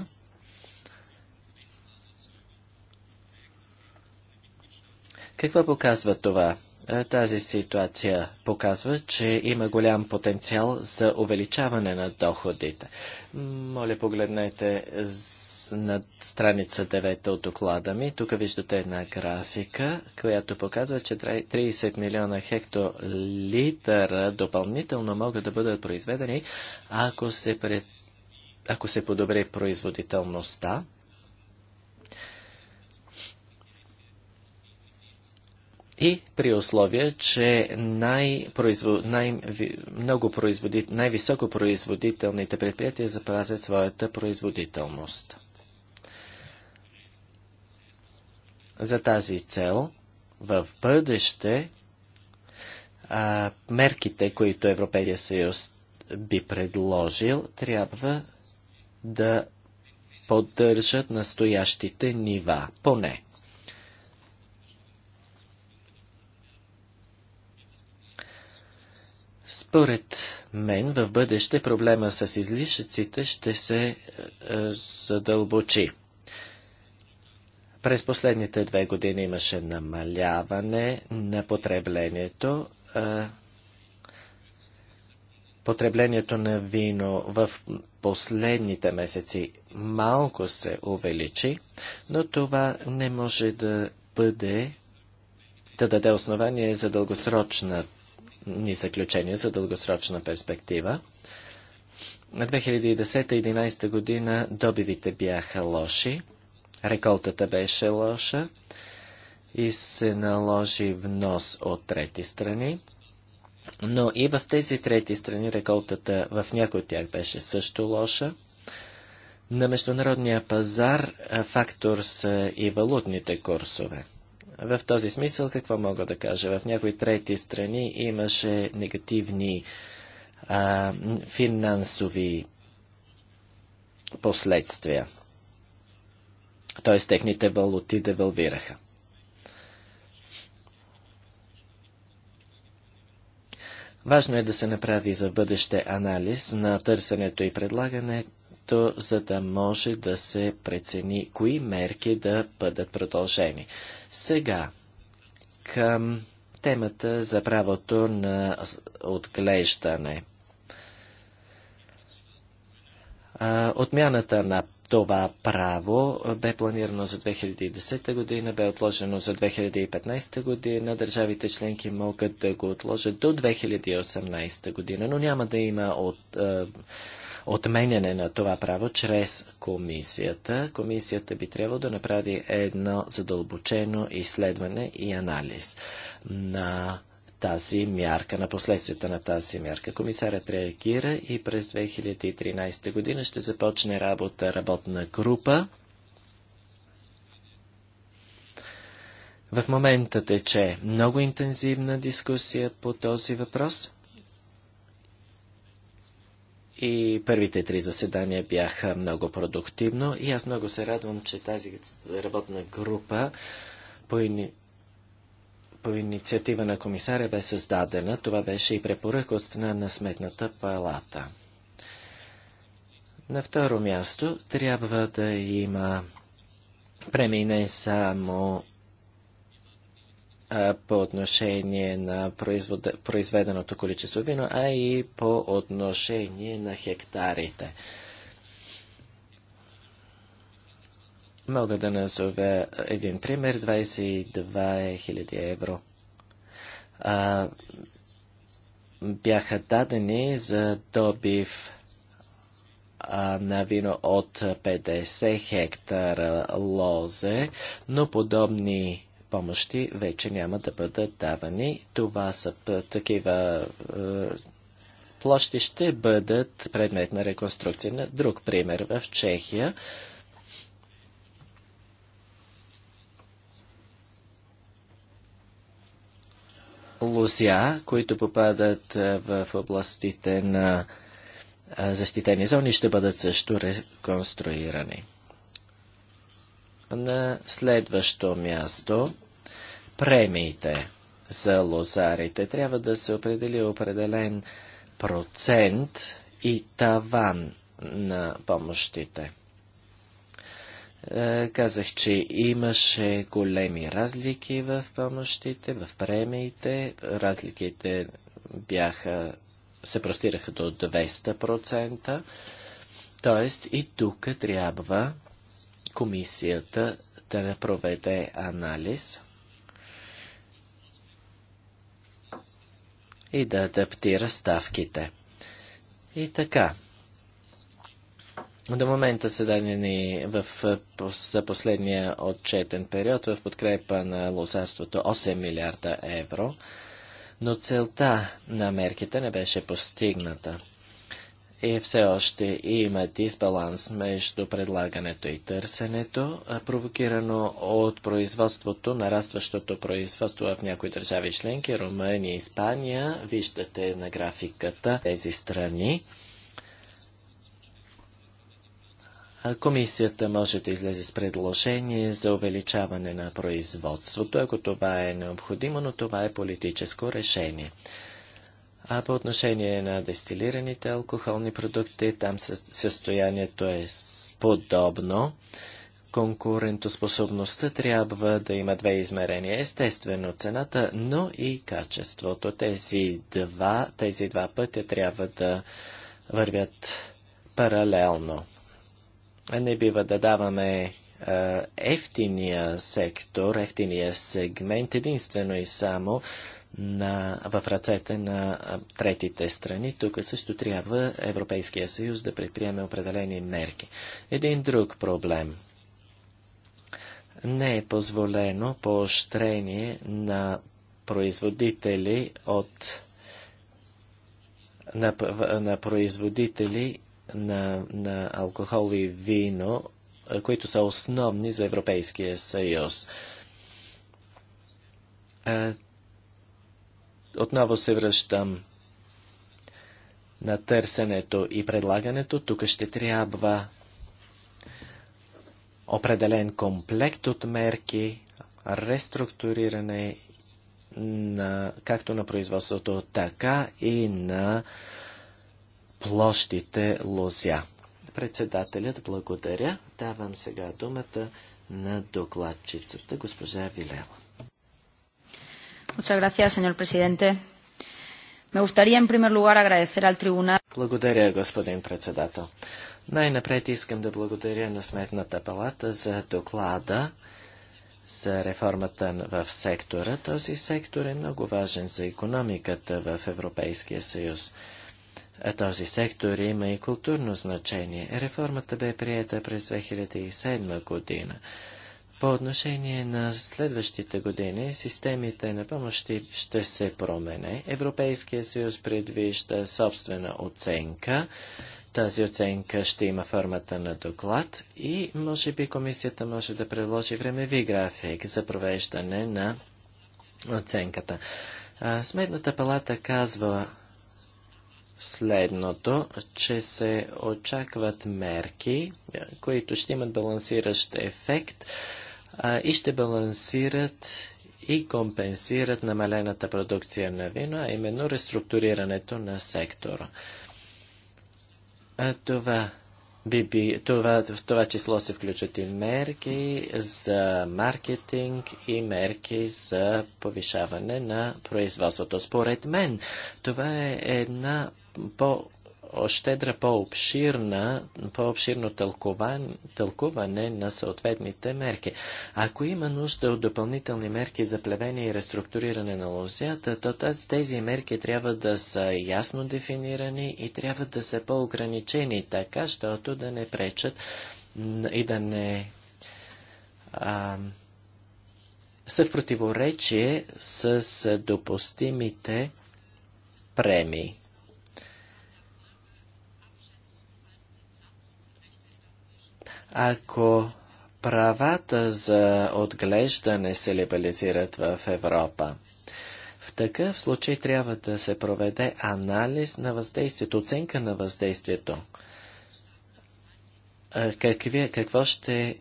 Какво показва това? Е, тази ситуация показва, че има голям потенциал за увеличаване на доходите. Моля, погледнете на страница 9 от доклада ми. Тук виждате една графика, която показва, че 30 милиона хектолитъра допълнително могат да бъдат произведени, ако се, пред... ако се подобри производителността И при условие, че най високопроизводителните най... най-високо производителните предприятия запазят своята производителност. За тази цел в бъдеще а, мерките, които Европейския съюз би предложил, трябва да поддържат настоящите нива, поне. Според мен в бъдеще проблема с излишъците ще се е, е, задълбочи. През последните две години имаше намаляване на потреблението. Е, потреблението на вино в последните месеци малко се увеличи, но това не може да бъде да даде основание за дългосрочна ни заключения за дългосрочна перспектива. На 2010-2011 година добивите бяха лоши, реколтата беше лоша и се наложи внос от трети страни. Но и в тези трети страни реколтата в някои от тях беше също лоша. На международния пазар фактор са и валутните курсове. В този смисъл, какво мога да кажа? В някои трети страни имаше негативни а, финансови последствия. Т.е. техните валути девалвираха. Важно е да се направи за бъдеще анализ на търсенето и предлагане, то за да може да се прецени кои мерки да бъдат продължени. Сега към темата за правото на отглеждане. Отмяната на това право бе планирано за 2010 година, бе отложено за 2015 година. Държавите членки могат да го отложат до 2018 година, но няма да има от, е, отменяне на това право чрез комисията. Комисията би трябвало да направи едно задълбочено изследване и анализ на тази мярка, на последствията на тази мярка. Комисарят реагира и през 2013 година ще започне работа работна група. В момента тече много интензивна дискусия по този въпрос. И първите три заседания бяха много продуктивно и аз много се радвам, че тази работна група по, ини... по инициатива на комисаря бе създадена. Това беше и препоръка от страна на Сметната палата. На второ място трябва да има премине само по отношение на произведеното количество вино, а и по отношение на хектарите. Мога да назове един пример 22 000 евро. А, бяха дадени за добив а, на вино от 50 хектара лозе, но подобни помощи вече няма да бъдат давани. Това са такива е, площи ще бъдат предмет на реконструкция. На друг пример в Чехия. Лузя, които попадат е, в областите на е, защитени зони, ще бъдат също реконструирани. На следващо място премиите за лозарите. Трябва да се определи определен процент и таван на помощите. Е, казах, че имаше големи разлики в помощите, в премиите. Разликите бяха, се простираха до 200%. Тоест и тук трябва комисията да не проведе анализ и да адаптира ставките. И така. До момента са дадени в, за последния отчетен период в подкрепа на лозарството 8 милиарда евро, но целта на мерките не беше постигната и все още има дисбаланс между предлагането и търсенето, провокирано от производството, нарастващото производство в някои държави членки, Румъния, и Испания. Виждате на графиката тези страни. Комисията може да излезе с предложение за увеличаване на производството, ако това е необходимо, но това е политическо решение. А по отношение на дестилираните алкохолни продукти, там състоянието е подобно. Конкурентоспособността трябва да има две измерения. Естествено цената, но и качеството. Тези два, тези два пътя трябва да вървят паралелно. Не бива да даваме ефтиния сектор, ефтиния сегмент единствено и само на, в ръцете на третите страни. Тук също трябва Европейския съюз да предприеме определени мерки. Един друг проблем. Не е позволено поощрение на производители от на, на производители на, на алкохол и вино, които са основни за Европейския съюз. Отново се връщам на търсенето и предлагането. Тук ще трябва определен комплект от мерки, реструктуриране на, както на производството, така и на площите лозя. Председателят благодаря. Давам сега думата на докладчицата госпожа Вилела. Muchas presidente. Me gustaría, en primer lugar, agradecer al tribunal. Благодаря, господин председател. Най-напред искам да благодаря на Сметната палата за доклада за реформата в сектора. Този сектор е много важен за економиката в Европейския съюз. А този сектор има и културно значение. Реформата бе приета през 2007 година. По отношение на следващите години, системите на помощи ще се промене. Европейския съюз предвижда собствена оценка. Тази оценка ще има формата на доклад и може би комисията може да предложи времеви график за провеждане на оценката. сметната палата казва следното, че се очакват мерки, които ще имат балансиращ ефект а, и ще балансират и компенсират намалената продукция на вино, а именно реструктурирането на сектора. това, би, би, това, в това число се включат и мерки за маркетинг и мерки за повишаване на производството. Според мен това е една по щедра по-обширна, по-обширно тълкуване на съответните мерки. Ако има нужда от допълнителни мерки за плевение и реструктуриране на лозята, то тази, тези мерки трябва да са ясно дефинирани и трябва да са по-ограничени, така, защото да не пречат и да не а, са в противоречие с допустимите премии. Ако правата за отглеждане се либерализират в Европа, в такъв случай трябва да се проведе анализ на въздействието, оценка на въздействието. Какви, какво ще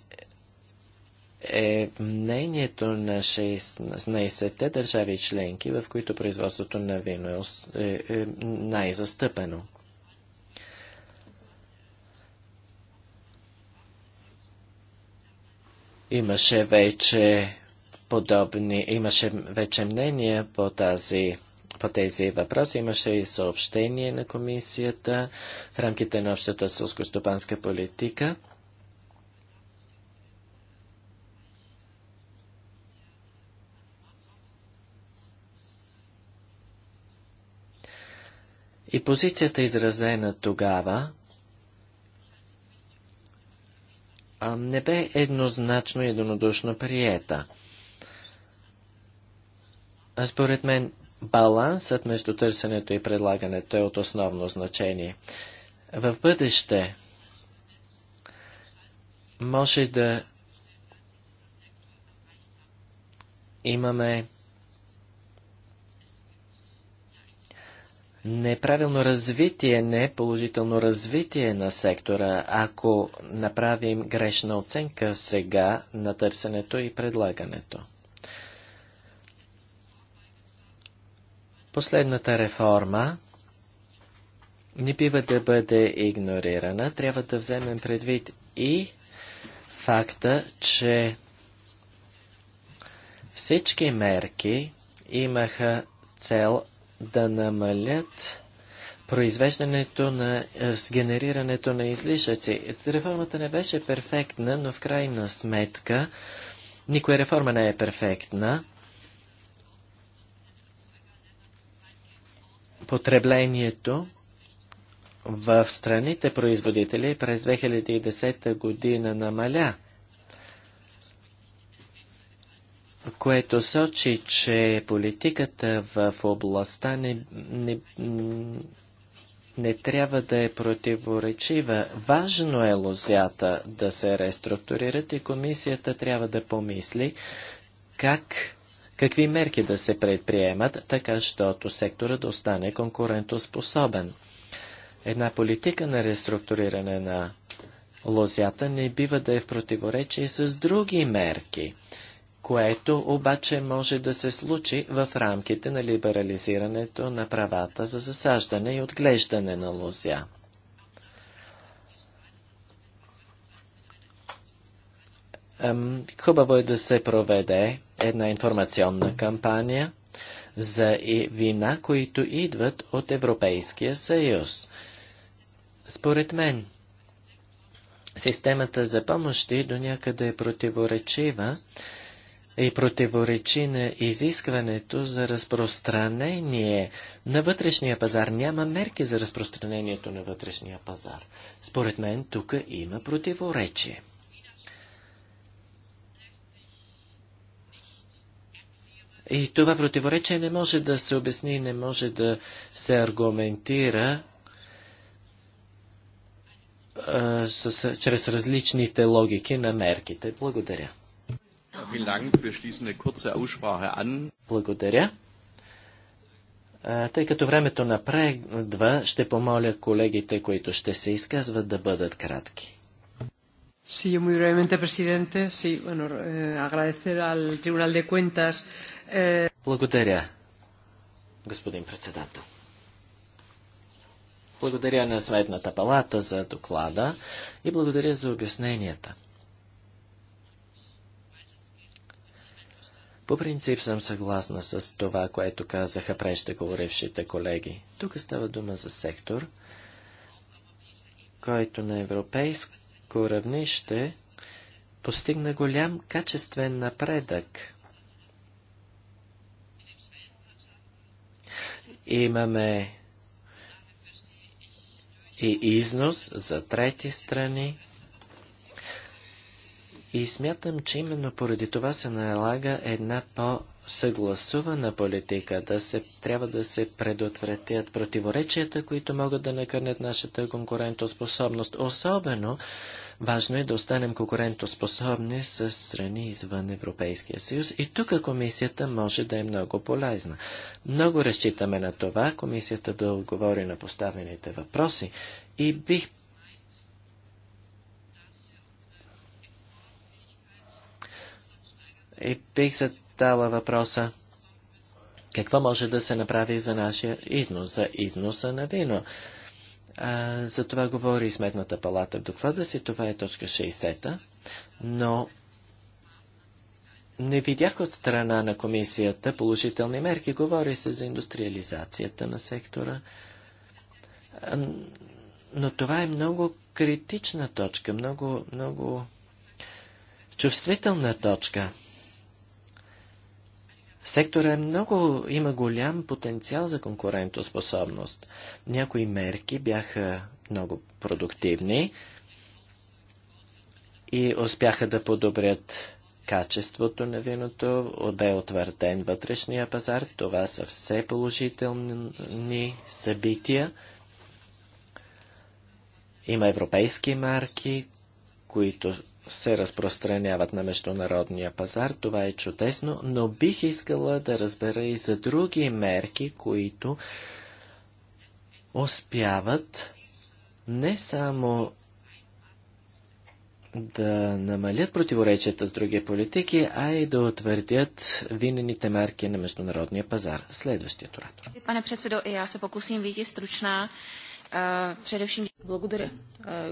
е мнението на 16-те държави членки, в които производството на вино е, е, е най-застъпено. Имаше вече подобни, имаше вече мнения по тази по тези въпроси имаше и съобщение на комисията в рамките на общата сълскостопанска политика. И позицията изразена тогава не бе еднозначно и единодушно приета. А според мен, балансът между търсенето и предлагането е от основно значение. В бъдеще може да имаме неправилно развитие, не положително развитие на сектора, ако направим грешна оценка сега на търсенето и предлагането. Последната реформа не бива да бъде игнорирана. Трябва да вземем предвид и факта, че всички мерки имаха цел да намалят произвеждането на, е, с генерирането на излишъци. Реформата не беше перфектна, но в крайна сметка никоя реформа не е перфектна. Потреблението в страните производители през 2010 година намаля. което сочи, че политиката в областта не, не, не трябва да е противоречива. Важно е лозята да се реструктурират и комисията трябва да помисли как, какви мерки да се предприемат, така щото сектора да остане конкурентоспособен. Една политика на реструктуриране на лозята не бива да е в противоречие с други мерки – което обаче може да се случи в рамките на либерализирането на правата за засаждане и отглеждане на Лузя. Хубаво е да се проведе една информационна кампания за вина, които идват от Европейския съюз. Според мен, системата за помощи до някъде е противоречива, и противоречи на изискването за разпространение на вътрешния пазар. Няма мерки за разпространението на вътрешния пазар. Според мен тук има противоречие. И това противоречие не може да се обясни, не може да се аргументира а, с, чрез различните логики на мерките. Благодаря. Благодаря. Тъй като времето напредва, ще помоля колегите, които ще се изказват, да бъдат кратки. Sí, muy brevemente, presidente. Sí, bueno, eh, agradecer al Tribunal de Cuentas. Eh... Благодаря, господин председател. Благодаря на Светната палата за доклада и благодаря за обясненията. По принцип съм съгласна с това, което казаха преждеговорившите колеги. Тук става дума за сектор, който на европейско равнище постигна голям качествен напредък. Имаме и износ за трети страни, и смятам, че именно поради това се налага една по-съгласувана политика, да се, трябва да се предотвратят противоречията, които могат да накърнят нашата конкурентоспособност. Особено важно е да останем конкурентоспособни с страни извън Европейския съюз. И тук комисията може да е много полезна. Много разчитаме на това, комисията да отговори на поставените въпроси и бих И е, бих задала въпроса, какво може да се направи за нашия износ, за износа на вино? А, за това говори Сметната палата в доклада си, това е точка 60-та, но не видях от страна на комисията положителни мерки. Говори се за индустриализацията на сектора. но това е много критична точка, много, много чувствителна точка. Сектора е много, има голям потенциал за конкурентоспособност. Някои мерки бяха много продуктивни и успяха да подобрят качеството на виното, бе утвърден вътрешния пазар. Това са все положителни събития. Има европейски марки, които се разпространяват на международния пазар. Това е чудесно, но бих искала да разбера и за други мерки, които успяват не само да намалят противоречията с други политики, а и да утвърдят винените марки на международния пазар. Следващият оратор. Пане и аз се покусим, стручна. Благодаря,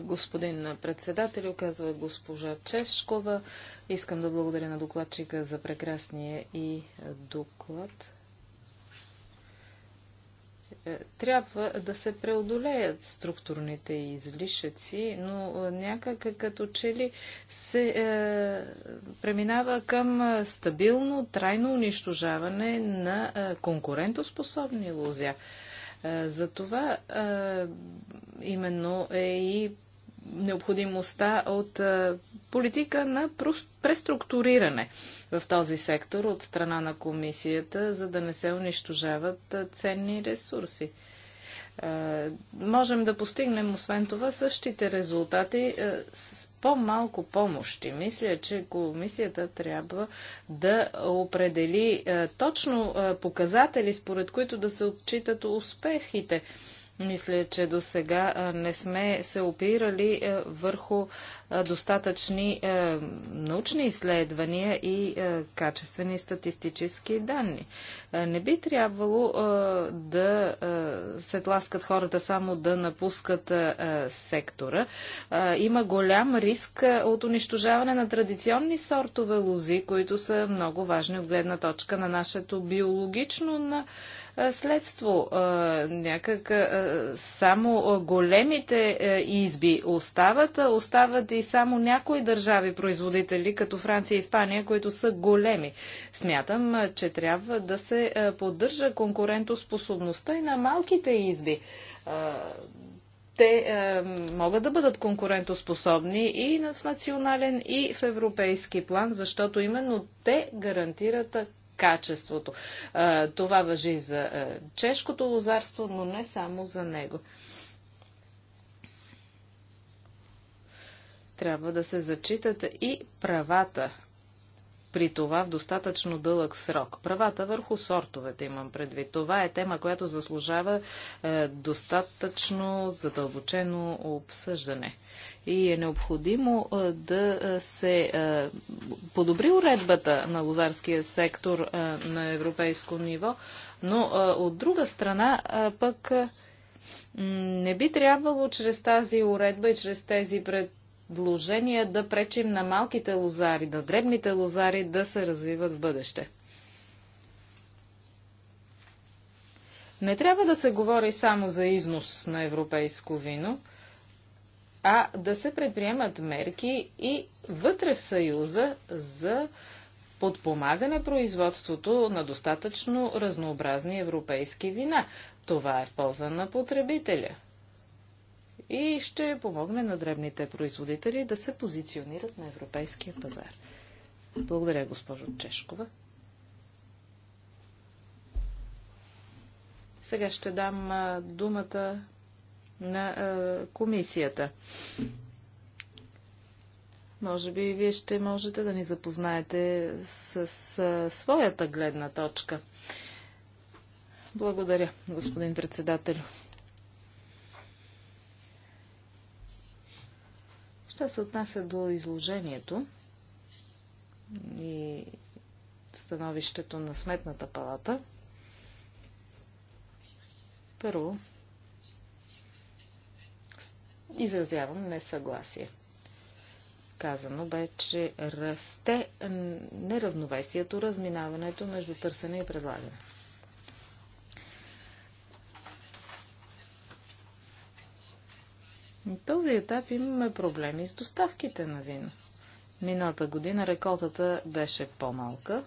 господин председател, казва госпожа Чешкова. Искам да благодаря на докладчика за прекрасния и доклад. Е, трябва да се преодолеят структурните излишъци, но някак като че ли се е, преминава към стабилно, трайно унищожаване на конкурентоспособни лузя. Е, за това е, именно е и необходимостта от е, политика на преструктуриране в този сектор от страна на комисията, за да не се унищожават ценни ресурси. Можем да постигнем, освен това, същите резултати с по-малко помощи. Мисля, че комисията трябва да определи е, точно е, показатели, според които да се отчитат успехите мисля, че до сега не сме се опирали върху достатъчни научни изследвания и качествени статистически данни. Не би трябвало да се тласкат хората само да напускат сектора. Има голям риск от унищожаване на традиционни сортове лози, които са много важни от гледна точка на нашето биологично на следство. Някак само големите изби остават, остават и само някои държави производители, като Франция и Испания, които са големи. Смятам, че трябва да се поддържа конкурентоспособността и на малките изби те е, могат да бъдат конкурентоспособни и в национален, и в европейски план, защото именно те гарантират качеството. Това въжи за чешкото лозарство, но не само за него. Трябва да се зачитат и правата при това в достатъчно дълъг срок. Правата върху сортовете имам предвид. Това е тема, която заслужава е, достатъчно задълбочено обсъждане. И е необходимо е, да е, се е, подобри уредбата на лозарския сектор е, на европейско ниво, но е, от друга страна пък не би трябвало чрез тази уредба и чрез тези пред вложения да пречим на малките лозари, на дребните лозари да се развиват в бъдеще. Не трябва да се говори само за износ на европейско вино, а да се предприемат мерки и вътре в Съюза за подпомагане производството на достатъчно разнообразни европейски вина. Това е в полза на потребителя и ще помогне на дребните производители да се позиционират на европейския пазар. Благодаря, госпожо Чешкова. Сега ще дам а, думата на а, комисията. Може би вие ще можете да ни запознаете с, с своята гледна точка. Благодаря, господин председател. Що се отнася до изложението и становището на Сметната палата, първо изразявам несъгласие. Казано бе, че расте неравновесието, разминаването между търсене и предлагане. На този етап имаме проблеми с доставките на вино. Миналата година реколтата беше по-малка,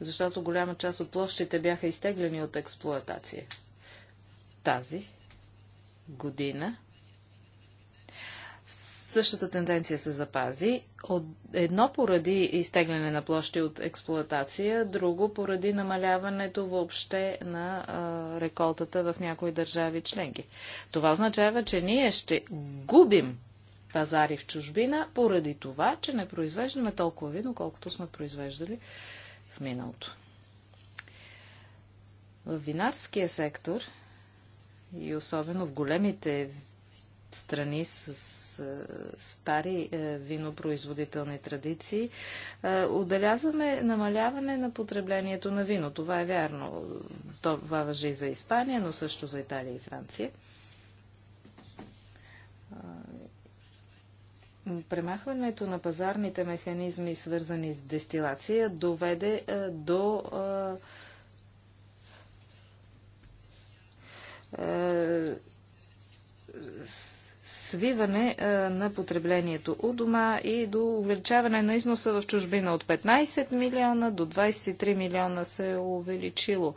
защото голяма част от площите бяха изтеглени от експлоатация. Тази година същата тенденция се запази. От едно поради изтегляне на площи от експлоатация, друго поради намаляването въобще на а, реколтата в някои държави членки. Това означава, че ние ще губим пазари в чужбина поради това, че не произвеждаме толкова вино, колкото сме произвеждали в миналото. В винарския сектор и особено в големите страни с е, стари е, винопроизводителни традиции, е, отбелязваме намаляване на потреблението на вино. Това е вярно. Това въжи и за Испания, но също за Италия и Франция. Премахването на пазарните механизми, свързани с дестилация, доведе до а, свиване на потреблението у дома и до увеличаване на износа в чужбина от 15 милиона до 23 милиона се е увеличило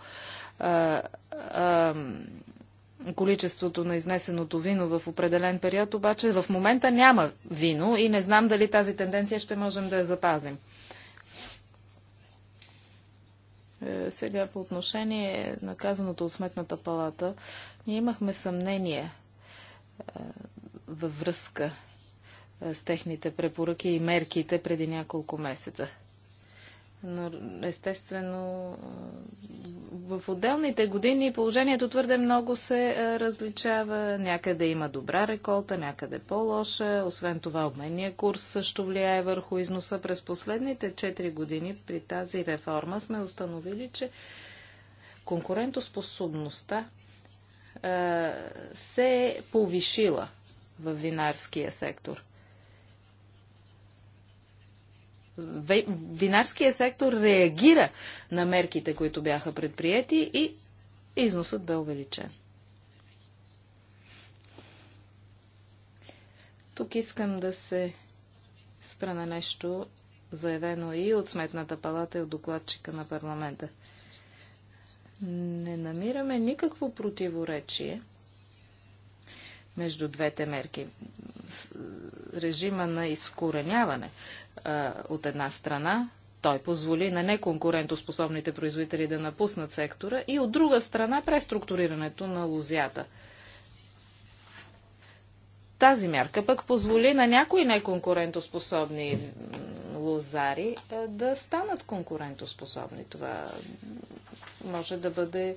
количеството на изнесеното вино в определен период, обаче в момента няма вино и не знам дали тази тенденция ще можем да я запазим. Е, сега по отношение на казаното от Сметната палата, ние имахме съмнение е, във връзка с техните препоръки и мерките преди няколко месеца. Но естествено, в отделните години положението твърде много се различава. Някъде има добра реколта, някъде по-лоша. Освен това, обменния курс също влияе върху износа. През последните 4 години при тази реформа сме установили, че конкурентоспособността се е повишила – в винарския сектор. Винарския сектор реагира на мерките, които бяха предприяти и износът бе увеличен. Тук искам да се спра на нещо, заявено и от Сметната палата и от докладчика на парламента. Не намираме никакво противоречие между двете мерки. Режима на изкореняване от една страна, той позволи на неконкурентоспособните производители да напуснат сектора и от друга страна преструктурирането на лозята. Тази мярка пък позволи на някои неконкурентоспособни лозари да станат конкурентоспособни. Това може да бъде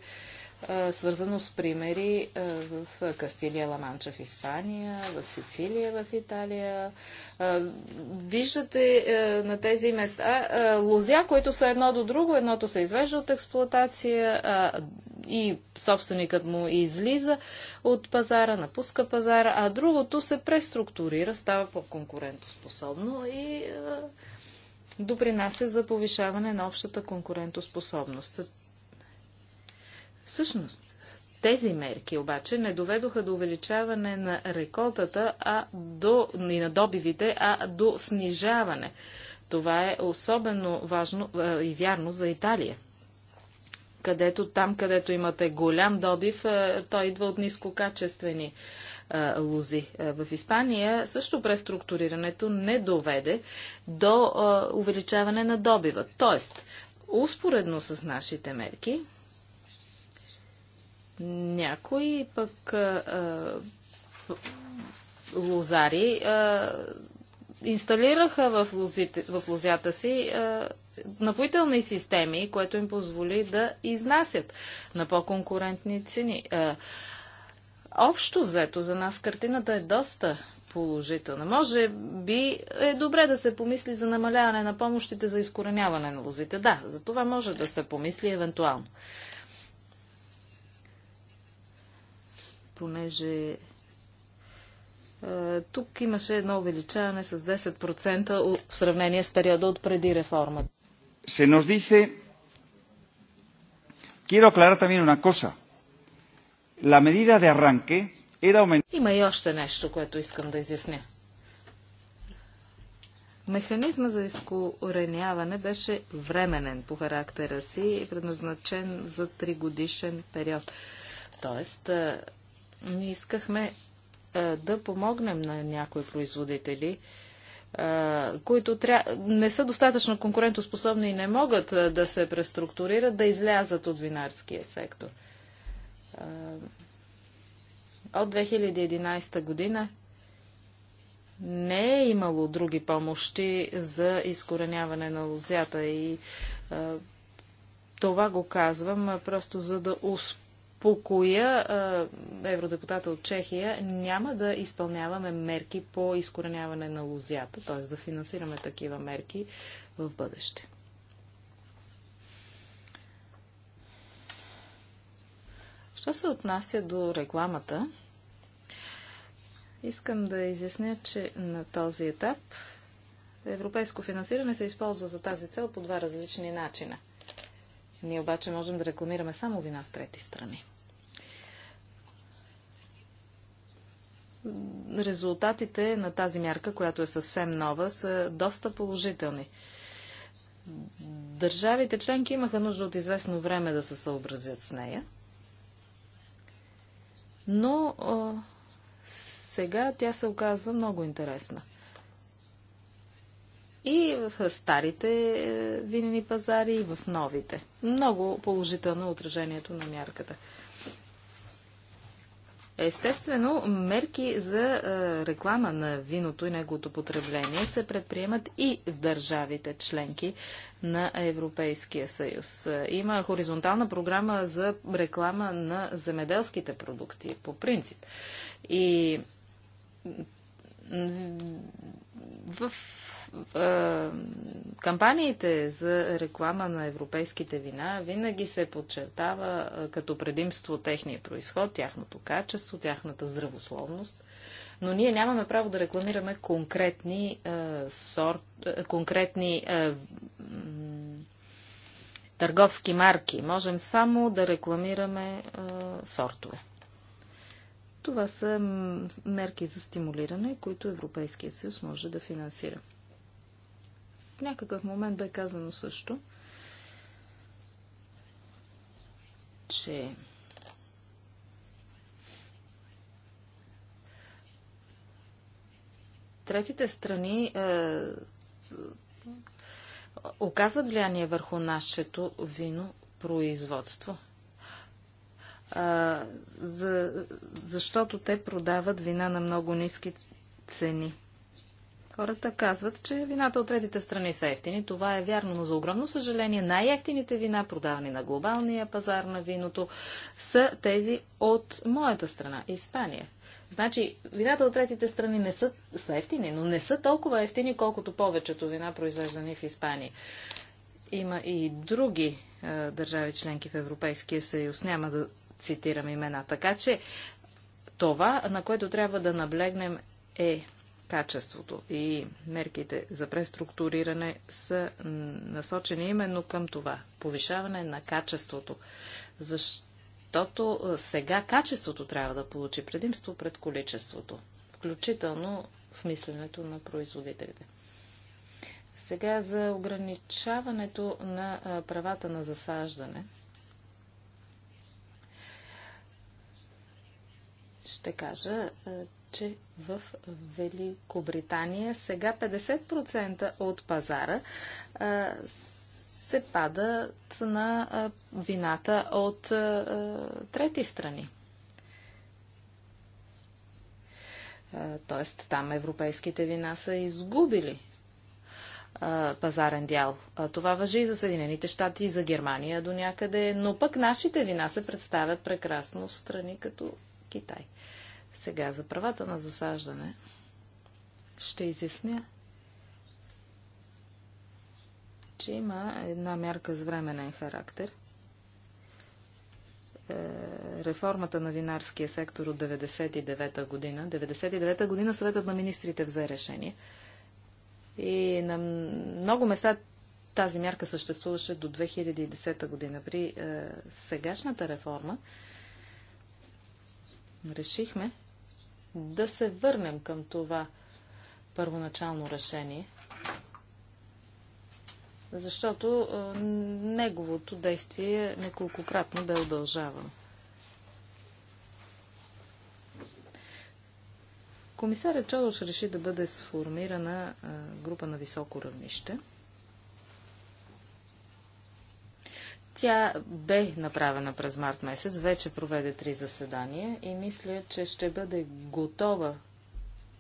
свързано с примери в Кастилия, Ламанча в Испания, в Сицилия, в Италия. Виждате на тези места лозя, които са едно до друго, едното се извежда от експлуатация и собственикът му излиза от пазара, напуска пазара, а другото се преструктурира, става по-конкурентоспособно и допринася за повишаване на общата конкурентоспособност. Всъщност, тези мерки обаче не доведоха до увеличаване на реколтата а до, и на добивите, а до снижаване. Това е особено важно а, е, и вярно за Италия. Където там, където имате голям добив, а, е, той идва от нискокачествени а, е, лози. В Испания също преструктурирането не доведе до увеличаване на добива. Тоест, успоредно с нашите мерки, някои пък а, лозари а, инсталираха в, лозите, в лозята си а, напоителни системи, което им позволи да изнасят на по-конкурентни цени. А, общо взето за нас картината е доста положителна. Може би е добре да се помисли за намаляване на помощите за изкореняване на лозите. Да, за това може да се помисли евентуално. понеже е, тук имаше едно увеличаване с 10% в сравнение с периода от преди реформата. Се nos dice... Quiero aclarar también una cosa. La medida de arranque era Има и още нещо, което искам да изясня. Механизма за изкореняване беше временен по характера си и предназначен за тригодишен период. Тоест, е, ние искахме а, да помогнем на някои производители, а, които тря... не са достатъчно конкурентоспособни и не могат а, да се преструктурират, да излязат от винарския сектор. От 2011 година не е имало други помощи за изкореняване на лозята и това го казвам просто за да успокоя по коя евродепутата от Чехия няма да изпълняваме мерки по изкореняване на лузята, т.е. да финансираме такива мерки в бъдеще. Що се отнася до рекламата, искам да изясня, че на този етап европейско финансиране се използва за тази цел по два различни начина. Ние обаче можем да рекламираме само вина в трети страни. резултатите на тази мярка, която е съвсем нова, са доста положителни. Държавите членки имаха нужда от известно време да се съобразят с нея, но а, сега тя се оказва много интересна. И в старите е, винени пазари, и в новите. Много положително отражението на мярката. Естествено, мерки за реклама на виното и неговото потребление се предприемат и в държавите членки на Европейския съюз. Има хоризонтална програма за реклама на земеделските продукти по принцип. И в е, кампаниите за реклама на европейските вина винаги се подчертава е, като предимство техния происход, тяхното качество, тяхната здравословност. Но ние нямаме право да рекламираме конкретни, е, сорт, е, конкретни е, търговски марки. Можем само да рекламираме е, сортове. Това са мерки за стимулиране, които Европейският съюз може да финансира. В някакъв момент бе казано също, че третите страни е, оказват влияние върху нашето вино производство. А, е, за, защото те продават вина на много ниски цени. Хората казват, че вината от третите страни са ефтини. Това е вярно, но за огромно съжаление най-ефтините вина, продавани на глобалния пазар на виното, са тези от моята страна, Испания. Значи, вината от третите страни не са, са ефтини, но не са толкова ефтини, колкото повечето вина, произвеждани в Испания. Има и други е, държави членки в Европейския съюз. Няма да цитирам имена. Така че това, на което трябва да наблегнем е качеството и мерките за преструктуриране са насочени именно към това повишаване на качеството. Защото сега качеството трябва да получи предимство пред количеството, включително в мисленето на производителите. Сега за ограничаването на правата на засаждане. Ще кажа, че в Великобритания сега 50% от пазара а, се падат на а, вината от а, трети страни. Тоест там европейските вина са изгубили пазарен дял. Това въжи и за Съединените щати, и за Германия до някъде, но пък нашите вина се представят прекрасно в страни като Китай. Сега за правата на засаждане ще изясня, че има една мярка с временен характер. Е, реформата на винарския сектор от 1999 година. 1999 година съветът на министрите взе решение. И на много места тази мярка съществуваше до 2010 година. При е, сегашната реформа решихме, да се върнем към това първоначално решение, защото неговото действие неколкократно бе удължавано. Комисарят Чолош реши да бъде сформирана група на високо равнище – Тя бе направена през март месец, вече проведе три заседания и мисля, че ще бъде готова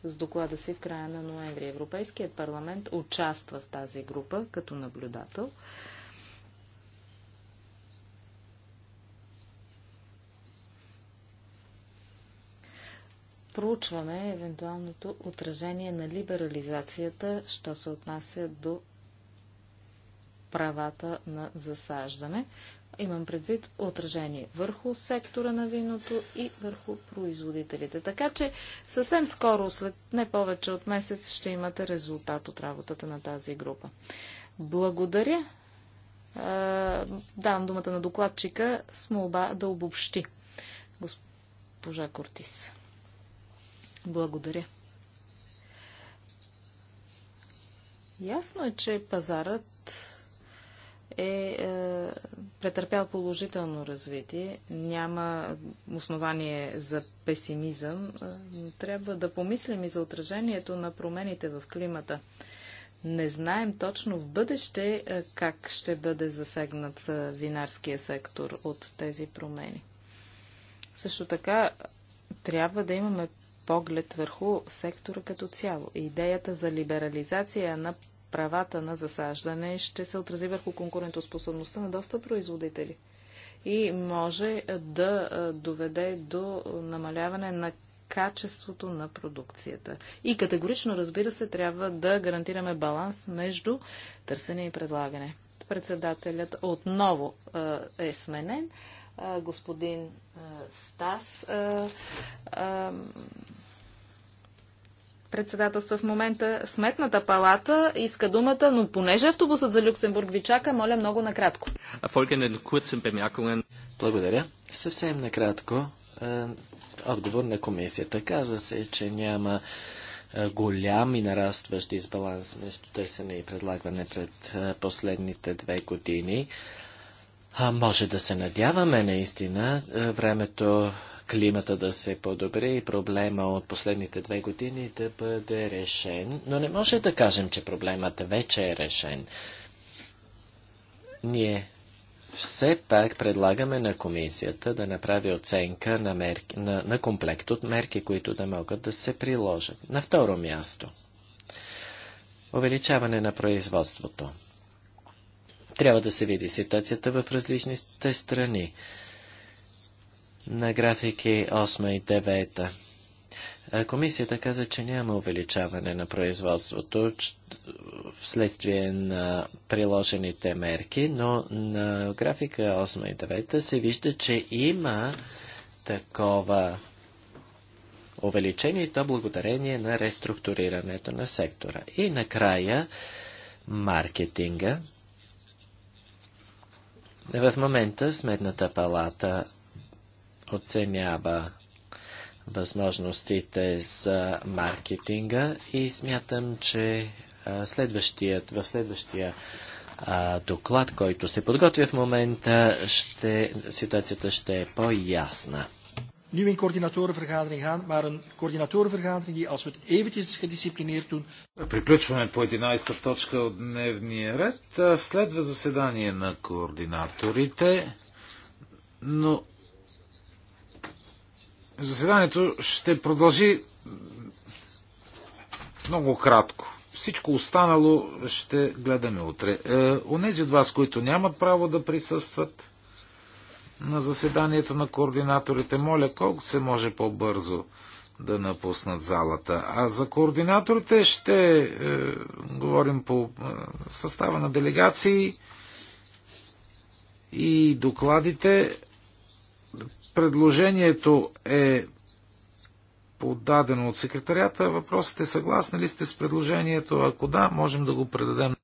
с доклада си в края на ноември. Европейският парламент участва в тази група като наблюдател. проучваме евентуалното отражение на либерализацията, що се отнася до правата на засаждане. Имам предвид отражение върху сектора на виното и върху производителите. Така че съвсем скоро, след не повече от месец, ще имате резултат от работата на тази група. Благодаря. Давам думата на докладчика с молба да обобщи. Госпожа Кортис. Благодаря. Ясно е, че пазарът е, е претърпял положително развитие. Няма основание за песимизъм. Е, трябва да помислим и за отражението на промените в климата. Не знаем точно в бъдеще е, как ще бъде засегнат е, винарския сектор от тези промени. Също така трябва да имаме поглед върху сектора като цяло. Идеята за либерализация на правата на засаждане ще се отрази върху конкурентоспособността на доста производители и може да доведе до намаляване на качеството на продукцията. И категорично, разбира се, трябва да гарантираме баланс между търсене и предлагане. Председателят отново е сменен. Господин Стас председателства в момента. Сметната палата иска думата, но понеже автобусът за Люксембург ви чака, моля много накратко. Благодаря. Съвсем накратко. Е, отговор на комисията. Каза се, че няма е, голям и нарастващ дисбаланс между търсене и предлагане пред е, последните две години. А може да се надяваме наистина. Времето климата да се подобри и проблема от последните две години да бъде решен. Но не може да кажем, че проблемът вече е решен. Ние все пак предлагаме на комисията да направи оценка на, мерки, на, на комплект от мерки, които да могат да се приложат. На второ място. Увеличаване на производството. Трябва да се види ситуацията в различните страни на графики 8 и 9. Комисията каза, че няма увеличаване на производството вследствие на приложените мерки, но на графика 8 и 9 се вижда, че има такова увеличение и то благодарение на реструктурирането на сектора. И накрая маркетинга. В момента Сметната палата оценява възможностите за маркетинга и смятам, че следващият, в следващия доклад, който се подготвя в момента, ще, ситуацията ще е по-ясна. Nu in coördinatorenvergadering gaan, maar een coördinatorenvergadering die, als we het eventjes gedisciplineerd doen. Приключваме по 11-та точка от дневния ред. Следва заседание на координаторите, но Заседанието ще продължи много кратко. Всичко останало ще гледаме утре. Е, онези от вас, които нямат право да присъстват на заседанието на координаторите, моля колкото се може по-бързо да напуснат залата. А за координаторите ще е, говорим по е, състава на делегации и докладите. Предложението е подадено от секретарята. Въпросът е съгласни ли сте с предложението? Ако да, можем да го предадем.